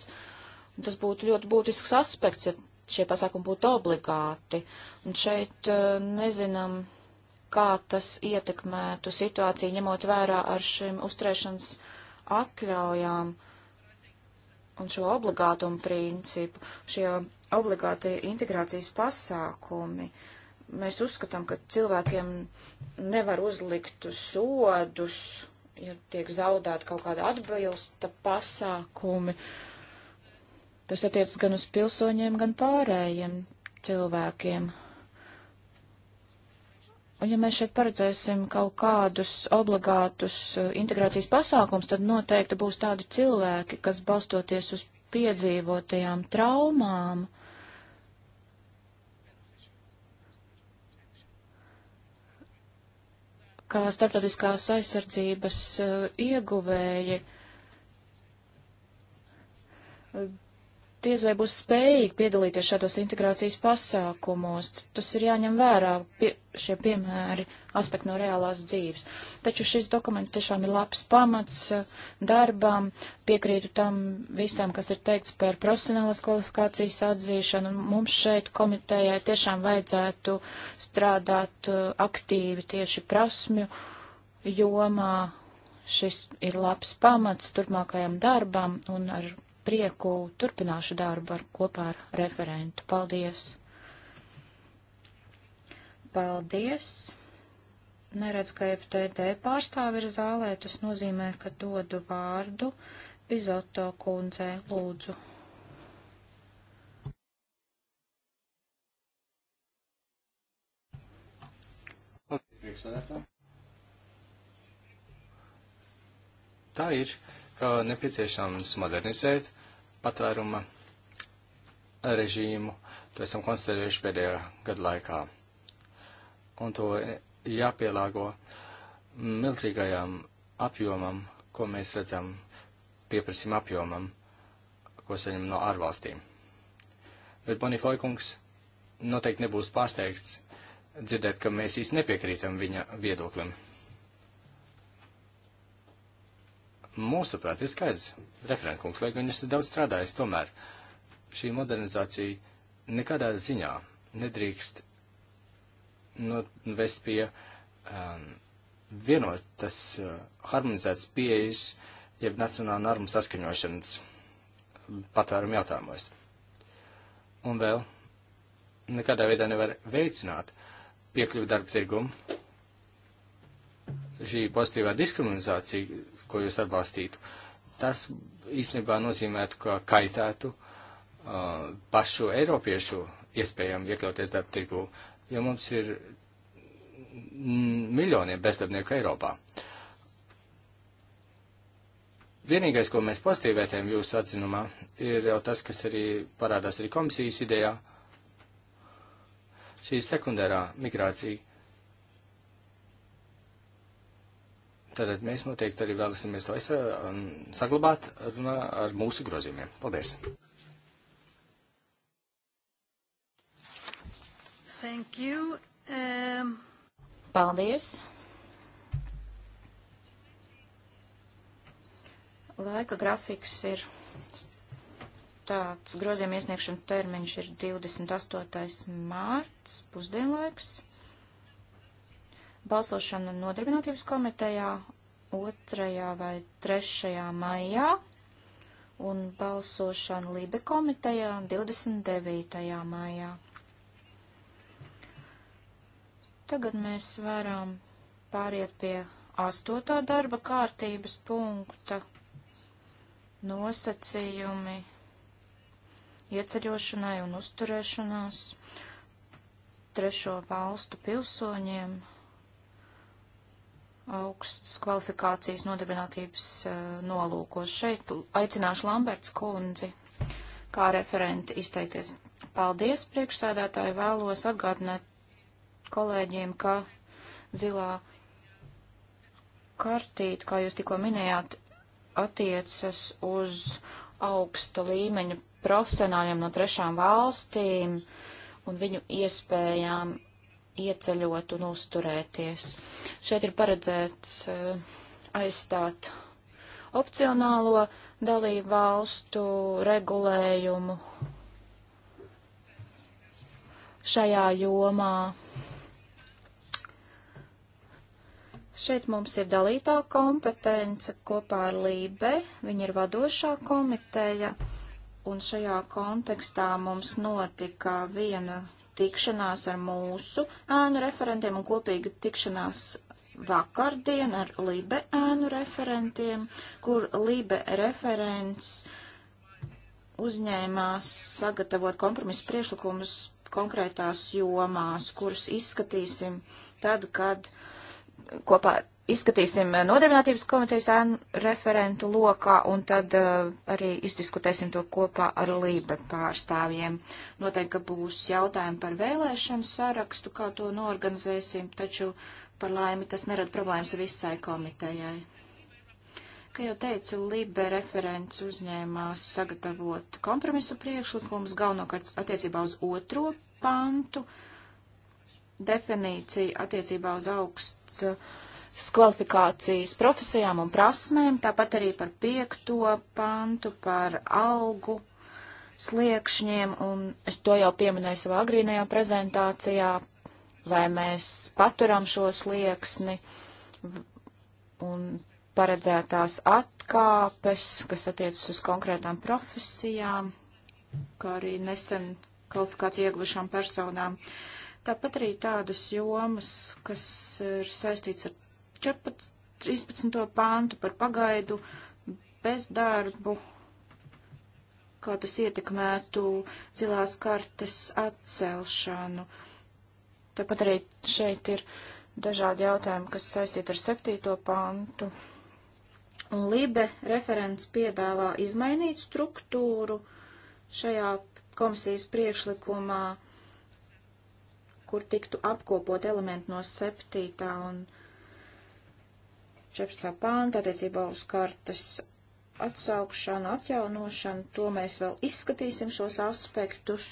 Tas būtu ļoti būtisks aspekts, ja šie pasākumi būtu obligāti. Un šeit eh, nezinām, kā tas ietekmētu situāciju, ņemot vērā ar šim uzturēšanas atļaujām un šo obligātumu principu, šie obligāti integrācijas pasākumi. Uh, Mēs uzskatām, ka cilvēkiem nevar uzlikt sodus, ja tiek zaudēta kaut kāda atbilsta pasākumi. Tas attiec gan uz pilsoņiem, gan pārējiem cilvēkiem. Un ja mēs šeit paredzēsim kaut kādus obligātus eh, integrācijas pasākums, tad noteikti būs tādi cilvēki, kas balstoties uz piedzīvotajām traumām, uh, kā starptautiskās aizsardzības eh, ieguvēji diez vai būs spējīgi piedalīties šādos integrācijas pasākumos. Tas ir jāņem vērā pie, šie piemēri, aspekti no reālās dzīves. Taču šis dokuments tiešām ir labs pamats eh, darbam, piekrītu tam visam, kas ir teikts par profesionālas kvalifikācijas atzīšanu. Mums šeit komitejai tiešām vajadzētu strādāt eh, aktīvi tieši prasmju jomā. Šis ir labs pamats turpmākajam darbam un ar prieku turpināšu darbu ar kopā ar referentu. Paldies! Paldies! neredz, ka FTD pārstāvi ir zālē, tas nozīmē, ka dodu vārdu Bizoto kundzē, lūdzu. Tā ir, ka nepieciešams modernizēt patvēruma režīmu. To esam konstatējuši pēdējā gada laikā. Un to jāpielāgo milzīgajam apjomam, ko mēs redzam, pieprasījuma apjomam, ko saņem no ārvalstīm. Bet Bonifoja kungs noteikti nebūs pārsteigts dzirdēt, ka mēs īsti nepiekrītam viņa viedoklim. mūsuprāt, ir skaidrs, referentkungs, lai gan es daudz strādājis, tomēr šī modernizācija nekādā ziņā nedrīkst novest pie um, vienotas uh, harmonizētas pieejas, jeb nacionāla norma saskaņošanas patvērumu jautājumos. Un vēl nekādā veidā nevar veicināt piekļuvu darba tirgumu šī pozitīvā diskriminācija, ko jūs atbalstītu, tas īstenībā nozīmētu, ka kaitētu uh, pašu eiropiešu iespējām iekļauties darba tirgu, jo mums ir miljoniem bezdarbnieku Eiropā. Vienīgais, ko mēs pozitīvētējam jūsu atzinumā, ir jau tas, kas arī parādās arī komisijas idejā, šī sekundārā migrācija Tātad mēs noteikti arī vēlēsimies to esa, um, saglabāt runā ar mūsu grozījumiem. Paldies! Thank you. Um... Paldies! Laika grafiks ir tāds, grozījuma iesniegšana termiņš ir 28. mārts, pusdienlaiks. Balsošana nodarbinātības komitejā 2. vai 3. maijā un balsošana Libe komitejā 29. maijā. Tagad mēs varam pāriet pie 8. darba kārtības punkta nosacījumi ieceļošanai un uzturēšanās trešo valstu pilsoņiem augsts kvalifikācijas nodarbinātības eh, nolūkos. Šeit aicināšu Lamberts kundzi kā referenti izteikties. Paldies, priekšsēdētāji, vēlos atgādināt kolēģiem, ka zilā kartīte, kā jūs tikko minējāt, attiecas uz augsta līmeņa profesionāļiem no trešām valstīm un viņu iespējām ieceļot un uzturēties. Šeit ir paredzēts eh, aizstāt opcionālo dalību valstu regulējumu šajā jomā. Šeit mums ir dalītā kompetence kopā ar Lībe, viņa ir vadošā komiteja, un šajā kontekstā mums notika viena tikšanās ar mūsu ēnu referentiem un kopīgu tikšanās vakardien ar Libe ēnu referentiem, kur Libe referents uzņēmās sagatavot kompromisu priešlikumus konkrētās jomās, kurus izskatīsim tad, kad kopā ar izskatīsim eh, nodarbinātības komitejas ēnu referentu lokā un tad uh, arī izdiskutēsim to kopā ar Lībe pārstāvjiem. Noteikti, ka būs jautājumi par vēlēšanu sarakstu, kā to norganizēsim, taču par laimi tas nerada problēmas visai komitejai. Kā jau teicu, Lībe referents uzņēmās sagatavot kompromisu priekšlikumus galvenokārt attiecībā uz otro pantu, definīciju attiecībā uz augstu kvalifikācijas profesijām un prasmēm, tāpat arī par piekto pantu, par algu sliekšņiem, un es to jau pieminēju savā agrīnajā prezentācijā, vai mēs paturam šo slieksni un paredzētās atkāpes, kas attiecas uz konkrētām profesijām, kā arī nesen kvalifikāciju ieguvušām personām. Tāpat arī tādas jomas, kas ir saistīts ar 14, 13. pāntu par pagaidu bezdarbu, kā tas ietekmētu zilās kartes atcelšanu. Tāpat arī šeit ir dažādi jautājumi, kas saistīti ar 7. pāntu. Un Libe referents piedāvā izmainīt struktūru šajā komisijas priekšlikumā, kur tiktu apkopot elementi no 7. un 8 14. pānta attiecībā uz kartes atsaukšanu, atjaunošanu, to mēs vēl izskatīsim šos aspektus.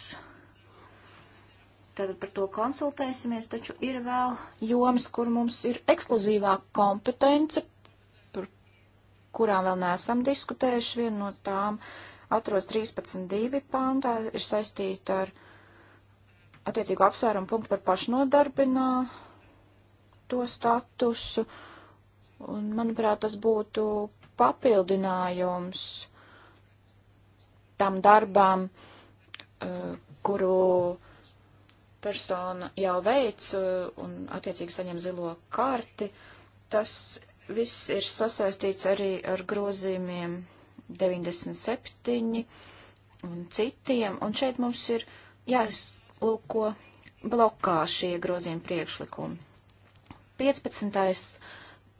Tātad par to konsultēsimies, taču ir vēl jomas, kur mums ir ekskluzīvā kompetence, par kurām vēl neesam diskutējuši. Viena no tām atrodas 13.2. pāntā, ir saistīta ar attiecīgu apsvērumu punktu par pašnodarbinā to statusu. Uh, Un, manuprāt, tas būtu papildinājums tam darbam, eh, kuru persona jau veic eh, un attiecīgi saņem zilo karti. Tas viss ir sasaistīts arī ar grozījumiem 97 un citiem, un šeit mums ir jāizlūko blokā šie grozījumi priekšlikumi. 15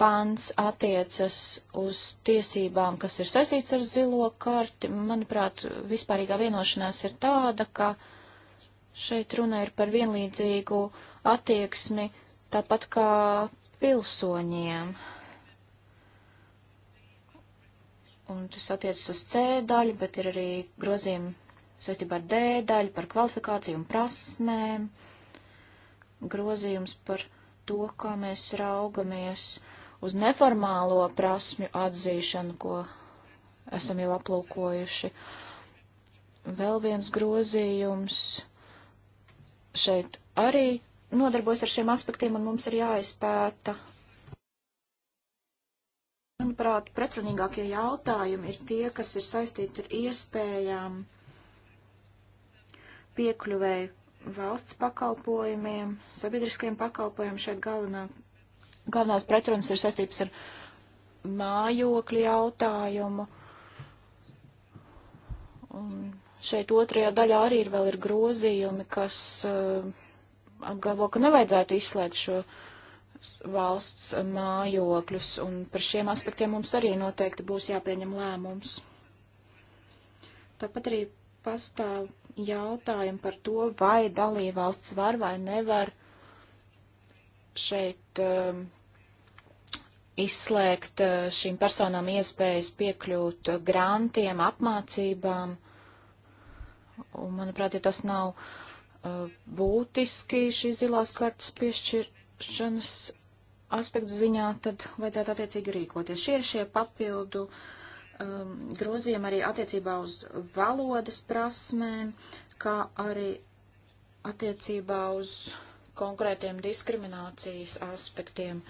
pants attiecas uz tiesībām, kas ir saistīts ar zilo karti. Manuprāt, vispārīgā vienošanās ir tāda, ka šeit runa ir par vienlīdzīgu attieksmi, tāpat kā pilsoņiem. Un tas attiecas uz C daļu, bet ir arī grozījumi saistībā ar D daļu, par kvalifikāciju un prasmēm, grozījums par to, kā mēs raugamies uz neformālo prasmju atzīšanu, ko esam jau aplūkojuši. Vēl viens grozījums šeit arī nodarbojas ar šiem aspektiem, un mums ir jāizpēta. Manuprāt, pretrunīgākie jautājumi ir tie, kas ir saistīti ar iespējām piekļuvēju valsts pakalpojumiem, sabiedriskiem pakalpojumiem. Šeit galvenā galvenās pretrunas ir saistības ar mājokļu jautājumu. Un šeit otrajā daļā arī ir vēl ir grozījumi, kas uh, apgalvo, ka nevajadzētu izslēgt šo valsts mājokļus, un par šiem aspektiem mums arī noteikti būs jāpieņem lēmums. Tāpat arī pastāv jautājumi par to, vai dalībvalsts var vai nevar šeit um, izslēgt uh, šīm personām iespējas piekļūt grantiem, apmācībām. Un, manuprāt, ja tas nav uh, būtiski šīs zilās kartas piešķiršanas aspektu ziņā, tad vajadzētu attiecīgi rīkoties. Šie ir šie papildu um, grozījumi arī attiecībā uz valodas prasmēm, kā arī attiecībā uz uh, konkrētiem diskriminācijas aspektiem.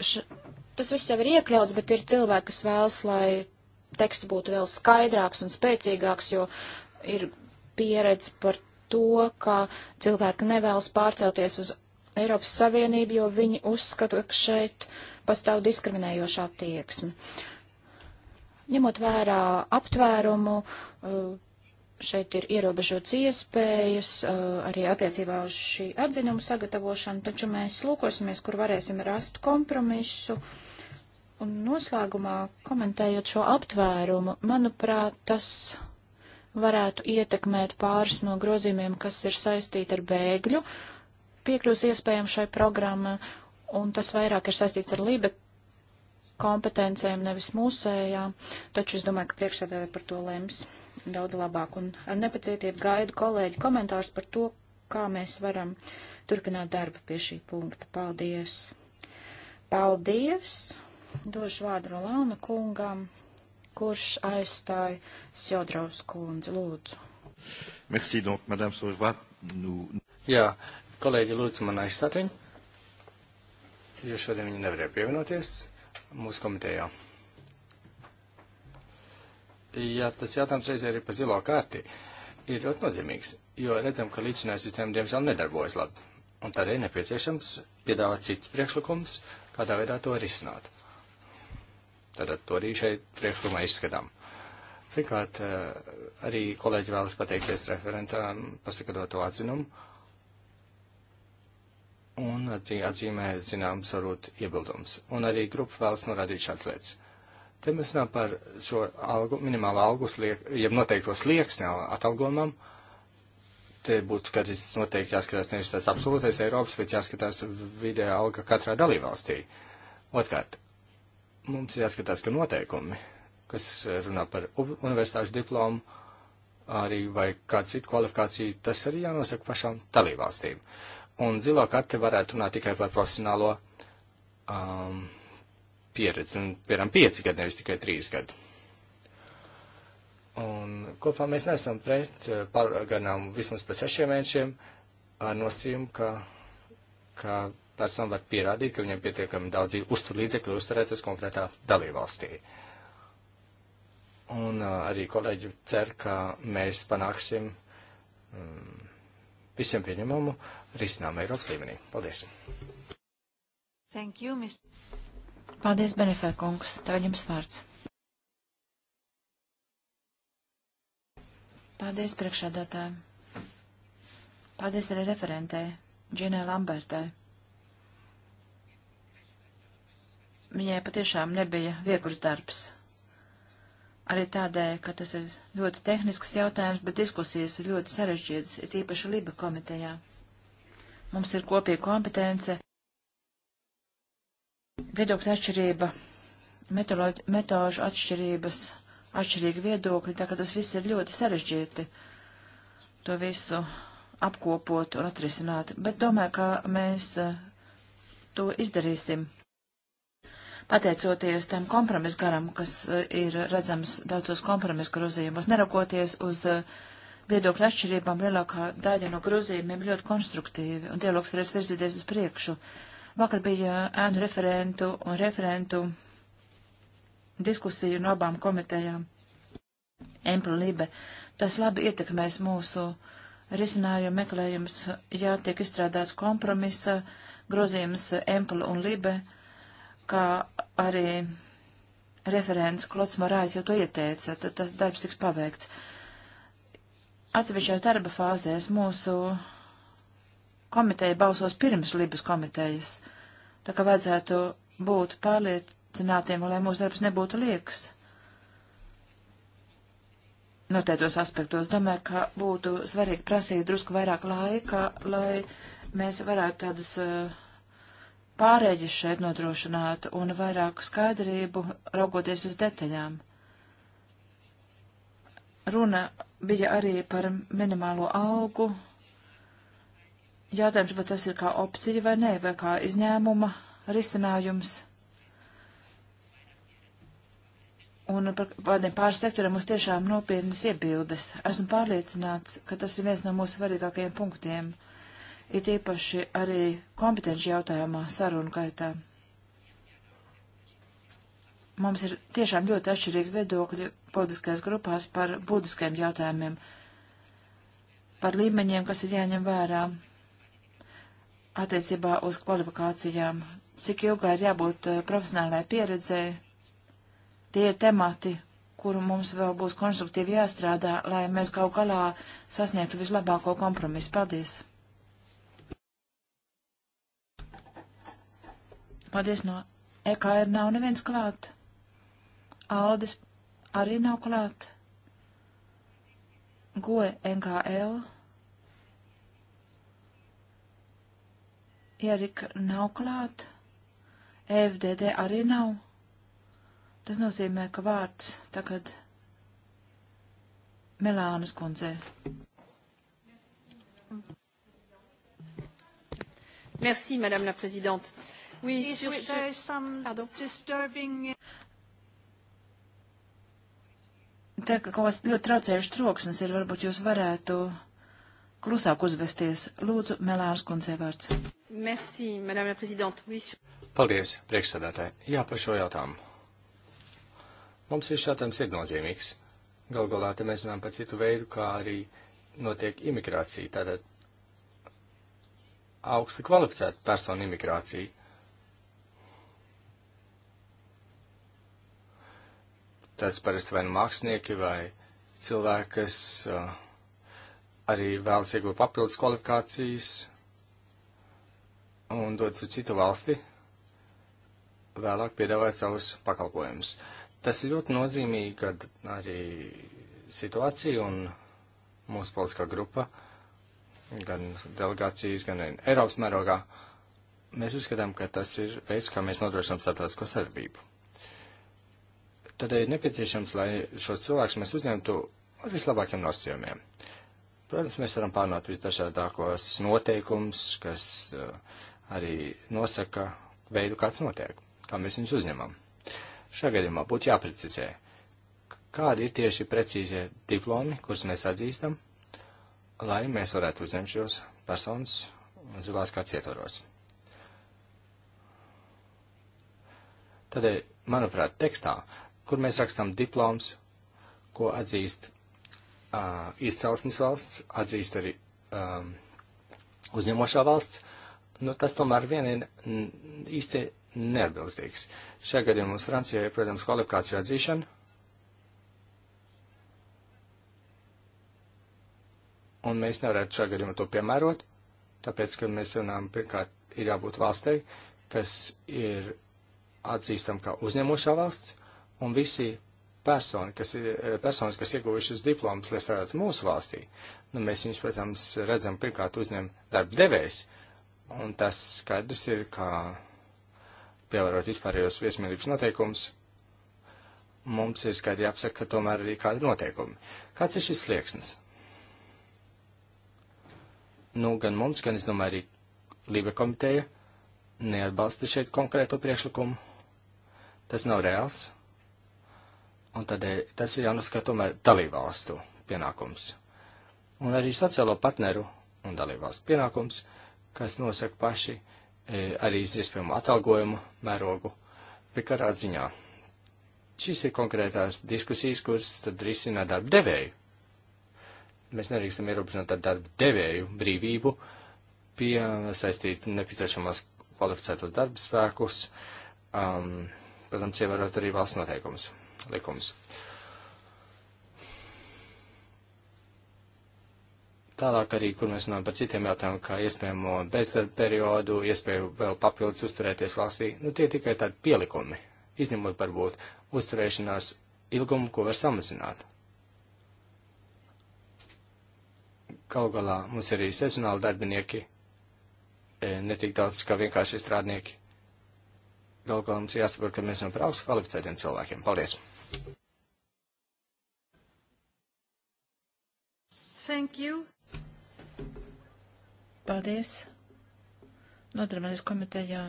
Š tas viss jau ir iekļauts, bet ir cilvēki, kas vēlas, lai teksts būtu vēl skaidrāks un spēcīgāks, jo ir pieredze par to, ka cilvēki nevēlas pārcelties uz Eiropas Savienību, jo viņi uzskata, ka šeit pastāv diskriminējoša attieksme. Ņemot vērā aptvērumu, uh, šeit ir ierobežots iespējas uh, arī attiecībā uz šī atzinuma sagatavošanu, taču mēs lūkosimies, kur varēsim rast kompromisu. Un noslēgumā, komentējot šo aptvērumu, manuprāt, tas varētu ietekmēt pāris no grozījumiem, kas ir saistīti ar bēgļu piekļūs iespējām šai programmai, un tas vairāk ir saistīts ar lībe kompetencēm, nevis mūsējām, taču es domāju, ka priekšsēdētāji par to lems daudz labāk. Un ar nepacietību gaidu kolēģi komentārs par to, kā mēs varam turpināt darbu pie šī punkta. Paldies! Paldies! Došu vārdu Rolāna kungam, kurš aizstāja Sjodrovs kundzi. Lūdzu! Merci, donc, madame Sauvrat, nu... Jā, kolēģi, lūdzu man aizstāt viņu, jo šodien viņi nevarēja pievienoties mūsu komitejā ja tas jautājums reizē ir par zilo kārti, ir ļoti nozīmīgs, jo redzam, ka līdzinājā sistēma diemžēl nedarbojas labi. Un tādēļ nepieciešams piedāvāt citus priekšlikumus, kādā veidā to risināt. Tātad to arī šeit priekšlikumā izskatām. Pirmkārt, eh, arī kolēģi vēlas pateikties referentam, pasakot to atzinumu, un atzīmē zināms varbūt iebildums. Un arī grupa vēlas norādīt šāds lietas. Te mēs runājam par šo algu, minimālu algu sliek, jeb noteikto slieksni atalgojumam. Te būtu, kad es noteikti jāskatās nevis tāds absolūtais Eiropas, bet jāskatās vidēja alga katrā dalībvalstī. Otkārt, mums ir jāskatās, ka noteikumi, kas runā par universitāšu diplomu, arī vai kādu citu kvalifikāciju, tas arī jānosaka pašām dalībvalstīm. Un zilo karte varētu runāt tikai par profesionālo um, pieredze, un, piemēram, pieci gadi, nevis tikai trīs gadi. Un kopā mēs nesam pret eh, pārganām vismaz pa sešiem mēnešiem ar nosacījumu, ka, ka persona var pierādīt, ka viņam pietiekami daudz uzturlīdzekļu uzturēt uz konkrētā dalībvalstī. Un eh, arī kolēģi cer, ka mēs panāksim um, visiem pieņemumu risinājumu Eiropas līmenī. Paldies! Thank you, Mr. Paldies, Benefē kungs. Tagad jums vārds. Paldies priekšādātājiem. Paldies arī referentē, Džinai Lambertai. Viņai patiešām nebija viegls darbs. Arī tādēļ, ka tas ir ļoti tehnisks jautājums, bet diskusijas ir ļoti sarežģītas, ir tīpaši Liba komitejā. Mums ir kopīga kompetence. Viedokļa atšķirība, metāžu atšķirības, atšķirīgi viedokļi, tā ka tas viss ir ļoti sarežģīti to visu apkopot un atrisināt. Bet domāju, ka mēs eh, to izdarīsim. Pateicoties tam kompromisu garam, kas eh, ir redzams daudzos kompromisu grozījumos, neraugoties uz eh, viedokļu atšķirībām, lielākā daļa no grozījumiem ļoti konstruktīvi un dialogs varēs virzīties uz priekšu. Uh, Vakar bija uh, ēnu referentu un referentu diskusiju no abām komitejām. Emplu Libe. Tas labi ietekmēs mūsu risinājumu meklējums, ja tiek izstrādāts kompromisa grozījums Emplu un Libe, kā arī referents Klots Morājs jau to ieteica, tad tas darbs tiks paveikts. Atsevišķās darba fāzēs mūsu komiteja balsos pirms Libas komitejas, tā kā vajadzētu būt pārliecinātiem, lai mūsu darbs nebūtu liekas. Noteiktos nu, aspektos domāju, ka būtu svarīgi prasīt drusku vairāk laika, lai mēs varētu tādas pārēģis šeit nodrošinātu un vairāk skaidrību raugoties uz detaļām. Runa bija arī par minimālo augu Jautājums, vai tas ir kā opcija vai nē, vai kā izņēmuma risinājums. Un par kādiem pāris sektoriem mums tiešām nopietnas iebildes. Esmu pārliecināts, ka tas ir viens no mūsu svarīgākajiem punktiem, it īpaši arī kompetenci jautājumā sarunu gaitā. Mums ir tiešām ļoti atšķirīgi viedokļi politiskajās grupās par būtiskajiem jautājumiem, par līmeņiem, kas ir jāņem vērā attiecībā uz kvalifikācijām, cik ilgā ir jābūt eh, profesionālai pieredzē. Tie ir temati, kuru mums vēl būs konstruktīvi jāstrādā, lai mēs kaut galā sasniegtu vislabāko kompromisu. Paldies! Paldies no EKR nav neviens klāt. Aldis arī nav klāt. Goe NKL Erika nav klāt, FDD arī nav. Tas nozīmē, ka vārds tagad Melānas kundzē. Merci, Madame la Présidente. Oui, Is sur ce... some Pardon. disturbing... Te, ka kaut kas ļoti traucējuši troksnis ir, varbūt jūs varētu klusāk uzvesties. Lūdzu, Melārs kundzei vārds. Merci, madame la prezidente. Oui. Paldies, priekšsēdētāji. Jā, par šo jautājumu. Mums šis jautājums ir nozīmīgs. Gal galā te mēs runājam par citu veidu, kā arī notiek imigrācija, tātad augsti kvalificēta persona imigrācija. Tas parasti vai nu mākslinieki vai cilvēki, kas uh, arī vēlas iegūt papildus kvalifikācijas un dodas uz citu valsti, vēlāk piedāvāt savus pakalpojumus. Tas ir ļoti nozīmīgi, kad arī situācija un mūsu politiskā grupa, gan delegācijas, gan Eiropas mērogā, mēs uzskatām, ka tas ir veids, kā mēs nodrošinām starptautisko sadarbību. Tad ir nepieciešams, lai šos cilvēkus mēs uzņemtu ar vislabākiem nosacījumiem. Protams, mēs varam pārnāt visdažādākos noteikumus, kas eh, arī nosaka veidu, kāds notiek, kā mēs viņus uzņemam. Šajā gadījumā būtu jāprecizē, kādi ir tieši precīzie diplomi, kurus mēs atzīstam, lai mēs varētu uzņemt šos personus zilās kāds ietvaros. Tādēļ, eh, manuprāt, tekstā, kur mēs rakstam diploms, ko atzīst uh, izcelsmes valsts, atzīst arī um, uzņemošā valsts, nu, tas tomēr vien ir īsti neatbilstīgs. Šajā gadījumā mums Francijā ir, protams, kvalifikācija atzīšana. Un mēs nevarētu šajā gadījumā to piemērot, tāpēc, ka mēs runājam, pirmkārt, ir jābūt valstei, kas ir atzīstam kā uzņemošā valsts, un visi personi, kas ir, e, personas, kas ieguvušas diplomas, lai strādātu mūsu valstī. Nu, mēs viņus, protams, redzam, pirmkārt uzņem darba devējs, un tas skaidrs ir, ka pievērot vispārējos viesmīlības noteikumus, mums ir skaidri jāapsaka, ka tomēr ir kādi noteikumi. Kāds ir šis slieksnis? Nu, gan mums, gan, es domāju, arī Lība komiteja neatbalsta šeit konkrēto priekšlikumu. Tas nav reāls Un tādēļ eh, tas ir jānoskat tomēr dalībvalstu pienākums. Un arī sociālo partneru un dalībvalstu pienākums, kas nosaka paši e, arī iespējamo atalgojumu mērogu pie karā ziņā. Šīs ir konkrētās diskusijas, kuras tad risina darba devēju. Mēs nedrīkstam ierobežot ar darba devēju brīvību piesaistīt nepieciešamos kvalificētos darba spēkus, um, protams, ievērot arī valsts noteikumus likums. Tālāk arī, kur mēs runājam par citiem jautājumiem, kā iespējamo bezdarba periodu, iespēju vēl papildus uzturēties valstī, nu tie tikai tādi pielikumi, izņemot varbūt uzturēšanās ilgumu, ko var samazināt. Galu galā mums ir arī sezonāli darbinieki, e, netik daudz kā vienkārši strādnieki. Galu galā mums jāsaprot, ka mēs esam par augstu kvalificētiem cilvēkiem. Paldies! Thank you. Paldies. Nodarbināties komitejā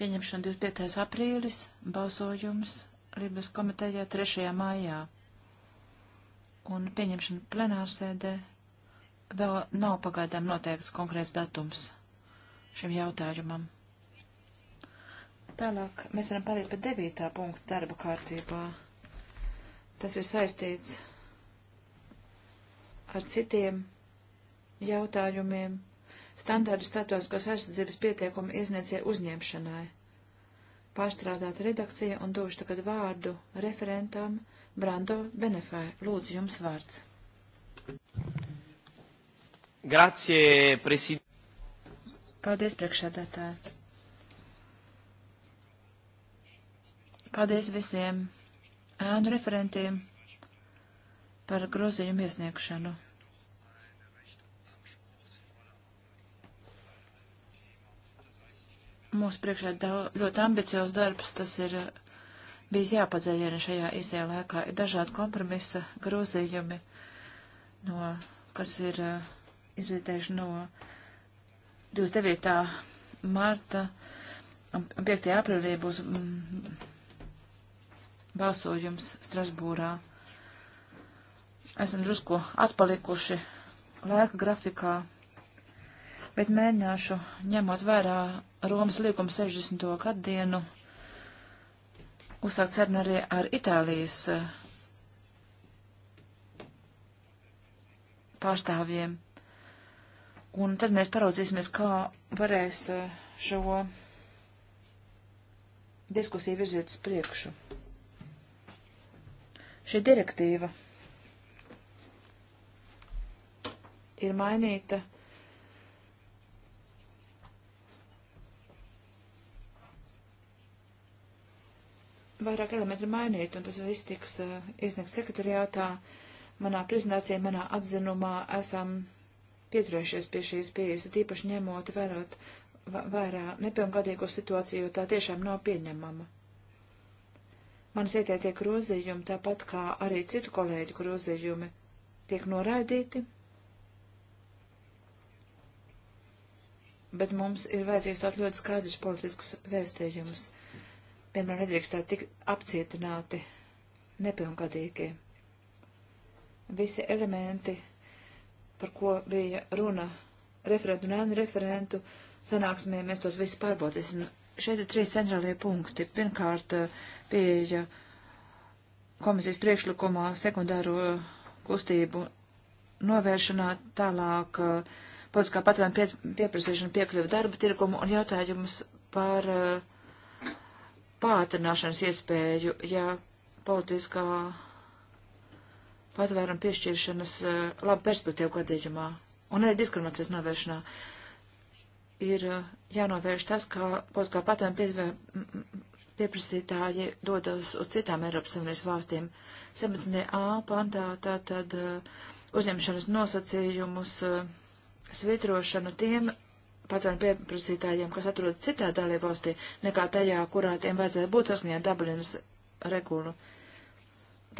pieņemšana 25. aprīlis, balsojums Libas komitejā 3. maijā. Un pieņemšana plenārsēdē vēl nav pagaidām noteikts konkrēts datums šim jautājumam. Tālāk mēs varam pāriet pie devītā punkta darba kārtībā. Tas ir saistīts ar citiem jautājumiem standārtu statuskos aizsardzības pietiekumu izniecie uzņemšanai. Pārstrādāt redakcija un došu tagad vārdu referentam Brando Benefē. Lūdzu, jums vārds. Grazie, prezident. Paldies, priekšsēdētāji. Paldies visiem ēnu referentiem par grozījumu iesniegšanu. Mūsu priekšā ļoti ambiciozs darbs, tas ir eh, bijis jāpadzeļ arī šajā īsajā laikā. Ir dažādi kompromisa grozījumi, no, kas ir eh, izvietējuši no 29. marta un 5. aprīlī būs. Mm, balsojums Strasbūrā. Esam drusku atpalikuši laika grafikā, bet mēģināšu, ņemot vērā Romas līguma 60. gaddienu, uzsākt sarunu arī ar Itālijas eh, pārstāvjiem. Un tad mēs paraudzīsimies, kā varēs eh, šo diskusiju virzīt uz priekšu. Šī direktīva ir mainīta. Vairāk elementi ir mainīti, un tas viss tiks uh, iesniegts sekretariātā. Manā prezentācijā, manā atzinumā esam pieturējušies pie šīs pieejas, tīpaši ņemot vērot vērā nepilngadīgo situāciju, jo tā tiešām nav pieņemama. Manas ietētie grozījumi, tāpat kā arī citu kolēģu grozījumi, tiek noraidīti, bet mums ir vajadzīgs tāds ļoti skaidrs politisks vēstījums. Piemēram, nedrīkstāt tik apcietināti nepilngadīgie. Visi elementi, par ko bija runa referentu un ēnu referentu sanāksmē, mēs tos visus pārbaudīsim Šeit ir trīs centrālie punkti. Pirmkārt, eh, pieeja komisijas priekšlikumā sekundāro kustību novēršanā, tālāk eh, politiskā patvēruma pie, pieprasīšana piekļuva darba tirgumu un jautājums par eh, pātrināšanas iespēju, ja politiskā patvēruma piešķiršanas labu perspektīvu gadījumā un arī diskriminācijas novēršanā. Uh, ir uh, jānovērš tas, ka Polskā patēma pieprasītāji dodas uz citām Eiropas Savienības valstīm. 17a pantā tātad uh, uzņemšanas nosacījumus uh, svītrošanu tiem patvērumu pieprasītājiem, kas atrodas citā dalībvalstī, nekā tajā, kurā tiem vajadzētu būt saskaņā Dublinas regulu.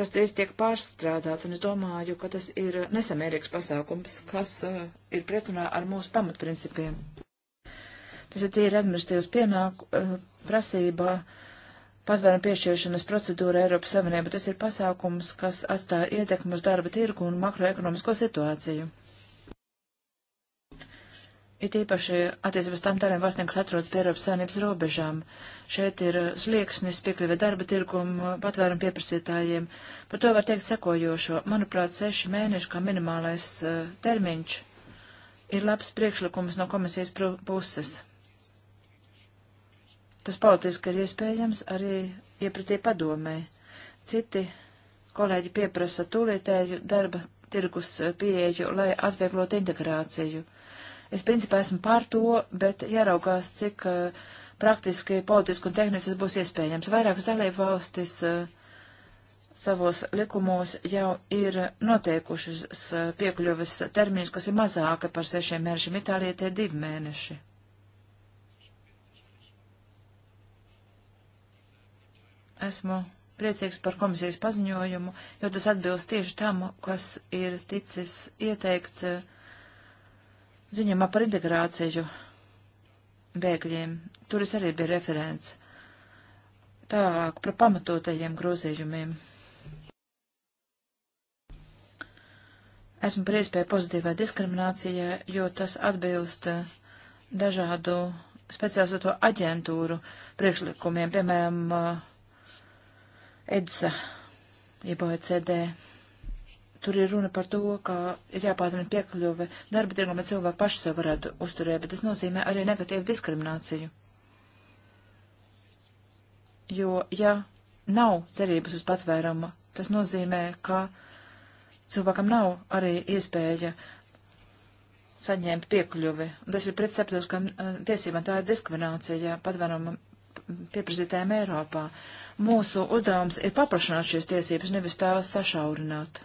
Tas tieši tiek pārstrādāts, un es domāju, ka tas ir nesamērīgs pasākums, kas uh, ir pretrunā ar mūsu pamatprincipiem. Tas ir tīri administratīvas pienāk eh, prasība patvērumu piešķiršanas procedūra Eiropas Savienībā. Tas ir pasākums, kas atstāja ietekmi uz darba tirgu un makroekonomisko situāciju. It īpaši attiecības tam tādiem valstīm, kas atrodas pie Eiropas Savienības robežām. Šeit ir eh, slieksnis piekļuve darba tirgumu eh, patvērumu pieprasītājiem. Par to var teikt sekojošo. Manuprāt, seši mēneši kā minimālais uh, termiņš ir labs priekšlikums no komisijas puses. Tas politiski ir iespējams arī iepratī padomē. Citi kolēģi pieprasa tūlītēju darba tirgus pieeju, lai atvieglot integrāciju. Es principā esmu pār to, bet jāraugās, cik uh, praktiski, politiski un tehniski būs iespējams. Vairākas dalība valstis uh, savos likumos jau ir noteikušas eh, piekļuves termiņus, kas ir mazāka par sešiem mēnešiem. Itālijai tie divi mēneši. Esmu priecīgs par komisijas paziņojumu, jo tas atbilst tieši tam, kas ir ticis ieteikts eh, ziņamā par integrāciju bēgļiem. Tur es arī biju referents. Tālāk par pamatotajiem grozījumiem. Esmu par iespēju pozitīvai diskriminācijai, jo tas atbilst eh, dažādu specializēto aģentūru priekšlikumiem, piemēram, eh, EDSA, jeb OECD. Tur ir runa par to, ka ir jāpātrina piekļuve darba tirgum, lai cilvēki paši sev varētu uzturēt, bet tas nozīmē arī negatīvu diskrimināciju. Jo, ja nav cerības uz patvērumu, tas nozīmē, ka cilvēkam nav arī iespēja saņēma piekļuvi. Un tas ir pretstapjos, ka eh, tiesībām tā ir diskriminācija patvēruma pieprasītājiem Eiropā. Mūsu uzdevums ir paplašināt šīs tiesības, nevis tās sašaurināt.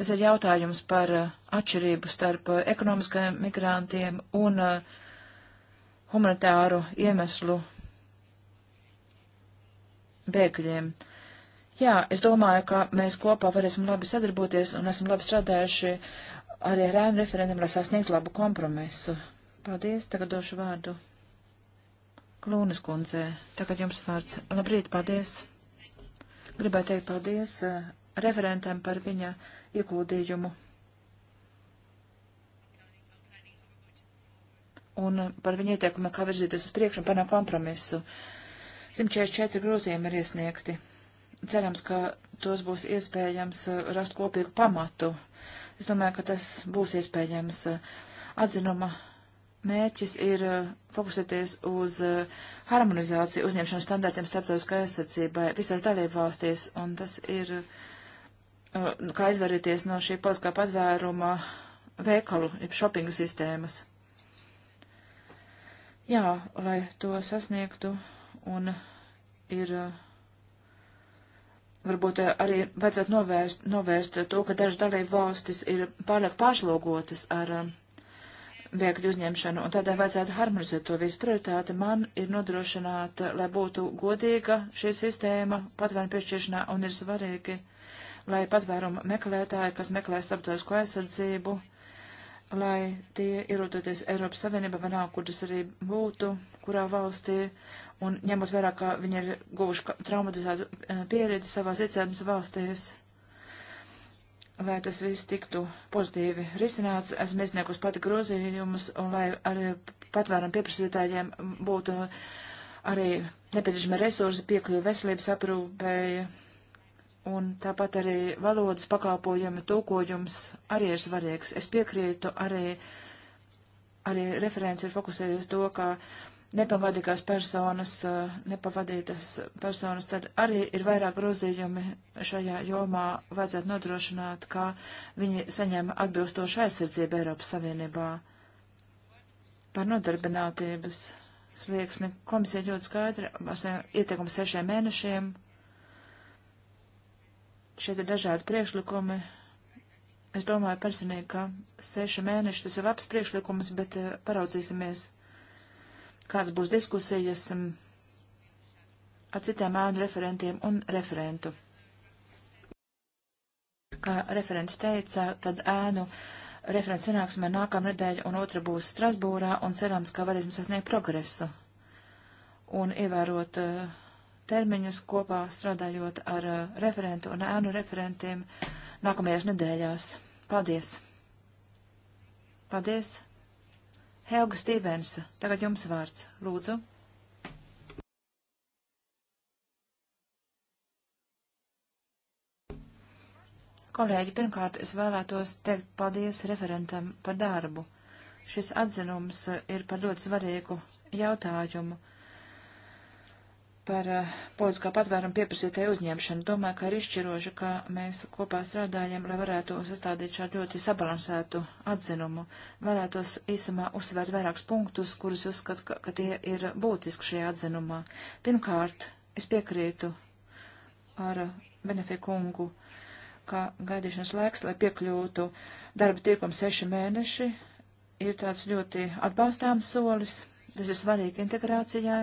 Tas ir jautājums par uh, atšķirību starp uh, ekonomiskajiem migrantiem un uh, humanitāru iemeslu bēgļiem. Jā, es domāju, ka mēs kopā varēsim labi sadarboties un esam labi strādājuši arī ar ēnu referendumu, lai sasniegtu labu kompromisu. Paldies, tagad došu vārdu Klūnes kundze, tagad jums vārds. Labrīt, paldies. Gribētu teikt paldies uh, eh, referentam par viņa ieguldījumu. Un uh, par viņa ieteikumu, kā virzīties uz priekšu un panākt kompromisu. 144 grozījumi ir iesniegti. Cerams, ka tos būs iespējams uh, rast kopīgu pamatu. Es domāju, ka tas būs iespējams atzinuma mērķis ir eh, fokusēties uz eh, harmonizāciju uzņemšanas standartiem starptautiskai aizsardzībai visās dalībvalstīs, un tas ir, eh, nu, kā izvarīties no šī politiskā patvēruma veikalu, jeb šopinga sistēmas. Jā, lai to sasniegtu, un ir varbūt arī vajadzētu novērst, novērst to, ka dažas dalību valstis ir pārāk pašlogotas ar bēgļu uzņemšanu, un tādēļ vajadzētu harmonizēt to visu. Prioritāte man ir nodrošināt, lai būtu godīga šī sistēma patvērumu piešķiršanā, un ir svarīgi, lai patvērumu meklētāji, kas meklē starptautisko aizsardzību, lai tie ierodoties Eiropas Savienībā, vai nav, kur tas arī būtu, kurā valstī, un ņemot vērā, ka viņi ir guvuši traumatizētu eh, pieredzi savās izcēlesmes valstīs lai tas viss tiktu pozitīvi risināts, esmu iesniegus pati grozījumus un lai arī patvēram pieprasītājiem būtu arī nepieciešama resursa piekļuva veselības aprūpēja un tāpat arī valodas pakalpojumi, tūkojums arī ir svarīgs. Es piekrītu arī, arī referents ir fokusējies to, ka uh, nepavadīgās personas, eh, nepavadītas personas, tad arī ir vairāk grozījumi šajā jomā vajadzētu nodrošināt, kā viņi saņem atbilstošu aizsardzību Eiropas Savienībā par nodarbinātības slieksni. Komisija ļoti skaidra, ieteikumi sešiem mēnešiem. Šeit ir dažādi priekšlikumi. Es domāju personīgi, ka seši mēneši tas ir labs priekšlikums, bet eh, paraudzīsimies kāds būs diskusijas um, ar citiem ēnu referentiem un referentu. Kā referents teica, tad ēnu referents sanāksmē nākamā nedēļa un otra būs Strasbūrā un cerams, ka varēsim sasniegt progresu un ievērot uh, termiņus kopā strādājot ar uh, referentu un ēnu referentiem nākamajās nedēļās. Paldies! Paldies! Helga Stevens, tagad jums vārds, lūdzu. Kolēģi, pirmkārt, es vēlētos teikt paldies referentam par darbu. Šis atzinums ir par ļoti svarīgu jautājumu par uh, politiskā patvērumu pieprasītāju uzņemšanu. Domāju, ka ir izšķiroši, ka mēs kopā strādājam, lai varētu sastādīt šādu ļoti sabalansētu atzinumu. Varētos īsumā uzsvērt vairākus punktus, kurus uzskatu, ka, ka tie ir būtiski šajā atzinumā. Pirmkārt, es piekrītu ar Benefī kungu, ka gaidīšanas laiks, lai piekļūtu darba tirkam seši mēneši, ir tāds ļoti atbalstāms solis. Tas ir svarīgi integrācijai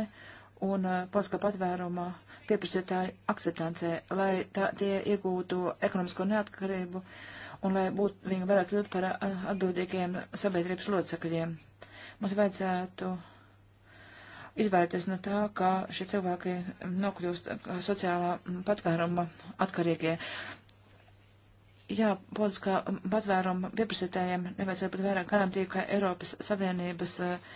un eh, politiskā patvēruma pieprasītāju akceptancē, lai tā, tie iegūtu ekonomisko neatkarību un lai būtu, viņi varētu kļūt par eh, atbildīgiem sabiedrības locekļiem. Mums vajadzētu izvairīties no tā, ka šie cilvēki nokļūst eh, sociālā mm, patvēruma atkarīgie. Jā, politiskā mm, patvēruma pieprasītājiem nevajadzētu pat vairāk garantīt, ka Eiropas Savienības uh,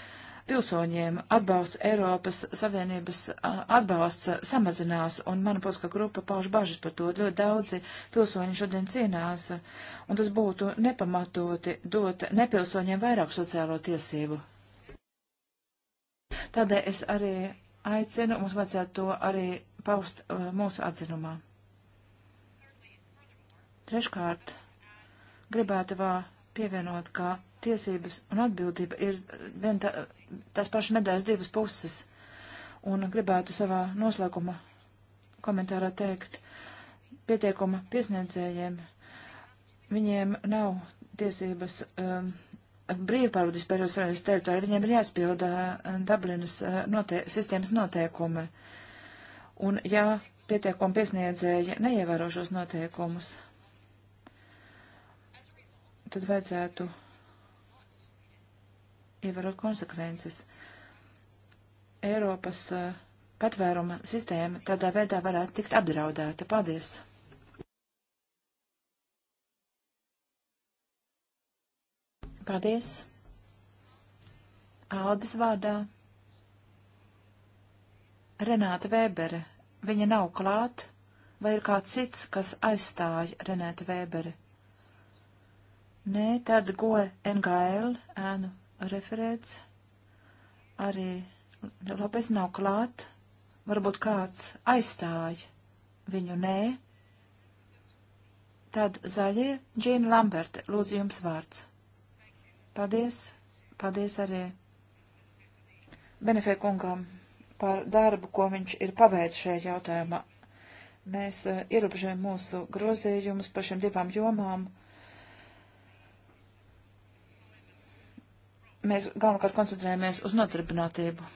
pilsoņiem atbalsts Eiropas Savienības atbalsts samazinās, un mana polska grupa pauž bažas par to. Ļoti daudzi pilsoņi šodien cīnās, un tas būtu nepamatoti dot nepilsoņiem vairāk sociālo tiesību. Tādēļ es arī aicinu, mums vajadzētu to arī paust uh, mūsu atzinumā. Treškārt, gribētu vēl pievienot, ka tiesības un atbildība ir vien tā, tās pašas medaļas divas puses. Un gribētu savā noslēguma komentārā teikt pietiekuma piesniedzējiem. Viņiem nav tiesības um, brīvpārvadības periods Savienības teritorijā, viņiem ir jāspilda uh, Dublinas uh, note sistēmas noteikumi. Un ja pietiekuma piesniedzēja neievēro šos noteikumus, tad vajadzētu ievērot konsekvences. Eiropas uh, patvēruma sistēma tādā veidā varētu tikt apdraudēta. Paldies! Paldies! Aldis vārdā. Renāta Vēbere. Viņa nav klāt, vai ir kāds cits, kas aizstāja Renāta Vēbere? Nē, tad goe NGL ēnu referēts, arī Lopes nav klāt, varbūt kāds aizstāja viņu nē. Tad zaļie Džīna Lamberte, lūdzu jums vārds. Paldies, paldies arī Benefē kungam par darbu, ko viņš ir paveicis šajā jautājumā. Mēs uh, ierobežojam mūsu grozījumus par šiem divām jomām. Uh, mēs galvenokārt koncentrējamies uz nodarbinātību.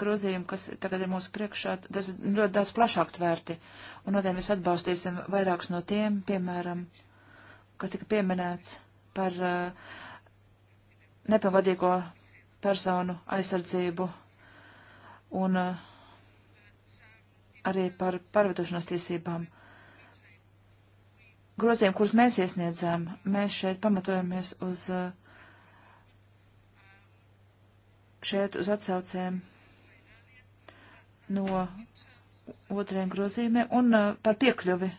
Grozījumi, kas tagad ir mūsu priekšā, tas ir ļoti daudz plašāk tvērti, un noteikti mēs atbalstīsim vairākus no tiem, piemēram, kas tika pieminēts par uh, nepavadīgo personu aizsardzību un uh, arī par pārvietošanās tiesībām groziem, kurus mēs iesniedzām, mēs šeit pamatojamies uz eh, šeit uz atsaucēm no otriem grozījumiem un eh, par piekļuvi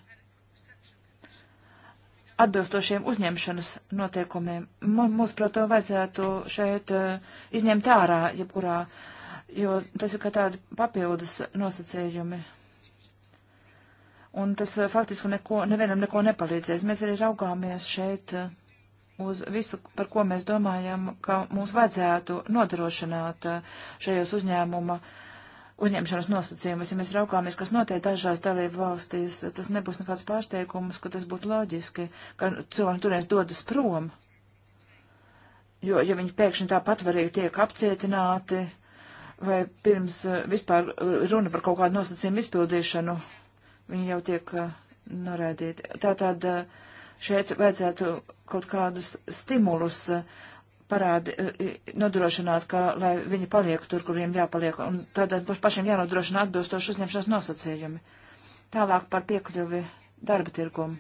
atbilstošiem uzņemšanas noteikumiem. Mūsuprāt, to vajadzētu šeit eh, izņemt ārā, jebkurā, jo tas ir kā tādi papildus nosacījumi. Un tas eh, faktiski neko, nevienam neko nepalīdzēs. Mēs arī raugāmies šeit eh, uz visu, par ko mēs domājam, ka mums vajadzētu nodrošināt eh, šajos uzņēmuma uzņemšanas nosacījumus. Ja mēs raugāmies, kas notiek dažās dalību valstīs, tas nebūs nekāds pārsteigums, ka tas būtu loģiski, ka cilvēki turēs dodas prom. Jo, ja viņi pēkšņi tā patvarīgi tiek apcietināti, vai pirms vispār runa par kaut kādu nosacījumu izpildīšanu, Viņi jau tiek noraidīti. Tātad šeit vajadzētu kaut kādus stimulus parādi, nodrošināt, ka, lai viņi paliek tur, kur viņiem jāpaliek, un tādēļ būs pašiem jānodrošina atbilstoši uzņemšanas nosacījumi. Tālāk par piekļuvi darba tirgumu.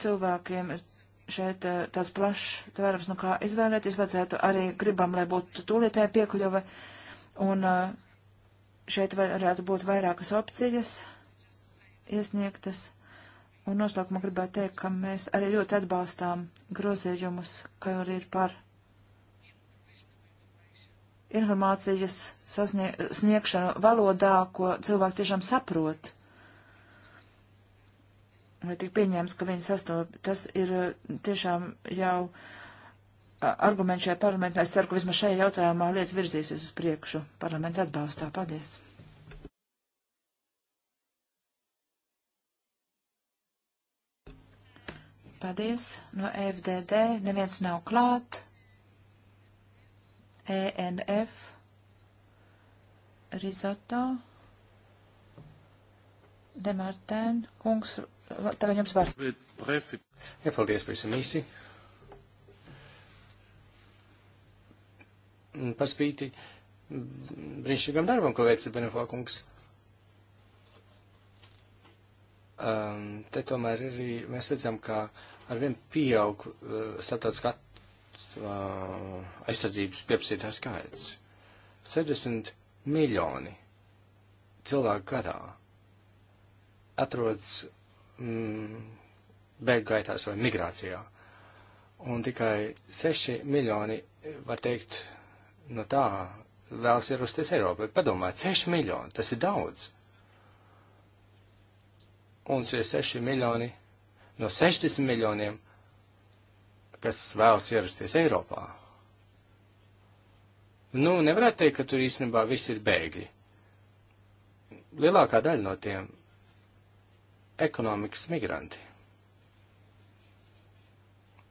Cilvēkiem šeit tāds plašs tvērums, nu kā izvēlēties, vajadzētu arī gribam, lai būtu tūlītēja piekļuve. Uh, Un šeit varētu būt vairākas opcijas iesniegtas. Un noslēgumā gribētu teikt, ka mēs arī ļoti atbalstām grozījumus, kā arī ir par informācijas sasnie, sniegšanu valodā, ko cilvēki tiešām saprot. Vai tik pieņēms, ka viņi sastop, tas ir tiešām jau uh, argumenti šajā parlamentā. Es ceru, ka vismaz šajā jautājumā lieta virzīsies uz priekšu. Parlamenta atbalstā. Paldies! Paldies. No FDD neviens nav klāt. ENF. Risotto. Demartēn. Kungs, tagad jums vārds. Jā, paldies, pavisam īsi. par spīti brīnišķīgam darbam, ko veica Benefokungs. Um, te tomēr arī mēs redzam, ka arvien pieaug uh, starptautiskā uh, aizsardzības pieprasītā skaits. 70 miljoni cilvēku gadā atrodas mm, bēgļu gaitās vai migrācijā. Un tikai 6 miljoni, var teikt, nu tā, vēlas ierasties Eiropā. Padomā, 6 miljoni, tas ir daudz. Un šie 6 miljoni no 60 miljoniem, kas vēlas ierasties Eiropā. Nu, nevarētu teikt, ka tur īstenībā viss ir bēgļi. Lielākā daļa no tiem ekonomikas migranti.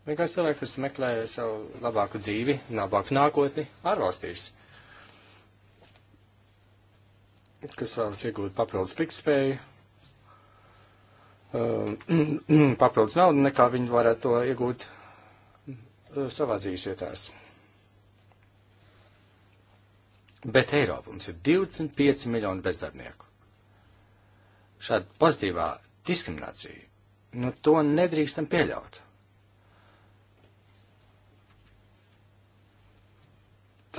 Vienkārši cilvēki, kas meklē savu labāku dzīvi, labāku nākotni ārvalstīs, kas vēlas iegūt papildus pikspēju, um, papildus naudu, nekā viņi varētu to iegūt uh, savā dzīves vietās. Bet Eiropā mums ir 25 miljoni bezdarbnieku. Šāda pozitīvā diskriminācija, nu to nedrīkstam pieļaut.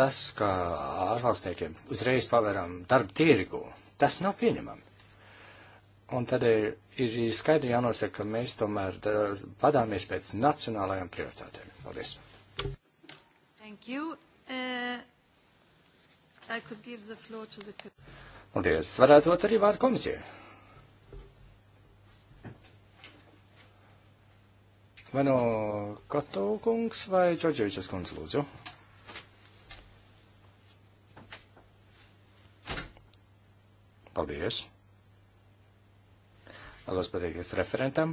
tas, ka ārvalstniekiem uzreiz pavērām darba tirgu, tas nav pieņemami. Un tad ir, ir skaidri jānosaka, ka mēs tomēr vadāmies pēc nacionālajām prioritātēm. Paldies. Thank you. Uh, I could give the floor to the... Paldies. Varētu dot arī vārdu komisijai. Vai no Kato kungs vai Čorģevičas kungs lūdzu? Paldies! Vēlos pateikties referentam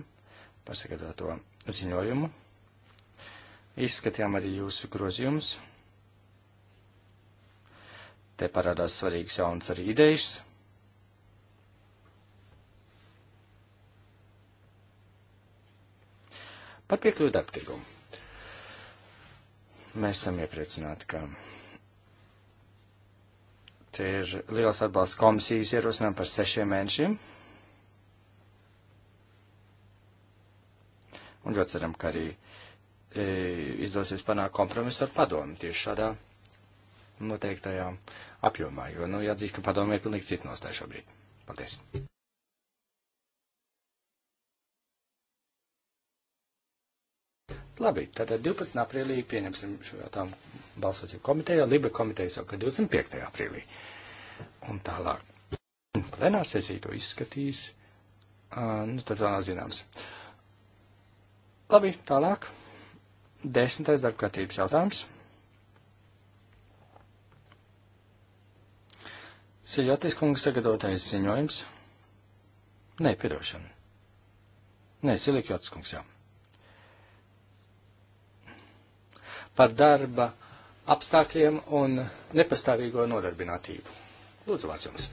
par sagatavoto ziņojumu. Izskatījām arī jūsu grozījumus. Te parādās svarīgas jaunas arī idejas. Par piekļuvi darbtīgumu. Mēs esam iepriecināti, ka Te ir liels atbalsts komisijas ierosinājumu par sešiem mēnešiem. Un ļoti ceram, ka arī e, izdosies panākt kompromisu ar padomu tieši šādā noteiktajā apjomā, jo, nu, jāatzīst, ka padomu ir pilnīgi cita nostāja šobrīd. Paldies! Labi, tātad 12. aprīlī pieņemsim šo jautājumu balsosim komitejā, Liba komiteja saka 25. aprīlī. Un tālāk. Plenārs sesija to izskatīs. Uh, nu, tas vēl nav zināms. Labi, tālāk. Desmitais darbkārtības jautājums. Siļotis kungs sagatavotais ziņojums. Nē, piedošana. Nē, Silikjotis kungs jau. par darba apstākļiem un nepastāvīgo nodarbinātību. Lūdzu, vārds jums.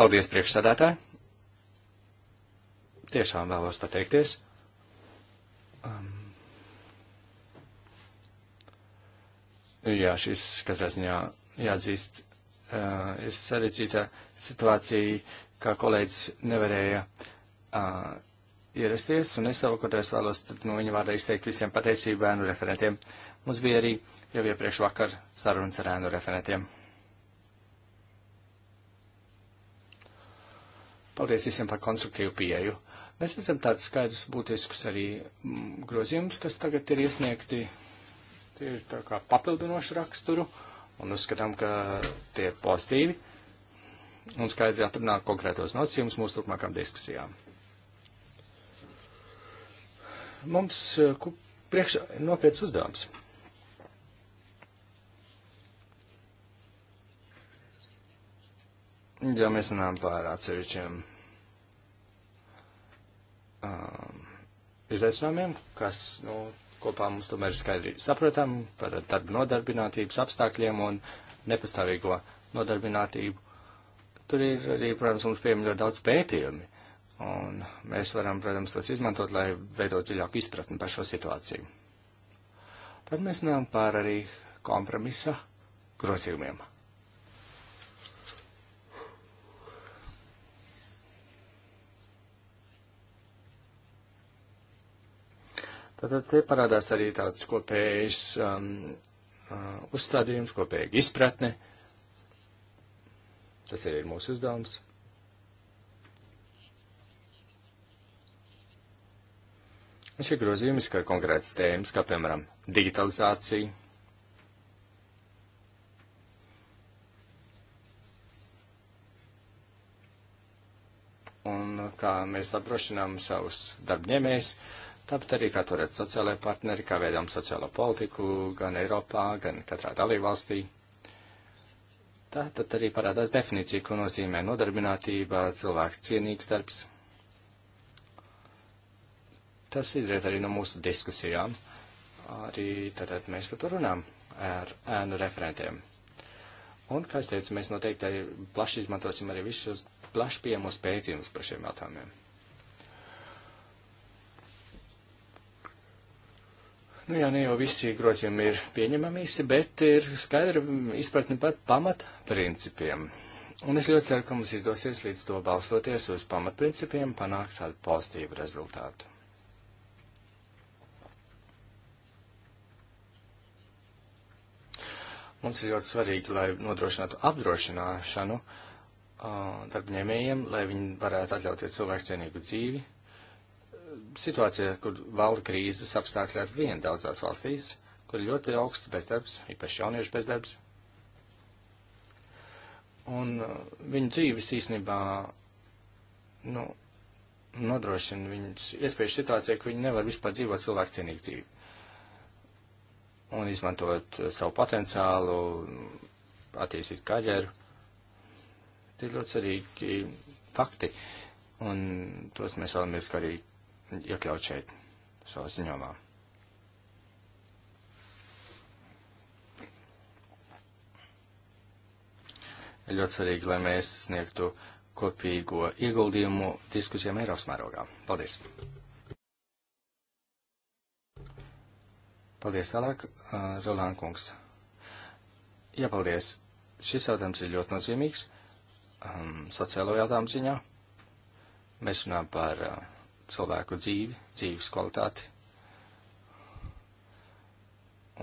Paldies, priekšsādātāji. Tiešām vēlos pateikties. Um, jā, šis katrā ziņā jāatzīst, uh, ir sarežģīta situācija, kā kolēģis nevarēja uh, ierasties, un es savukārt vēlos no viņa vārdā izteikt visiem pateicību ēnu referentiem. Mums bija arī jau iepriekš vakar sarunas ar ēnu referentiem. Paldies visiem par konstruktīvu pieeju. Mēs redzam tādus skaidrus būtiskus arī mm, grozījumus, kas tagad ir iesniegti. Tie ir tā kā papildinošu raksturu, un uzskatām, ka tie ir pozitīvi. Un skaidri atrunā konkrētos nosījumus mūsu turpmākām diskusijām mums eh, priekšā ir nopietns uzdevums. Ja mēs runājam par atsevišķiem um, izaicinājumiem, kas nu, kopā mums tomēr ir skaidri saprotam par darba nodarbinātības apstākļiem un nepastāvīgo nodarbinātību, tur ir arī, protams, mums pieejami ļoti daudz pētījumi Un mēs varam, protams, tos izmantot, lai veidot dziļāku izpratni par šo situāciju. Tad mēs runājam par arī kompromisa grozījumiem. Tātad te parādās arī tāds kopējs um, uh, uzstādījums, kopēja izpratne. Tas arī ir mūsu uzdevums. Šie grozījumi skar konkrētas tēmas, kā piemēram digitalizācija, un kā mēs apdrošinām savus darbņēmējus, tāpat arī kā turēt sociālajie partneri, kā veidām sociālo politiku gan Eiropā, gan katrā dalībvalstī. Tā tad arī parādās definīcija, ko nozīmē nodarbinātība, cilvēku cienīgs darbs. Tas izriet arī no mūsu diskusijām. Arī tad mēs par to runām ar ēnu referentiem. Un, kā es teicu, mēs noteikti arī plaši izmantosim arī visus plaši pieejamos pētījumus par šiem jautājumiem. Nu jā, ne jau visi grozījumi ir pieņemamīsi, bet ir skaidra izpratni par pamatprincipiem. Un es ļoti ceru, ka mums izdosies līdz to balstoties uz pamatprincipiem panākt tādu pozitīvu rezultātu. Mums ir ļoti svarīgi, lai nodrošinātu apdrošināšanu uh, darbņēmējiem, lai viņi varētu atļauties cilvēku cienīgu dzīvi. Situācija, kur valda krīzes apstākļi ar vienu daudzās valstīs, kur ir ļoti augsts bezdarbs, īpaši jauniešu bezdarbs. Un uh, viņu dzīves īstenībā, nu, nodrošina viņus iespējas situācijai, ka viņi nevar vispār dzīvot cilvēku cienīgu dzīvi un izmantot eh, savu potenciālu, attīstīt karjeru. Tie ir ļoti svarīgi fakti, un tos mēs vēlamies arī iekļaut šeit, savā ziņomā. Ir ļoti svarīgi, lai mēs sniegtu kopīgo ieguldījumu diskusijām Eiropas mērogā. Paldies! Paldies tālāk, Rolāna kungs. Jā, paldies. Šis jautājums ir ļoti nozīmīgs. Um, sociālo jautājumu ziņā mēs runājam par uh, cilvēku dzīvi, dzīves kvalitāti.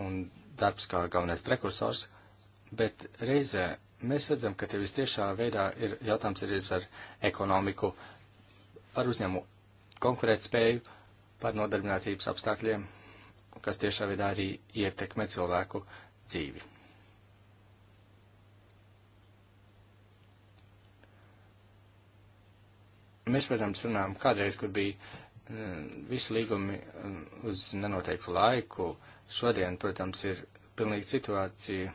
Un darbs kā galvenais prekursors, bet reizē mēs redzam, ka te visciešā veidā ir jautājums arī ar ekonomiku, par uzņēmumu konkurētspēju, par nodarbinātības apstākļiem kas tiešā veidā arī ietekmē cilvēku dzīvi. Mēs, protams, runājam kādreiz, kur bija mm, visi līgumi mm, uz nenoteiktu laiku. Šodien, protams, ir pilnīgi situācija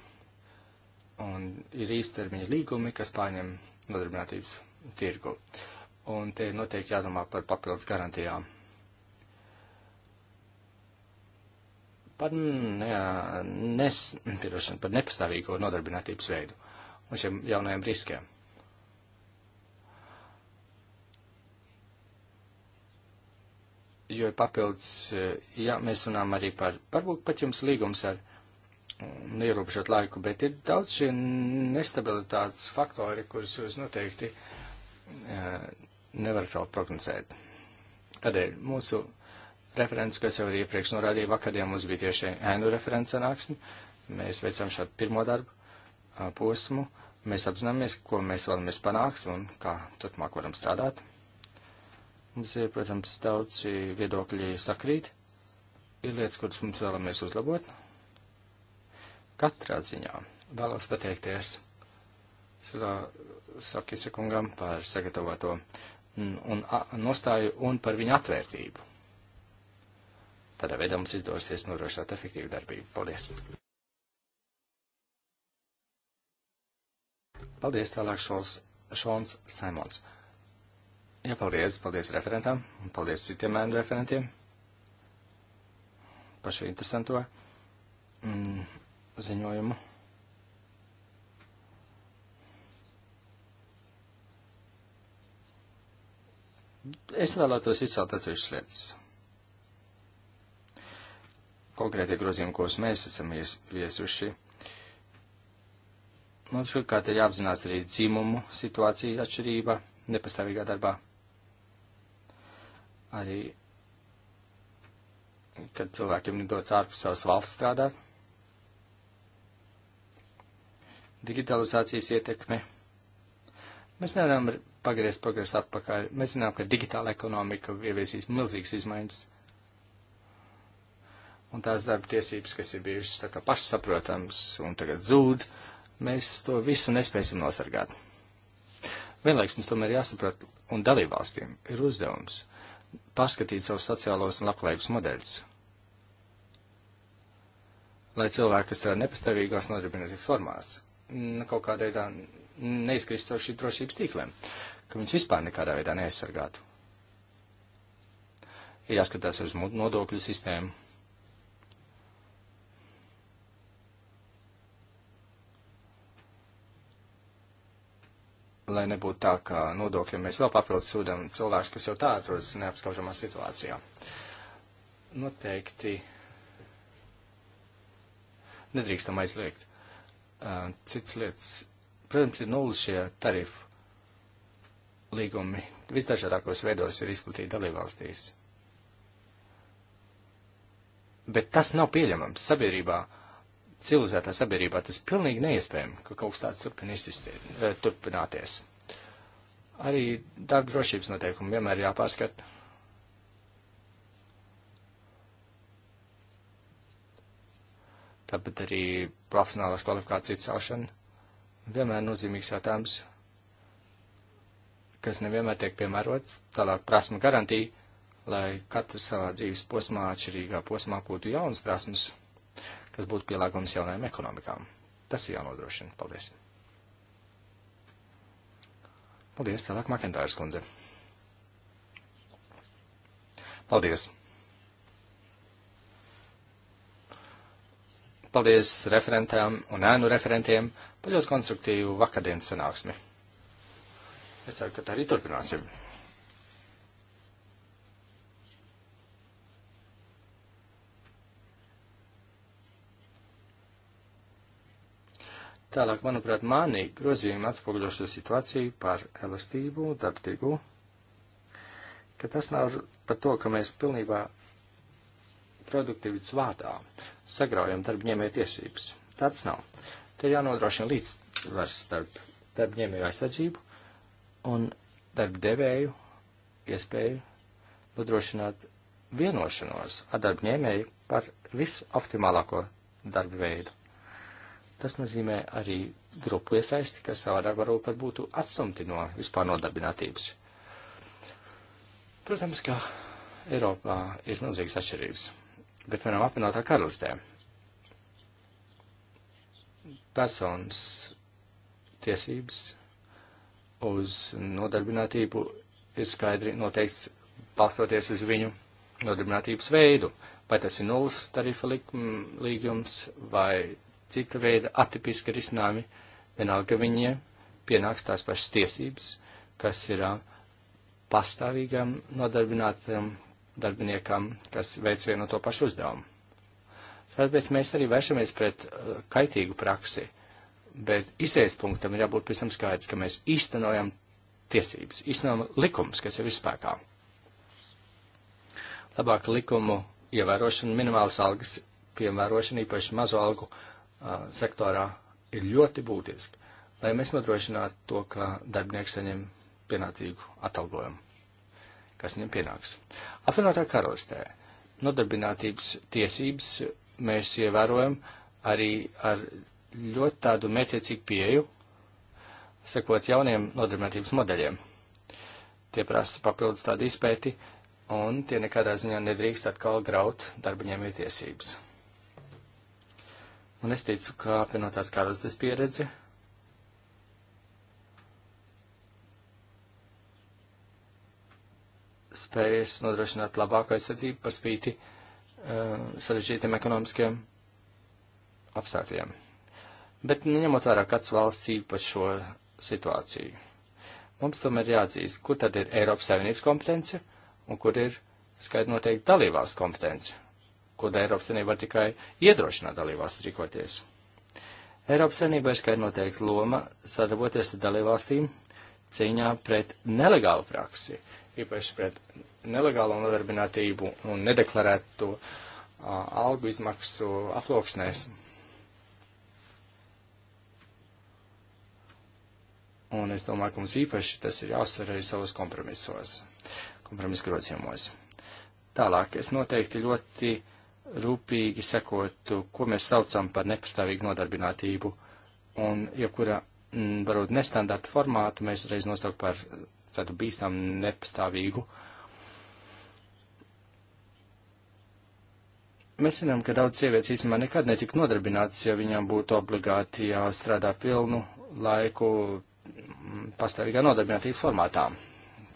un ir īstermiņa līgumi, kas pārņem nodarbinātības tirgu. Un te ir noteikti jādomā par papildus garantijām. par, ne, nes, pirošana, par nepastāvīgo nodarbinātības veidu un šiem jaunajiem riskiem. Jo papildus, ja mēs runājam arī par, varbūt pat jums līgums ar mm, neierobežot laiku, bet ir daudz šie nestabilitātes faktori, kurus jūs noteikti eh, nevarat vēl prognozēt. Tādēļ mūsu referents, kas jau arī iepriekš norādīja, vakardien mums bija tieši ēnu referents sanāksme. Mēs veicam šādu pirmo darbu posmu. Mēs apzināmies, ko mēs vēlamies panākt un kā turpmāk varam strādāt. Mums ir, protams, daudz viedokļi sakrīt. Ir lietas, kuras mums vēlamies uzlabot. Katrā ziņā vēlos pateikties Sakisa kungam par sagatavoto un, un nostāju un par viņa atvērtību Tādā veidā mums izdosies norošināt efektīvu darbību. Paldies! Paldies tālāk šos, Šons Simons. Jā, paldies, paldies referentam un paldies citiem mēnu referentiem par šo interesanto mm, ziņojumu. Es vēlētos izcelt atsevišķas lietas konkrētie grozījumi, kurus mēs esam ieviesuši, mums pirmkārt ir jāapzinās arī dzimumu situācija atšķirība nepastāvīgā darbā. Arī, kad cilvēkiem ir dots ārpus savas valsts strādāt. Digitalizācijas ietekme. Mēs nevaram pagriezt progresu atpakaļ. Mēs zinām, ka digitāla ekonomika ieviesīs milzīgas izmaiņas un tās darba tiesības, kas ir bijušas tā kā pašsaprotams un tagad zūd, mēs to visu nespēsim nosargāt. Vienlaiks mums tomēr jāsaprot, un dalībvalstīm ir uzdevums pārskatīt savus sociālos un labklājības modeļus. Lai cilvēki, kas strādā nepastāvīgās nodarbinātības formās, nu, kaut kādā veidā neizkrist caur šī drošības tīkliem, ka viņus vispār nekādā veidā neaizsargātu. Ir jāskatās uz nodokļu sistēmu, lai nebūtu tā, ka nodokļiem mēs vēl papildus sūdam cilvēkus, kas jau tā atrodas neapskaužamā situācijā. Noteikti nedrīkstam aizliegt. Cits lietas, protams, ir nulles šie tarifu līgumi. Visdažādākos veidos ir izplatīti dalībvalstīs. Bet tas nav pieļemams sabiedrībā civilizētā sabiedrībā tas pilnīgi neiespējami, ka kaut kas tāds turpin izsistīt, eh, turpināties. Arī darba drošības noteikumi vienmēr jāpārskata. tāpat arī profesionālās kvalifikācijas celšana vienmēr nozīmīgs jautājums, kas nevienmēr tiek piemērots, tālāk prasme garantija, lai katrs savā dzīves posmā, atšķirīgā posmā, būtu jaunas prasmes kas būtu pielāgojums jaunajām ekonomikām. Tas ir jānodrošina. Paldies! Paldies, tālāk Makentājas kundze. Paldies! Paldies referentēm un ēnu referentiem par ļoti konstruktīvu vakardienas sanāksmi. Es ceru, ka tā arī turpināsim. Tālāk, manuprāt, manī grozījumi atspoguļošo situāciju par elastību, darbtīgu, ka tas nav par to, ka mēs pilnībā produktivitātes vārdā sagraujam darbņēmēju tiesības. Tāds nav. Te jānodrošina līdzsvars starp darbņēmēju aizsardzību un darbdevēju iespēju nodrošināt vienošanos ar darbņēmēju par visoptimālāko darba veidu. Tas nozīmē arī grupu iesaisti, kas savādāk varbūt pat būtu atstumti no vispār nodarbinātības. Protams, ka Eiropā ir milzīgas atšķirības, bet, piemēram, apvienotā karalistē personas tiesības uz nodarbinātību ir skaidri noteikts balstoties uz viņu nodarbinātības veidu. Vai tas ir nulles tarifa līgums vai cita veida atipiski risinājumi, vienalga viņiem pienāks tās pašas tiesības, kas ir um, pastāvīgam nodarbinātam darbiniekam, kas veic vienu no to pašu uzdevumu. Tāpēc mēs arī vēršamies pret uh, kaitīgu praksi, bet izējas punktam ir jābūt pēc tam skaidrs, ka mēs īstenojam tiesības, īstenojam likums, kas ir vispākā. Labāka likumu ievērošana, minimālas algas piemērošana, īpaši mazo algu uh, Uh, sektorā ir ļoti būtiski, lai mēs nodrošinātu to, ka darbinieks saņem pienācīgu atalgojumu, kas viņam pienāks. Apvienotā karalistē nodarbinātības tiesības mēs ievērojam arī ar ļoti tādu mētiecīgu pieju, sekot jauniem nodarbinātības modeļiem. Tie prasa papildus tādu izpēti, un tie nekādā ziņā nedrīkst atkal graut darbaņēmēju tiesības. Un es teicu, ka apvienotās karalistes pieredze spējas nodrošināt labāku aizsardzību par spīti uh, sarežģītiem ekonomiskiem apstākļiem. Bet neņemot vērā kāds valsts īpašo situāciju. Mums tomēr jāatzīst, kur tad ir Eiropas Savienības kompetence un kur ir skaidri noteikti dalībās kompetence ko Eiropas Savienība var tikai iedrošināt dalībvalsts rīkoties. Eiropas Savienība ir skaidri noteikti loma sadarboties ar dalībvalstīm cīņā pret nelegālu praksi, īpaši pret nelegālo nodarbinātību un nedeklarēto uh, algu izmaksu aploksnēs. Un es domāju, ka mums īpaši tas ir jāuzsver arī savos kompromisos, kompromisu grozījumos. Tālāk es noteikti ļoti rūpīgi sekotu, ko mēs saucam par nepastāvīgu nodarbinātību, un jebkura, ja mm, varbūt, nestandarta formātu mēs reiz nosauktu par tādu bīstam nepastāvīgu. Mēs zinām, ka daudz sievietes īstenībā nekad netika nodarbinātas, ja viņām būtu obligāti jāstrādā pilnu laiku mm, pastāvīgā nodarbinātības formātā.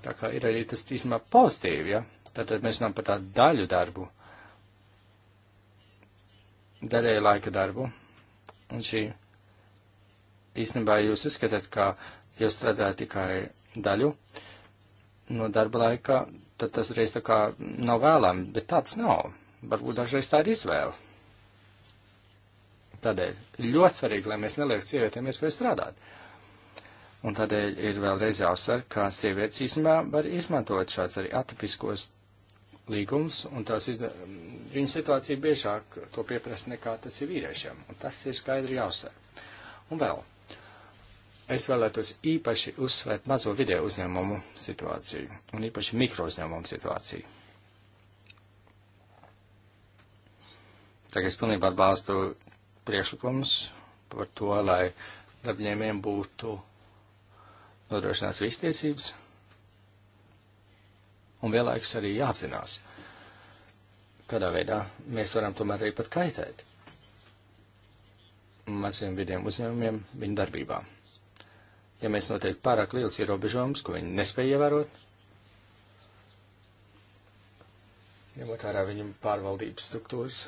Tā kā ir arī tas īstenībā pozitīvi, ja? Tātad mēs runājam par tādu daļu darbu. Uh, darēju laika darbu, un šī īstenībā jūs uzskatāt, ka jūs strādājat tikai daļu no darba laika, tad tas reiz tā kā nav vēlami, bet tāds nav. Varbūt dažreiz tā ir izvēle. Tādēļ ļoti svarīgi, lai mēs neliektu sievietēm iespēju strādāt. Un tādēļ ir vēlreiz jāuzsver, ka sievietes īstenībā var izmantot šāds arī atipiskos līgums, un tās izda... viņa situācija biežāk to pieprasa nekā tas ir vīriešiem, un tas ir skaidri jāuzsver. Un vēl, es vēlētos īpaši uzsvērt mazo video uzņēmumu situāciju, un īpaši mikro uzņēmumu situāciju. Tagad es pilnībā atbalstu priekšlikumus par to, lai darbņēmiem būtu nodrošinās vistiesības. tiesības un vienlaikus arī jāapzinās, kādā veidā mēs varam tomēr arī pat kaitēt maziem vidiem uzņēmumiem viņu darbībā. Ja mēs noteikti pārāk liels ierobežojums, ko viņi nespēja ievērot, ņemot vērā viņu pārvaldības struktūras,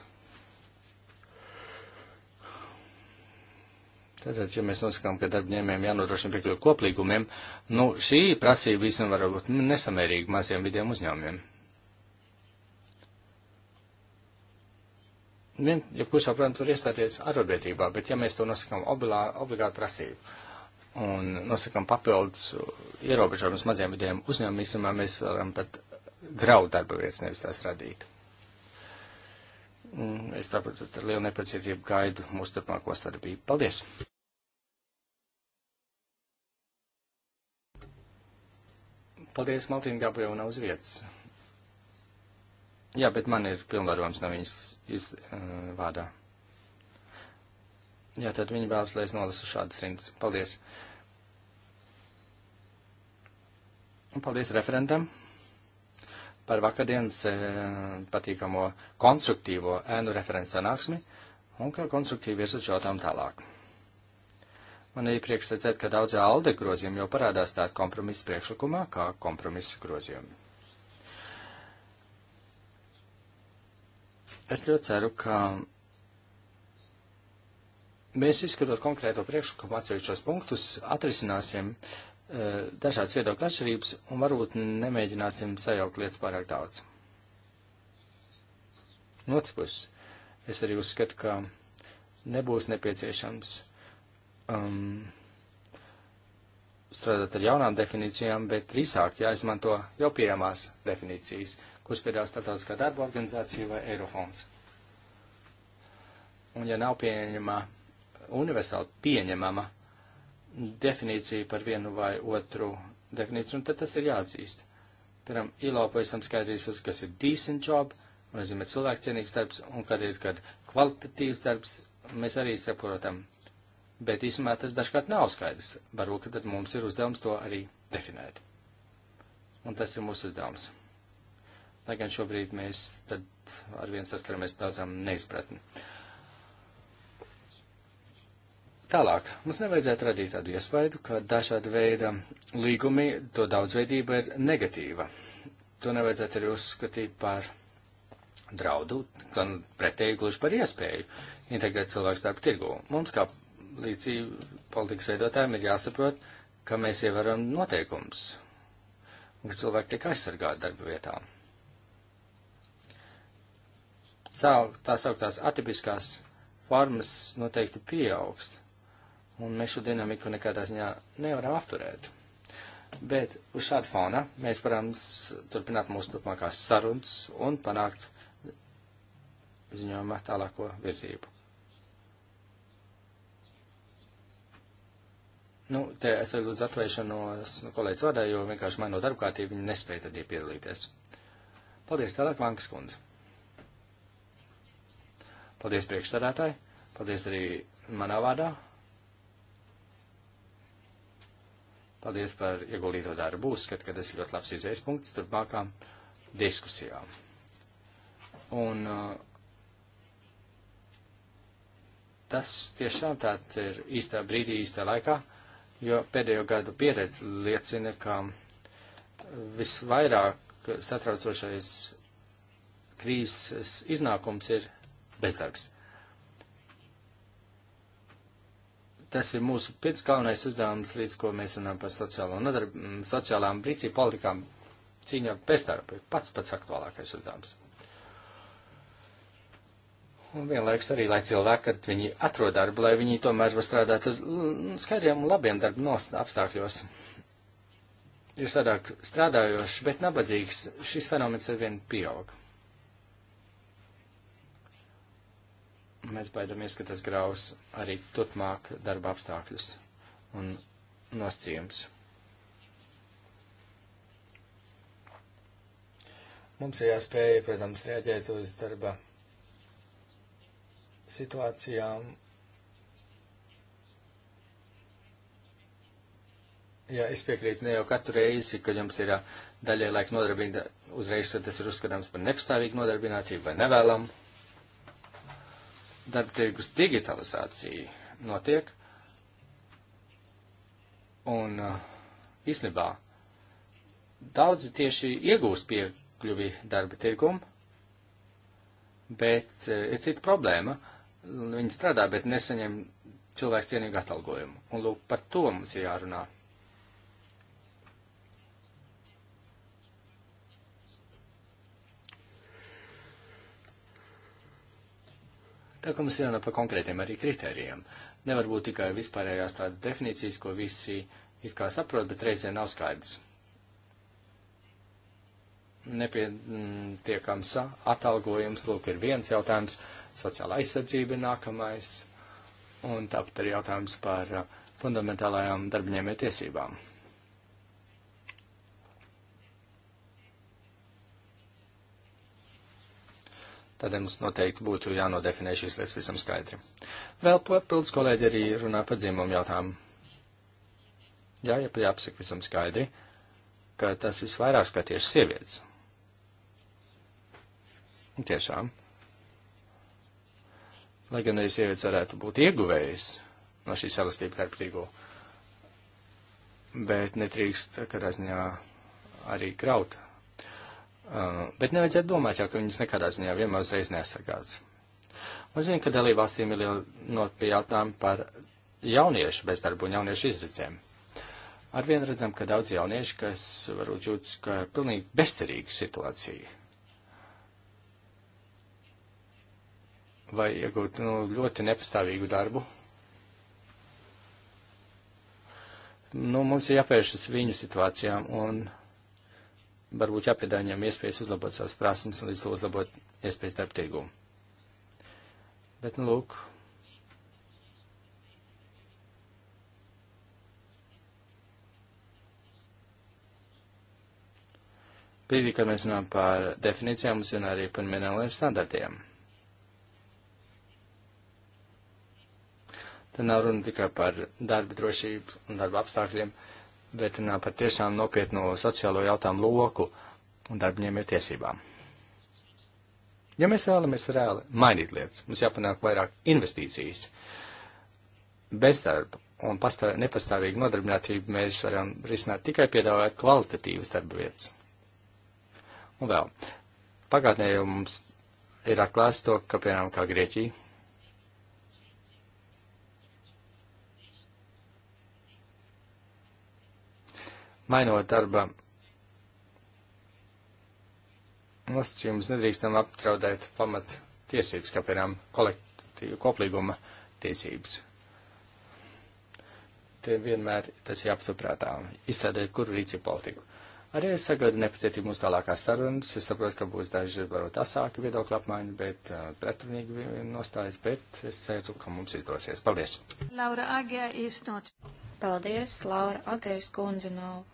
Tātad, ja mēs nosakām, ka darbņēmējiem jānodrošina piekļuvi koplīgumiem, nu šī prasība īstenībā var būt nesamērīga maziem vidiem uzņēmumiem. Vien, ja kurš, protams, var iestāties arotbiedrībā, bet ja mēs to nosakām obligātu prasību, un nosakām papildus ierobežojumus maziem vidiem uzņēmumiem, mēs varam pat graudu darba vietas nevis tās radīt. Es tāpat ar lielu nepacietību gaidu mūsu turpmāko sadarbību. Paldies! Paldies, Maltīna Gabriela nav uz vietas. Jā, bet man ir pilnvarojums no viņas iz, uh, vārdā. Jā, tad viņi vēlas, lai es nolasu šādas rindas. Paldies! Paldies referentam! par vakardienas e, patīkamo konstruktīvo ēnu referents sanāksmi un ka konstruktīvi virzat šo jautājumu tālāk. Man ir prieks redzēt, ka daudz alde grozījumi jau parādās tādā kompromisa priekšlikumā kā kompromisa grozījumi. Es ļoti ceru, ka mēs izskatot konkrēto priekšlikumu atsevišķos punktus, atrisināsim Eh, dažādas viedokļa atšķirības un varbūt nemēģināsim sajaukt lietas pārāk daudz. No otras puses, es arī uzskatu, ka nebūs nepieciešams um, strādāt ar jaunām definīcijām, bet drīzāk jāizmanto jau pieejamās definīcijas, kuras piedāvā Startautiskā darba organizācija vai Eirofonds. Un ja nav pieņemama, universāli pieņemama definīciju par vienu vai otru definīciju, un tad tas ir jāatzīst. Piemēram, ILO pavisam skaidrīsies, kas ir decent job, un nozīmē cilvēkcienīgs darbs, un kad ir kad kvalitatīvs darbs, mēs arī saprotam. Bet īstenībā tas dažkārt nav skaidrs. Varbūt, ka tad mums ir uzdevums to arī definēt. Un tas ir mūsu uzdevums. Lai gan šobrīd mēs tad arvien saskaramies tādām neizpratni. Uh, Tālāk, mums nevajadzētu radīt tādu iespaidu, ka dažāda veida līgumi, to daudzveidība ir negatīva. To nevajadzētu arī uzskatīt par draudu, gan pretēji gluži par iespēju integrēt cilvēku starp tirgu. Mums, kā līdzīgi politikas veidotājiem, ir jāsaprot, ka mēs ievaram noteikums, un ka cilvēki tiek aizsargāti darba vietā. Tā sauktās atipiskās formas noteikti pieaugst un mēs šo dinamiku nekādā ziņā nevaram apturēt. Bet uz šādu fona mēs varam turpināt mūsu turpmākās sarunas un panākt ziņojumā tālāko virzību. Nu, te es arī lūdzu atvēršanos no nu, kolēģis vadā, jo vienkārši mainot darbkārtību viņi nespēja tad iepiedalīties. Paldies tālāk, Vankas kundze. Paldies priekšsādātāji, paldies arī manā vārdā Paldies par ieguldīto darbu. Uzskatu, ka tas ir ļoti labs izējas punkts turpmākām diskusijām. Un uh, tas tiešām tāds ir īstā brīdī, īstā laikā, jo pēdējo gadu pieredze liecina, ka visvairāk satraucošais krīzes iznākums ir bezdarbs. tas ir mūsu pēc galvenais uzdevums, līdz ko mēs runājam par sociālo nodarb, sociālām rīcību politikām cīņā bezdarba. Pats pats aktuālākais uzdevums. Un vienlaiks arī, lai cilvēki, kad viņi atrod darbu, lai viņi tomēr var strādāt uz mm, skaidriem un labiem darba apstākļos. Ir sadāk strādājošs, bet nabadzīgs, šis fenomens arvien pieauga. Mēs baidamies, ka tas graus arī turpmāk darba apstākļus un nosacījums. Mums ir jāspēj, protams, rēģēt uz darba situācijām. Jā, es piekrītu ne jau katru reizi, kad jums ir daļai laika nodarbība, uzreiz tas ir uzskatāms par nepastāvīgu nodarbinātību vai nevēlamu darba tirgus digitalizācija notiek, un uh, īstenībā daudzi tieši iegūst piekļuvi darba tirgumu, bet uh, ir cita problēma. Viņi strādā, bet nesaņem cilvēku cienīgu atalgojumu. Un lūk, par to mums ir jārunā. Tā kā mums jārunā par konkrētiem arī kritērijiem. Nevar būt tikai vispārējās tādas definīcijas, ko visi it kā saprot, bet reizē nav skaidrs. Nepietiekams mm, atalgojums, lūk, ir viens jautājums, sociāla aizsardzība ir nākamais, un tāpat arī jautājums par uh, fundamentālajām darbiņiem ir tiesībām. Tādēļ mums noteikti būtu jānodefinē šīs lietas visam skaidri. Vēl papildus kolēģi arī runā par dzimumu jautājumu. Jā, ja jāpasaka visam skaidri, ka tas visvairāk skar tieši sievietes. Tiešām. Lai gan arī sievietes varētu būt ieguvējas no šīs elastības darba tirgu, bet netrīkst, kad aizņā arī kraut Uh, bet nevajadzētu domāt jau, ka viņas nekādā ziņā vienmēr uzreiz nesagāds. Un zinu, ka dalībvalstīm ir liela notpie jautājumi par jauniešu bezdarbu un jauniešu izredzēm. Arvien redzam, ka daudz jaunieši, kas varbūt jūtas, ka ir pilnīgi bezcerīga situācija. Vai iegūt nu, ļoti nepastāvīgu darbu. Nu, mums ir jāpēršas viņu situācijām un varbūt jāpiedāvā viņam iespējas uzlabot savas prasmes un līdz to uzlabot iespējas darba tirgū. Bet, nu, lūk. Brīdī, kad mēs runājam par definīcijām un arī par minimāliem standartiem. Te nav runa tikai par darba drošību un darba apstākļiem, uh, bet runā par tiešām nopietnu sociālo jautājumu loku un darbiņiem ir tiesībām. Ja mēs vēlamies reāli mainīt lietas, mums jāpanāk vairāk investīcijas. Bezdarba un pastāv, nepastāvīgu nodarbinātību mēs varam risināt tikai piedāvājot kvalitatīvas darba vietas. Un vēl, pagātnē jau mums ir atklāts to, ka, piemēram, kā Grieķija, mainot darba nosacījumus, nedrīkstam apdraudēt pamat tiesības, kā piemēram kolektīvu koplīguma tiesības. Te vienmēr tas jāpaturprātā, izstrādēt, kuru rīcību politiku. Arī es sagaidu nepacietību mūsu tālākās sarunas. Es saprotu, ka būs daži varbūt asāki viedokļu apmaiņi, bet uh, pretrunīgi nostājas, bet es ceru, ka mums izdosies. Paldies! Laura Agē iznot. Paldies, Laura Agējas kundze nav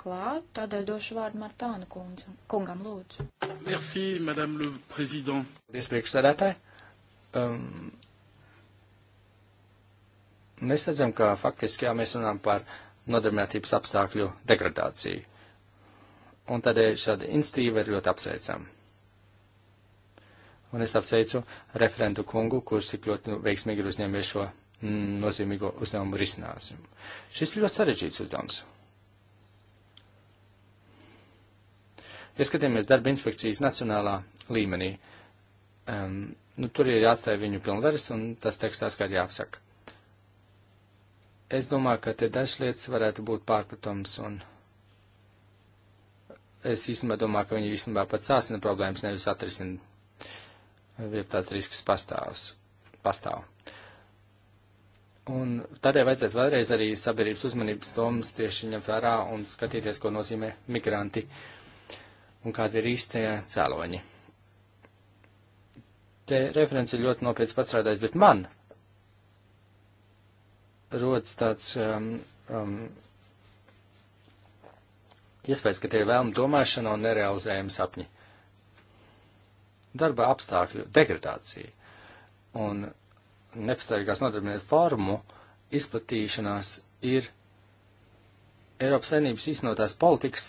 klāt, tādēļ došu vārdu Martāna kungam lūdzu. Merci, madame le président. Paldies, priekšsēdētāji. Um, mēs redzam, ka faktiski jā, mēs runājam par nodarbinātības apstākļu degradāciju. Un tādēļ šāda institīva ir ļoti apsveicama. Un es apsveicu referentu kungu, kurš tik ļoti nu, veiksmīgi ir uzņēmies šo nozīmīgo uzdevumu risinājumu. Šis ir ļoti sarežģīts uzdevums. Ja skatāmies darba inspekcijas nacionālā līmenī, um, nu, tur ir jāatstāja viņu pilnvaras, un tas tekstā skaļi jāapsaka. Es domāju, ka te dažas lietas varētu būt pārpratums, un es īstenībā domāju, ka viņi īstenībā pat sāsina problēmas, nevis atrisina, ja tāds risks pastāvs, pastāv. Un tādēļ vajadzētu vēlreiz arī sabiedrības uzmanības domas tieši ņemt vērā un skatīties, ko nozīmē migranti. Uh, un kāda ir īstajā cēloņa. Te referents ir ļoti nopietni pastrādājis, bet man rodas tāds um, um, iespējas, ka tie ir vēlmi domāšana un nerealizējumi sapņi. Darba apstākļu degradācija un nepastāvīgās nodarbinātu formu izplatīšanās ir Eiropas saimnības īstenotās politikas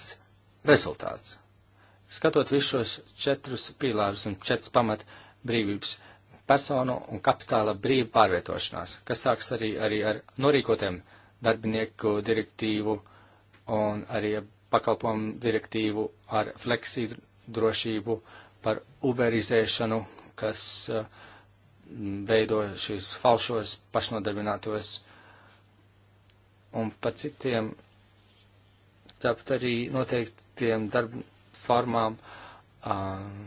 rezultāts. Skatot visus šos četrus pīlārus un četras pamat brīvības - personu un kapitāla brīva pārvietošanās, kas sāks arī, arī ar norīkotiem darbinieku direktīvu un arī pakalpojumu direktīvu ar fleksiju drošību par uberizēšanu, kas uh, veido šīs falšos pašnodarbinātos un pa citiem, tāpat arī noteiktiem darb, formām um,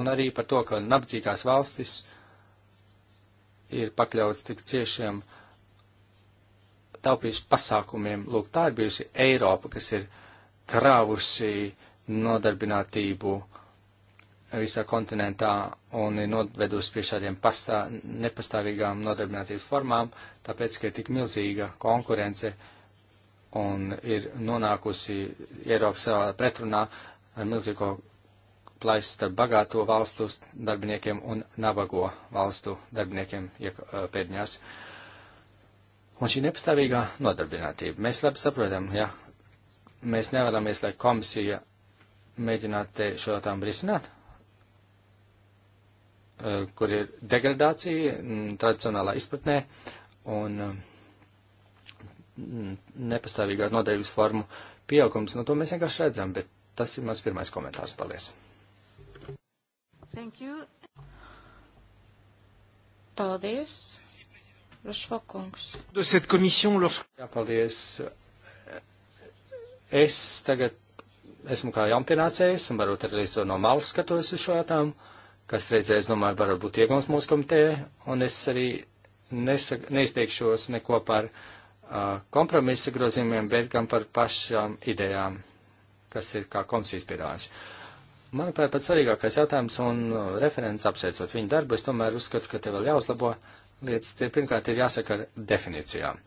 un arī par to, ka nabadzīgās valstis ir pakļauts tik ciešiem taupības pasākumiem. Lūk, tā ir bijusi Eiropa, kas ir krāvusi nodarbinātību visā kontinentā un ir novedusi pie šādiem pastā, nepastāvīgām nodarbinātības formām, tāpēc, ka ir tik milzīga konkurence un ir nonākusi Eiropas pretrunā ar milzīgo plaisu starp bagāto valstu darbiniekiem un nabago valstu darbiniekiem pēdņās. Un šī nepastāvīgā nodarbinātība. Mēs labi saprotam, ja mēs nevēlamies, lai komisija mēģinātu šo tām risināt, kur ir degradācija tradicionālā izpratnē, un Mm, nepastāvīgā nodeļu formu pieaugums. No nu, to mēs vienkārši redzam, bet tas ir mans pirmais komentārs. Paldies! Thank you. Paldies! Rošvokungs. Jā, paldies. Es tagad esmu kā jaunpienācējs un varbūt arī no malas skatos uz šo jautājumu, kas reizēs, domāju, varbūt iegums mūsu komitē, un es arī nesak, neizteikšos neko par uh, kompromisa grozījumiem, bet gan par pašām idejām, kas ir kā komisijas piedāvājums. Manuprāt, pats svarīgākais jautājums un referents apsveicot viņu darbu, es tomēr uzskatu, ka te vēl jāuzlabo lietas. Tie pirmkārt ir jāsaka ar definīcijām.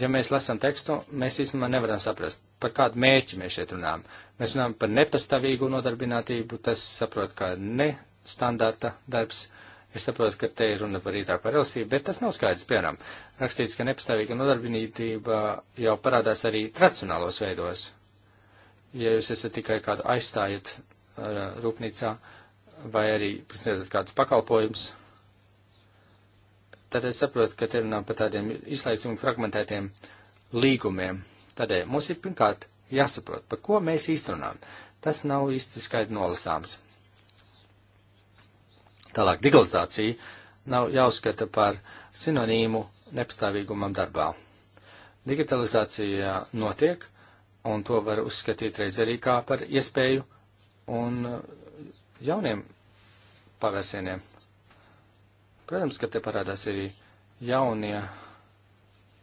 Ja mēs lasām tekstu, mēs īstenībā nevaram saprast, par kādu mērķi mēs šeit runājam. Mēs runājam par nepastāvīgu nodarbinātību, tas saprot, kā nestandarta darbs. Uh, Es saprotu, ka te ir runa par rītāku par elastību, bet tas nav skaidrs. Piemēram, rakstīts, ka nepastāvīga nodarbinītība jau parādās arī tradicionālos veidos. Ja jūs esat tikai kādu aizstājat uh, rūpnīcā vai arī sniedzat kādus pakalpojumus, tad es saprotu, ka te runā par tādiem izlaicīgi fragmentētiem līgumiem. Tādēļ mums ir pirmkārt jāsaprot, par ko mēs īstenām. Tas nav īsti skaidri nolasāms. Tālāk, digitalizācija nav jāuzskata par sinonīmu nepastāvīgumam darbā. Digitalizācija notiek, un to var uzskatīt reiz arī kā par iespēju un uh, jauniem pavērsieniem. Protams, ka te parādās arī jaunie,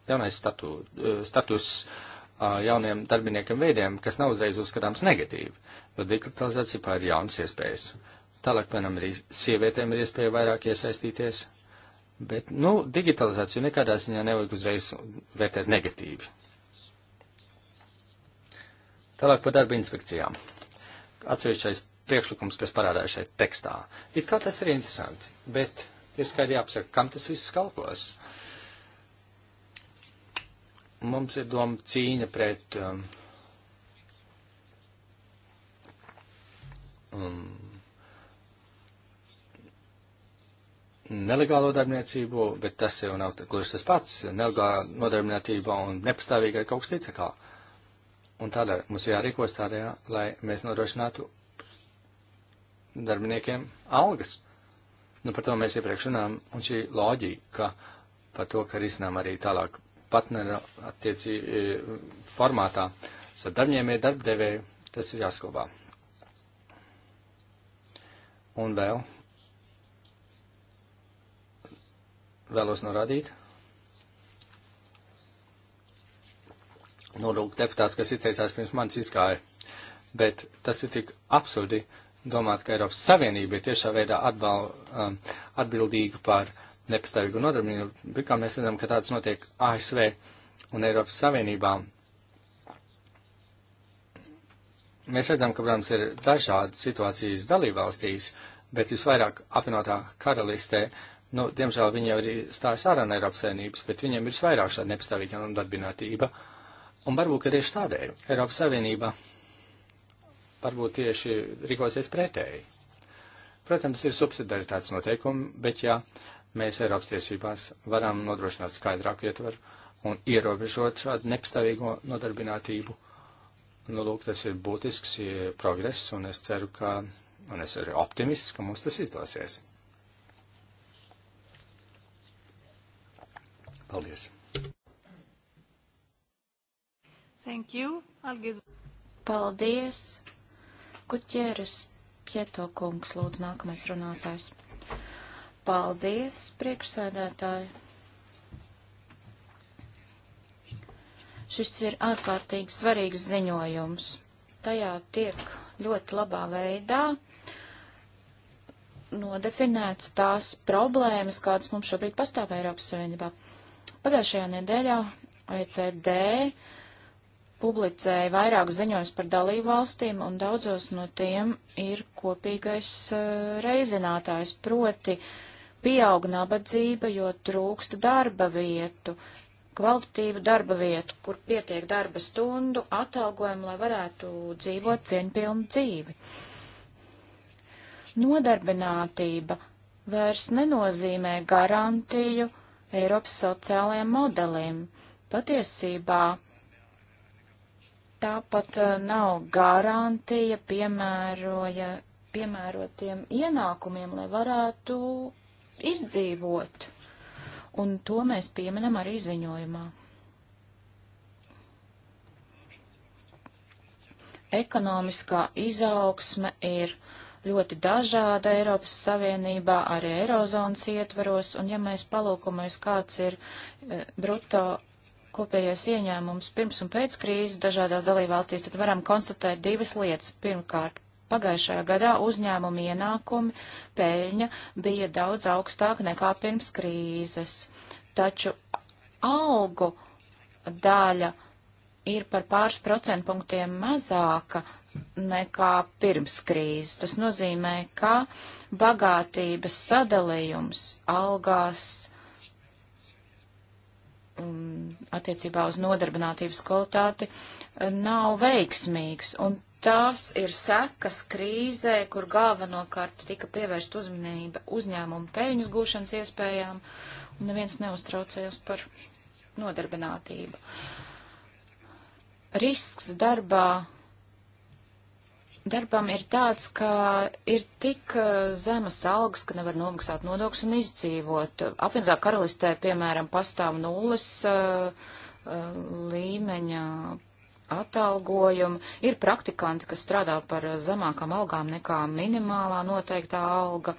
jaunais statu, uh, status uh, jauniem darbiniekiem veidiem, kas nav uzreiz uzskatāms negatīvi, jo digitalizācija pār jaunas iespējas. Tālāk, piemēram, arī sievietēm ir iespēja vairāk iesaistīties. Bet, nu, digitalizāciju nekādā ziņā nevajag uzreiz vērtēt negatīvi. Tālāk par darba inspekcijām. Atsevišķais priekšlikums, kas parādās šeit tekstā. It kā tas ir interesanti, bet ir skaidri jāapsaka, kam tas viss kalpos. Mums ir doma cīņa pret um, um, nelegālo darbniecību, bet tas jau nav gluži tas pats - nelegāla nodarbinātība un nepastāvīga ir kaut kas cits kā. Un tādā mums jārīkos tādajā, lai mēs nodrošinātu darbiniekiem algas. Nu, par to mēs iepriekš runājām, un šī loģika, ka par to, ka risinām arī tālāk partneru attiecī e, formātā, starp darbņēmēju, darbdevēju, tas ir jāsklabā. Un vēl vēlos norādīt. Nu, lūk, deputāts, kas izteicās pirms manis izgāja. Bet tas ir tik absurdi domāt, ka Eiropas Savienība ir tiešā veidā atbal, um, atbildīga par nepastāvīgu nodarbinātību. Pirmkārt, mēs redzam, ka tāds notiek ASV un Eiropas Savienībā. Mēs redzam, ka, protams, ir dažādas situācijas dalībvalstīs, bet visvairāk apvienotā karalistē uh, Nu, diemžēl viņi jau arī stājas ārā no Eiropas Savienības, bet viņiem ir vairāk šāda nepastāvīga nodarbinātība. Un varbūt, ka tieši tādēļ Eiropas Savienība varbūt tieši rīkosies pretēji. Protams, ir subsidaritātes noteikumi, bet ja mēs Eiropas tiesībās varam nodrošināt skaidrāku ietvaru un ierobežot šādu nepastāvīgo nodarbinātību, nu, lūk, tas ir būtisks eh, progress, un es ceru, ka, un es arī optimists, ka mums tas izdosies. Paldies! Thank you. I'll give... Paldies! Kuķieris Pieto kungs, lūdzu, nākamais runātājs. Paldies, priekšsēdētāji! Šis ir ārkārtīgi svarīgs ziņojums. Tajā tiek ļoti labā veidā nodefinēts tās problēmas, kādas mums šobrīd pastāv Eiropas Savienībā. Pagājušajā nedēļā OECD publicēja vairākus ziņojumus par dalību valstīm, un daudzos no tiem ir kopīgais uh, reizinātājs, proti pieaug nabadzība, jo trūksta darba vietu, kvalitatīvu darba vietu, kur pietiek darba stundu, atalgojumu, lai varētu dzīvot cieņpilnu dzīvi. Nodarbinātība vairs nenozīmē garantiju, uh, Eiropas sociālajiem modelim. Patiesībā tāpat eh, nav garantija piemēroja, piemērotiem ienākumiem, lai varētu izdzīvot. Un to mēs pieminam arī ziņojumā. Ekonomiskā izaugsme ir ļoti dažāda Eiropas Savienībā, arī Eirozonas ietveros, un ja mēs palūkojamies, kāds ir e, bruto kopējais ieņēmums pirms un pēc krīzes dažādās dalībvalstīs, tad varam konstatēt divas lietas. Pirmkārt, pagājušajā gadā uzņēmumi ienākumi peļņa bija daudz augstāka nekā pirms krīzes, taču algu daļa ir par pāris procentpunktiem mazāka nekā pirms krīzes. Tas nozīmē, ka bagātības sadalījums algās um, attiecībā uz nodarbinātības kvalitāti nav veiksmīgs. Un tās ir sekas krīzē, kur galvenokārt tika pievērst uzmanība uzņēmumu peļņas gūšanas iespējām, un neviens neuztraucējās par nodarbinātību. Risks darbā darbam ir tāds, ka ir tik uh, zemas algas, ka nevar nomaksāt nodokļus un izdzīvot. Apvienotā karalistē, piemēram, pastāv nulles uh, uh, līmeņa atalgojumi. Ir praktikanti, kas strādā par zemākām algām nekā minimālā noteiktā alga.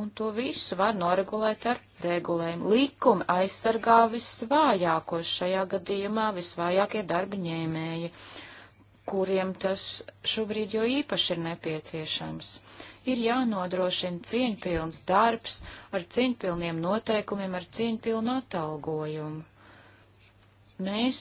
Un to visu var noregulēt ar regulējumu. Likumi aizsargā visvājākos šajā gadījumā, visvājākie darba ņēmēji. Uh, kuriem tas šobrīd jo īpaši ir nepieciešams. Ir jānodrošina cieņpilns darbs ar cieņpilniem noteikumiem, ar cieņpilnu atalgojumu. Mēs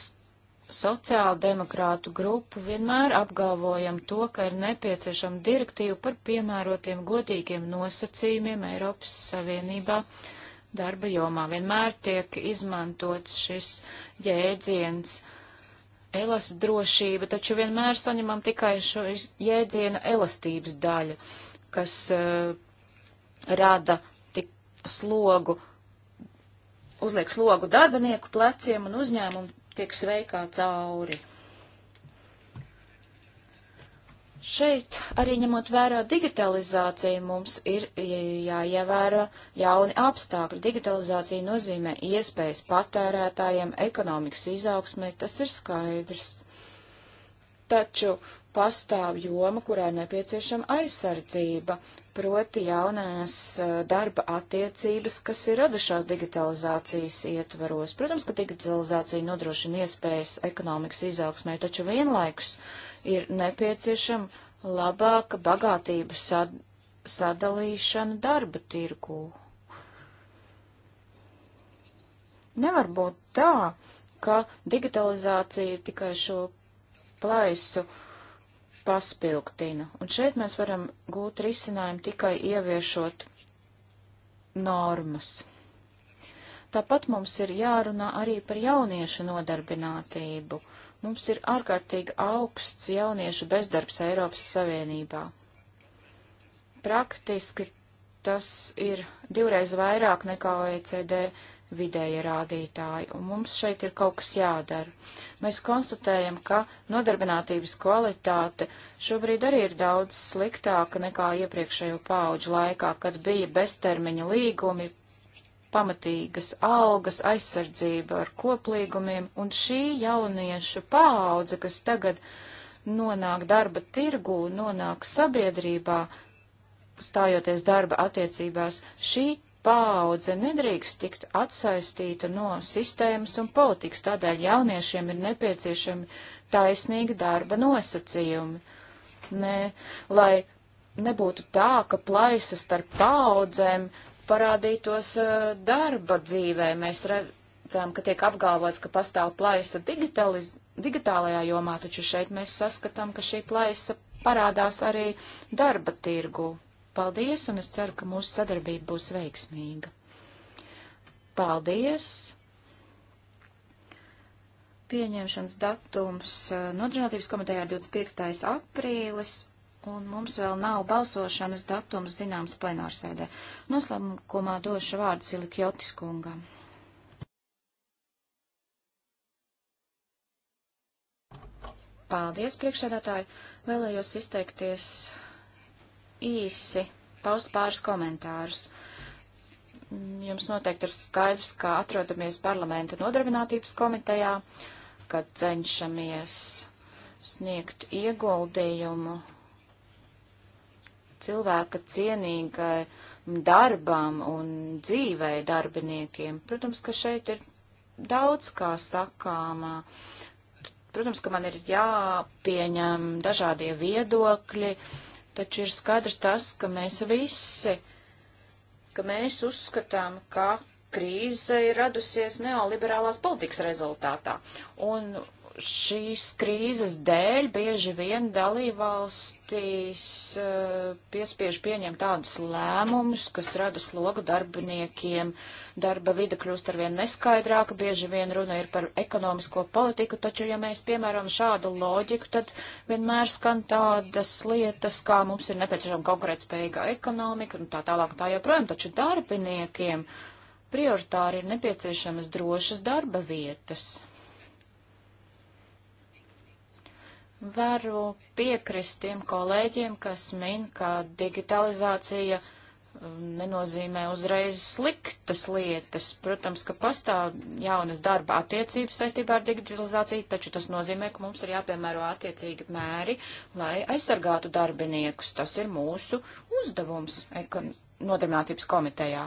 sociāldemokrātu grupu vienmēr apgalvojam to, ka ir nepieciešama direktīva par piemērotiem godīgiem nosacījumiem Eiropas Savienībā darba jomā. Vienmēr tiek izmantots šis jēdziens elastdrošība, taču vienmēr saņemam tikai šo jēdziena elastības daļu, kas uh, rada tik slogu, uzliek slogu darbinieku pleciem un uzņēmumu tiek sveikā cauri. Šeit, arī ņemot vērā digitalizāciju, mums ir jāievēro jauni apstākļi. Digitalizācija nozīmē iespējas patērētājiem, ekonomikas izaugsmē, tas ir skaidrs. Taču pastāv joma, kurā ir nepieciešama aizsardzība, proti jaunās darba attiecības, kas ir radušās digitalizācijas ietvaros. Protams, ka digitalizācija nodrošina iespējas ekonomikas izaugsmē, taču vienlaikus. Uh, ir nepieciešama labāka bagātību sad sadalīšana darba tirgū. Nevar būt tā, ka digitalizācija tikai šo plaisu paspilgtina. Un šeit mēs varam gūt risinājumu tikai ieviešot normas. Tāpat mums ir jārunā arī par jauniešu nodarbinātību. Mums ir ārkārtīgi augsts jauniešu bezdarbs Eiropas Savienībā. Praktiski tas ir divreiz vairāk nekā OECD vidēja rādītāji, un mums šeit ir kaut kas jādara. Mēs konstatējam, ka nodarbinātības kvalitāte šobrīd arī ir daudz sliktāka nekā iepriekšējo pauģu laikā, kad bija beztermiņa līgumi, pamatīgas algas, aizsardzība ar koplīgumiem, un šī jauniešu paudze, kas tagad nonāk darba tirgū, nonāk sabiedrībā, stājoties darba attiecībās, šī paudze nedrīkst tikt atsaistīta no sistēmas un politikas, tādēļ jauniešiem ir nepieciešami taisnīgi darba nosacījumi. Ne, lai nebūtu tā, ka plaisa starp paudzēm parādītos eh, darba dzīvē. Mēs redzam, ka tiek apgalvots, ka pastāv plaisa digitaliz... digitālajā jomā, taču šeit mēs saskatām, ka šī plaisa parādās arī darba tirgu. Paldies, un es ceru, ka mūsu sadarbība būs veiksmīga. Paldies! Pieņemšanas datums eh, nodarbinātības komitejā ir 25. aprīlis, un mums vēl nav balsošanas datums zināms plenārsēdē. Noslēgumā došu vārdu Silikjotis kungam. Paldies, priekšsēdētāji. Vēlējos izteikties īsi, paust pāris komentārus. Jums noteikti ir skaidrs, ka atrodamies parlamenta nodarbinātības komitejā, kad cenšamies sniegt ieguldījumu cilvēka cienīgai darbam un dzīvei darbiniekiem. Protams, ka šeit ir daudz kā sakāmā. Protams, ka man ir jāpieņem dažādie viedokļi, taču ir skaidrs tas, ka mēs visi, ka mēs uzskatām, ka krīze ir radusies neoliberālās politikas rezultātā. Un šīs krīzes dēļ bieži vien dalībvalstīs eh, piespiež pieņemt tādus lēmumus, kas rada slogu darbiniekiem, darba vida kļūst arvien neskaidrāka, bieži vien runa ir par ekonomisko politiku, taču, ja mēs piemēram šādu loģiku, tad vienmēr skan tādas lietas, kā mums ir nepieciešama konkurētspējīga ekonomika un tā tālāk un tā joprojām, taču darbiniekiem prioritāri ir nepieciešamas drošas darba vietas. Varu piekrist tiem kolēģiem, kas min, ka digitalizācija um, nenozīmē uzreiz sliktas lietas. Protams, ka pastāv jaunas darba attiecības saistībā ar digitalizāciju, taču tas nozīmē, ka mums ir jāpiemēro attiecīgi mēri, lai aizsargātu darbiniekus. Tas ir mūsu uzdevums nodarbinātības komitejā.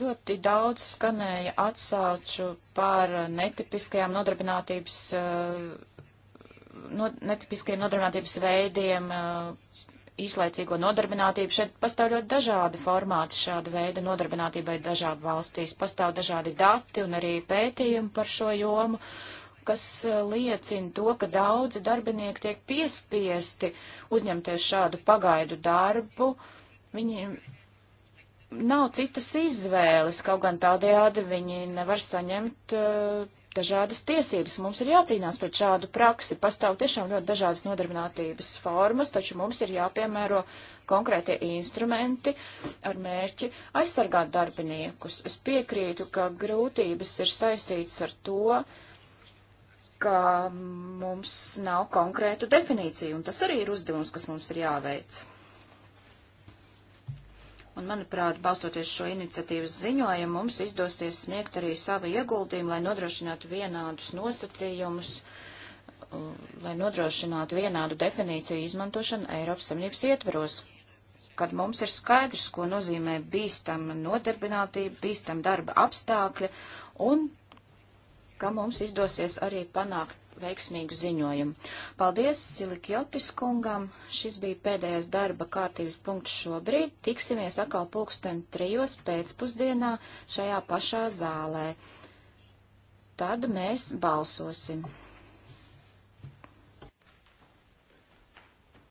Ļoti daudz skanēja atsauču par netipiskajām nodarbinātības uh, no, netipiskiem nodarbinātības veidiem, uh, īslaicīgo nodarbinātību. Šeit pastāv ļoti dažādi formāti šāda veida nodarbinātībai dažādu valstīs. Pastāv dažādi dati un arī pētījumi par šo jomu, kas uh, liecina to, ka daudzi darbinieki tiek piespiesti uzņemties šādu pagaidu darbu. Viņiem nav citas izvēles, kaut gan tādējādi viņi nevar saņemt uh, dažādas tiesības. Mums ir jācīnās pret šādu praksi. Pastāv tiešām ļoti dažādas nodarbinātības formas, taču mums ir jāpiemēro konkrētie instrumenti ar mērķi aizsargāt darbiniekus. Es piekrītu, ka grūtības ir saistītas ar to, ka mums nav konkrētu definīciju, un tas arī ir uzdevums, kas mums ir jāveic. Un, manuprāt, balstoties šo iniciatīvas ziņojumu, mums izdosies sniegt arī savu ieguldījumu, lai nodrošinātu vienādus nosacījumus, lai nodrošinātu vienādu definīciju izmantošanu Eiropas Savienības ietveros. Kad mums ir skaidrs, ko nozīmē bīstama nodarbinātība, bīstama darba apstākļa un ka mums izdosies arī panākt veiksmīgu ziņojumu. Paldies Silikjotis kungam. Šis bija pēdējais darba kārtības punkts šobrīd. Tiksimies atkal pulksten trijos pēcpusdienā šajā pašā zālē. Tad mēs balsosim.